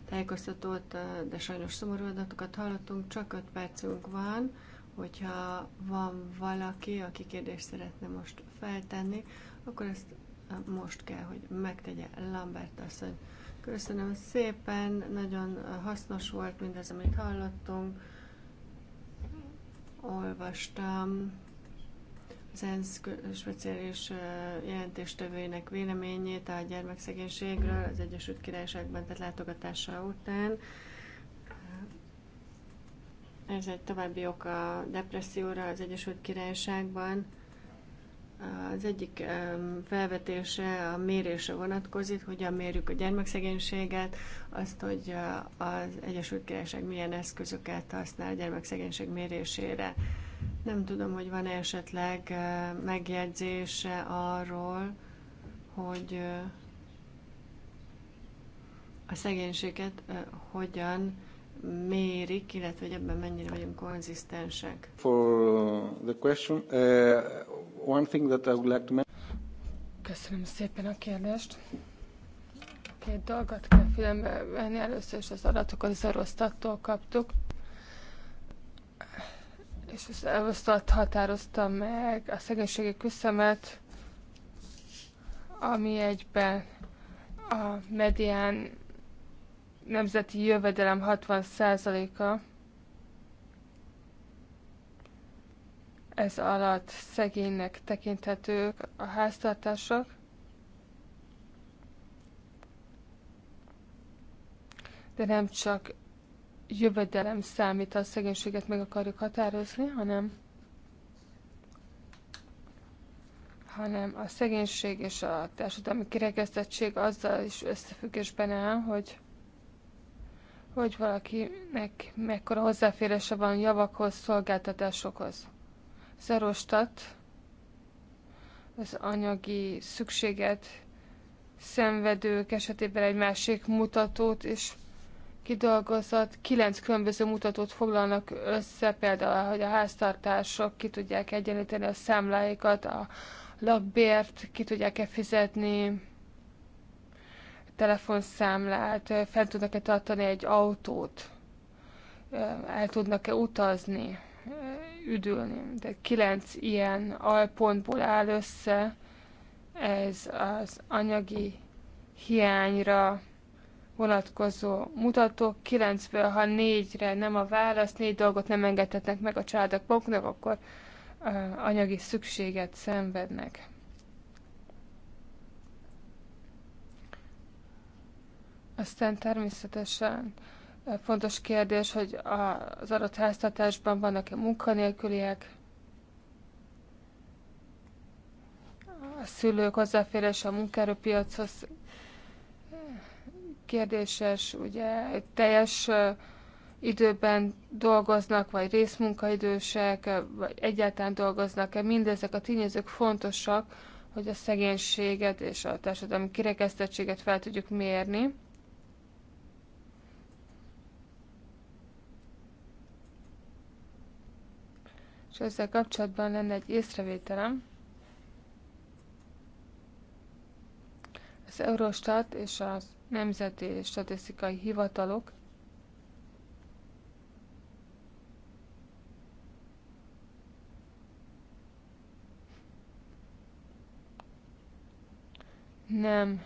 tájékoztatót, uh, de sajnos szomorú adatokat hallottunk, csak 5 percünk van. Hogyha van valaki, aki kérdést szeretne most feltenni, akkor ezt eh, most kell, hogy megtegye Lambert asszony. Köszönöm szépen, nagyon eh, hasznos volt mindez, amit hallottunk. Olvastam az ENSZ speciális eh, jelentéstevőjének véleményét a gyermekszegénységről az Egyesült Királyságban tehát látogatása után. Ez egy további ok a depresszióra az Egyesült Királyságban. Az egyik felvetése a mérésre vonatkozik, hogyan mérjük a gyermekszegénységet, azt, hogy az Egyesült Királyság milyen eszközöket használ a gyermekszegénység mérésére. Nem tudom, hogy van -e esetleg megjegyzése arról, hogy a szegénységet hogyan mérik, illetve hogy ebben mennyire vagyunk konzisztensek. For the question, uh, one thing that I would like to mention. Köszönöm szépen a kérdést. Két dolgot kell figyelembe venni. Először is az adatokat az Eurostattól kaptuk, és az Eurostat határozta meg a szegénységi küszömet, ami egyben a medián nemzeti jövedelem 60%-a ez alatt szegénynek tekinthetők a háztartások. De nem csak jövedelem számít, a szegénységet meg akarjuk határozni, hanem hanem a szegénység és a társadalmi kirekesztettség azzal is összefüggésben áll, hogy hogy valakinek mekkora hozzáférése van javakhoz, szolgáltatásokhoz. Az Erostat az anyagi szükséget szenvedők esetében egy másik mutatót is kidolgozott. Kilenc különböző mutatót foglalnak össze, például, hogy a háztartások ki tudják egyenlíteni a számláikat, a lakbért ki tudják-e fizetni, telefonszámlát, fel tudnak-e tartani egy autót, el tudnak-e utazni, üdülni. De kilenc ilyen alpontból áll össze, ez az anyagi hiányra vonatkozó mutatók. Kilencből, ha négyre nem a válasz, négy dolgot nem engedhetnek meg a családok maguknak, akkor anyagi szükséget szenvednek. Aztán természetesen fontos kérdés, hogy az adott háztartásban vannak-e munkanélküliek, a szülők hozzáférés a munkaerőpiachoz kérdéses, ugye teljes időben dolgoznak, vagy részmunkaidősek, vagy egyáltalán dolgoznak-e, mindezek a tényezők fontosak, hogy a szegénységet és a társadalmi kirekesztettséget fel tudjuk mérni és ezzel kapcsolatban lenne egy észrevételem. Az Eurostat és a Nemzeti Statisztikai Hivatalok nem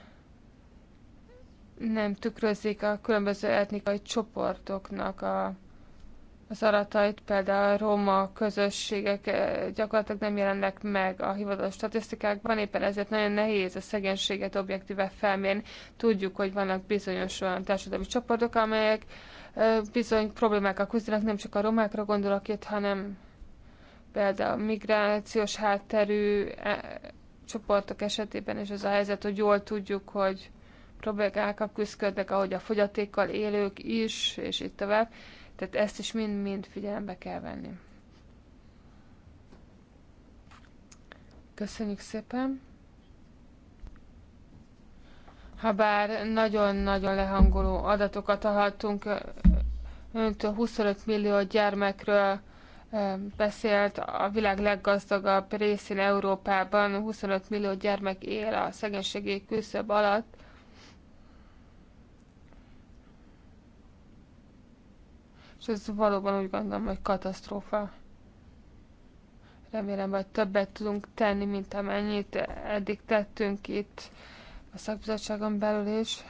nem tükrözik a különböző etnikai csoportoknak a az adatait, például a roma közösségek eh, gyakorlatilag nem jelennek meg a hivatalos statisztikákban, éppen ezért nagyon nehéz a szegénységet objektíve felmérni. Tudjuk, hogy vannak bizonyos olyan társadalmi csoportok, amelyek eh, bizony problémákkal küzdenek, nem csak a romákra gondolok itt, hanem például migrációs hátterű eh, csoportok esetében is az a helyzet, hogy jól tudjuk, hogy problémákkal küzdködnek, ahogy a fogyatékkal élők is, és itt tovább tehát ezt is mind-mind figyelembe kell venni. Köszönjük szépen! Habár nagyon-nagyon lehangoló adatokat találtunk, önt 25 millió gyermekről beszélt, a világ leggazdagabb részén Európában 25 millió gyermek él a szegénységi küszöb alatt, És ez valóban úgy gondolom, hogy katasztrófa. Remélem, hogy többet tudunk tenni, mint amennyit eddig tettünk itt a szakbizottságon belül is.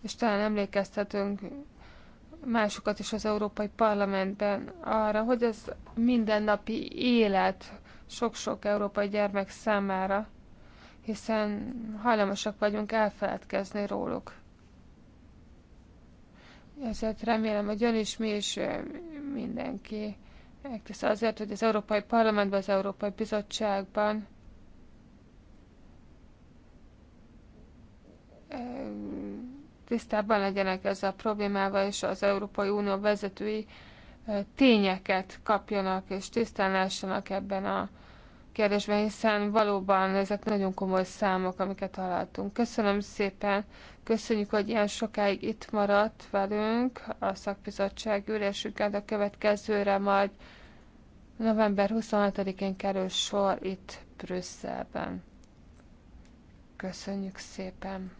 És talán emlékeztetünk másokat is az Európai Parlamentben arra, hogy ez mindennapi élet sok-sok európai gyermek számára, hiszen hajlamosak vagyunk elfeledkezni róluk ezért remélem, hogy ön is, mi is mindenki megtesz azért, hogy az Európai Parlamentben, az Európai Bizottságban tisztában legyenek ez a problémával, és az Európai Unió vezetői tényeket kapjanak, és tisztán lássanak ebben a kérdésben, hiszen valóban ezek nagyon komoly számok, amiket találtunk. Köszönöm szépen, köszönjük, hogy ilyen sokáig itt maradt velünk a szakbizottság ülésüket a következőre, majd november 26-én kerül sor itt Brüsszelben. Köszönjük szépen!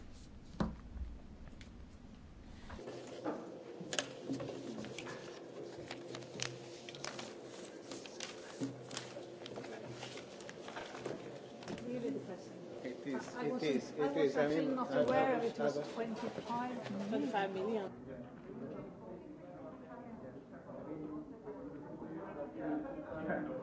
is. I it is. It I I mean, not aware it was 25, 25 million. Yeah.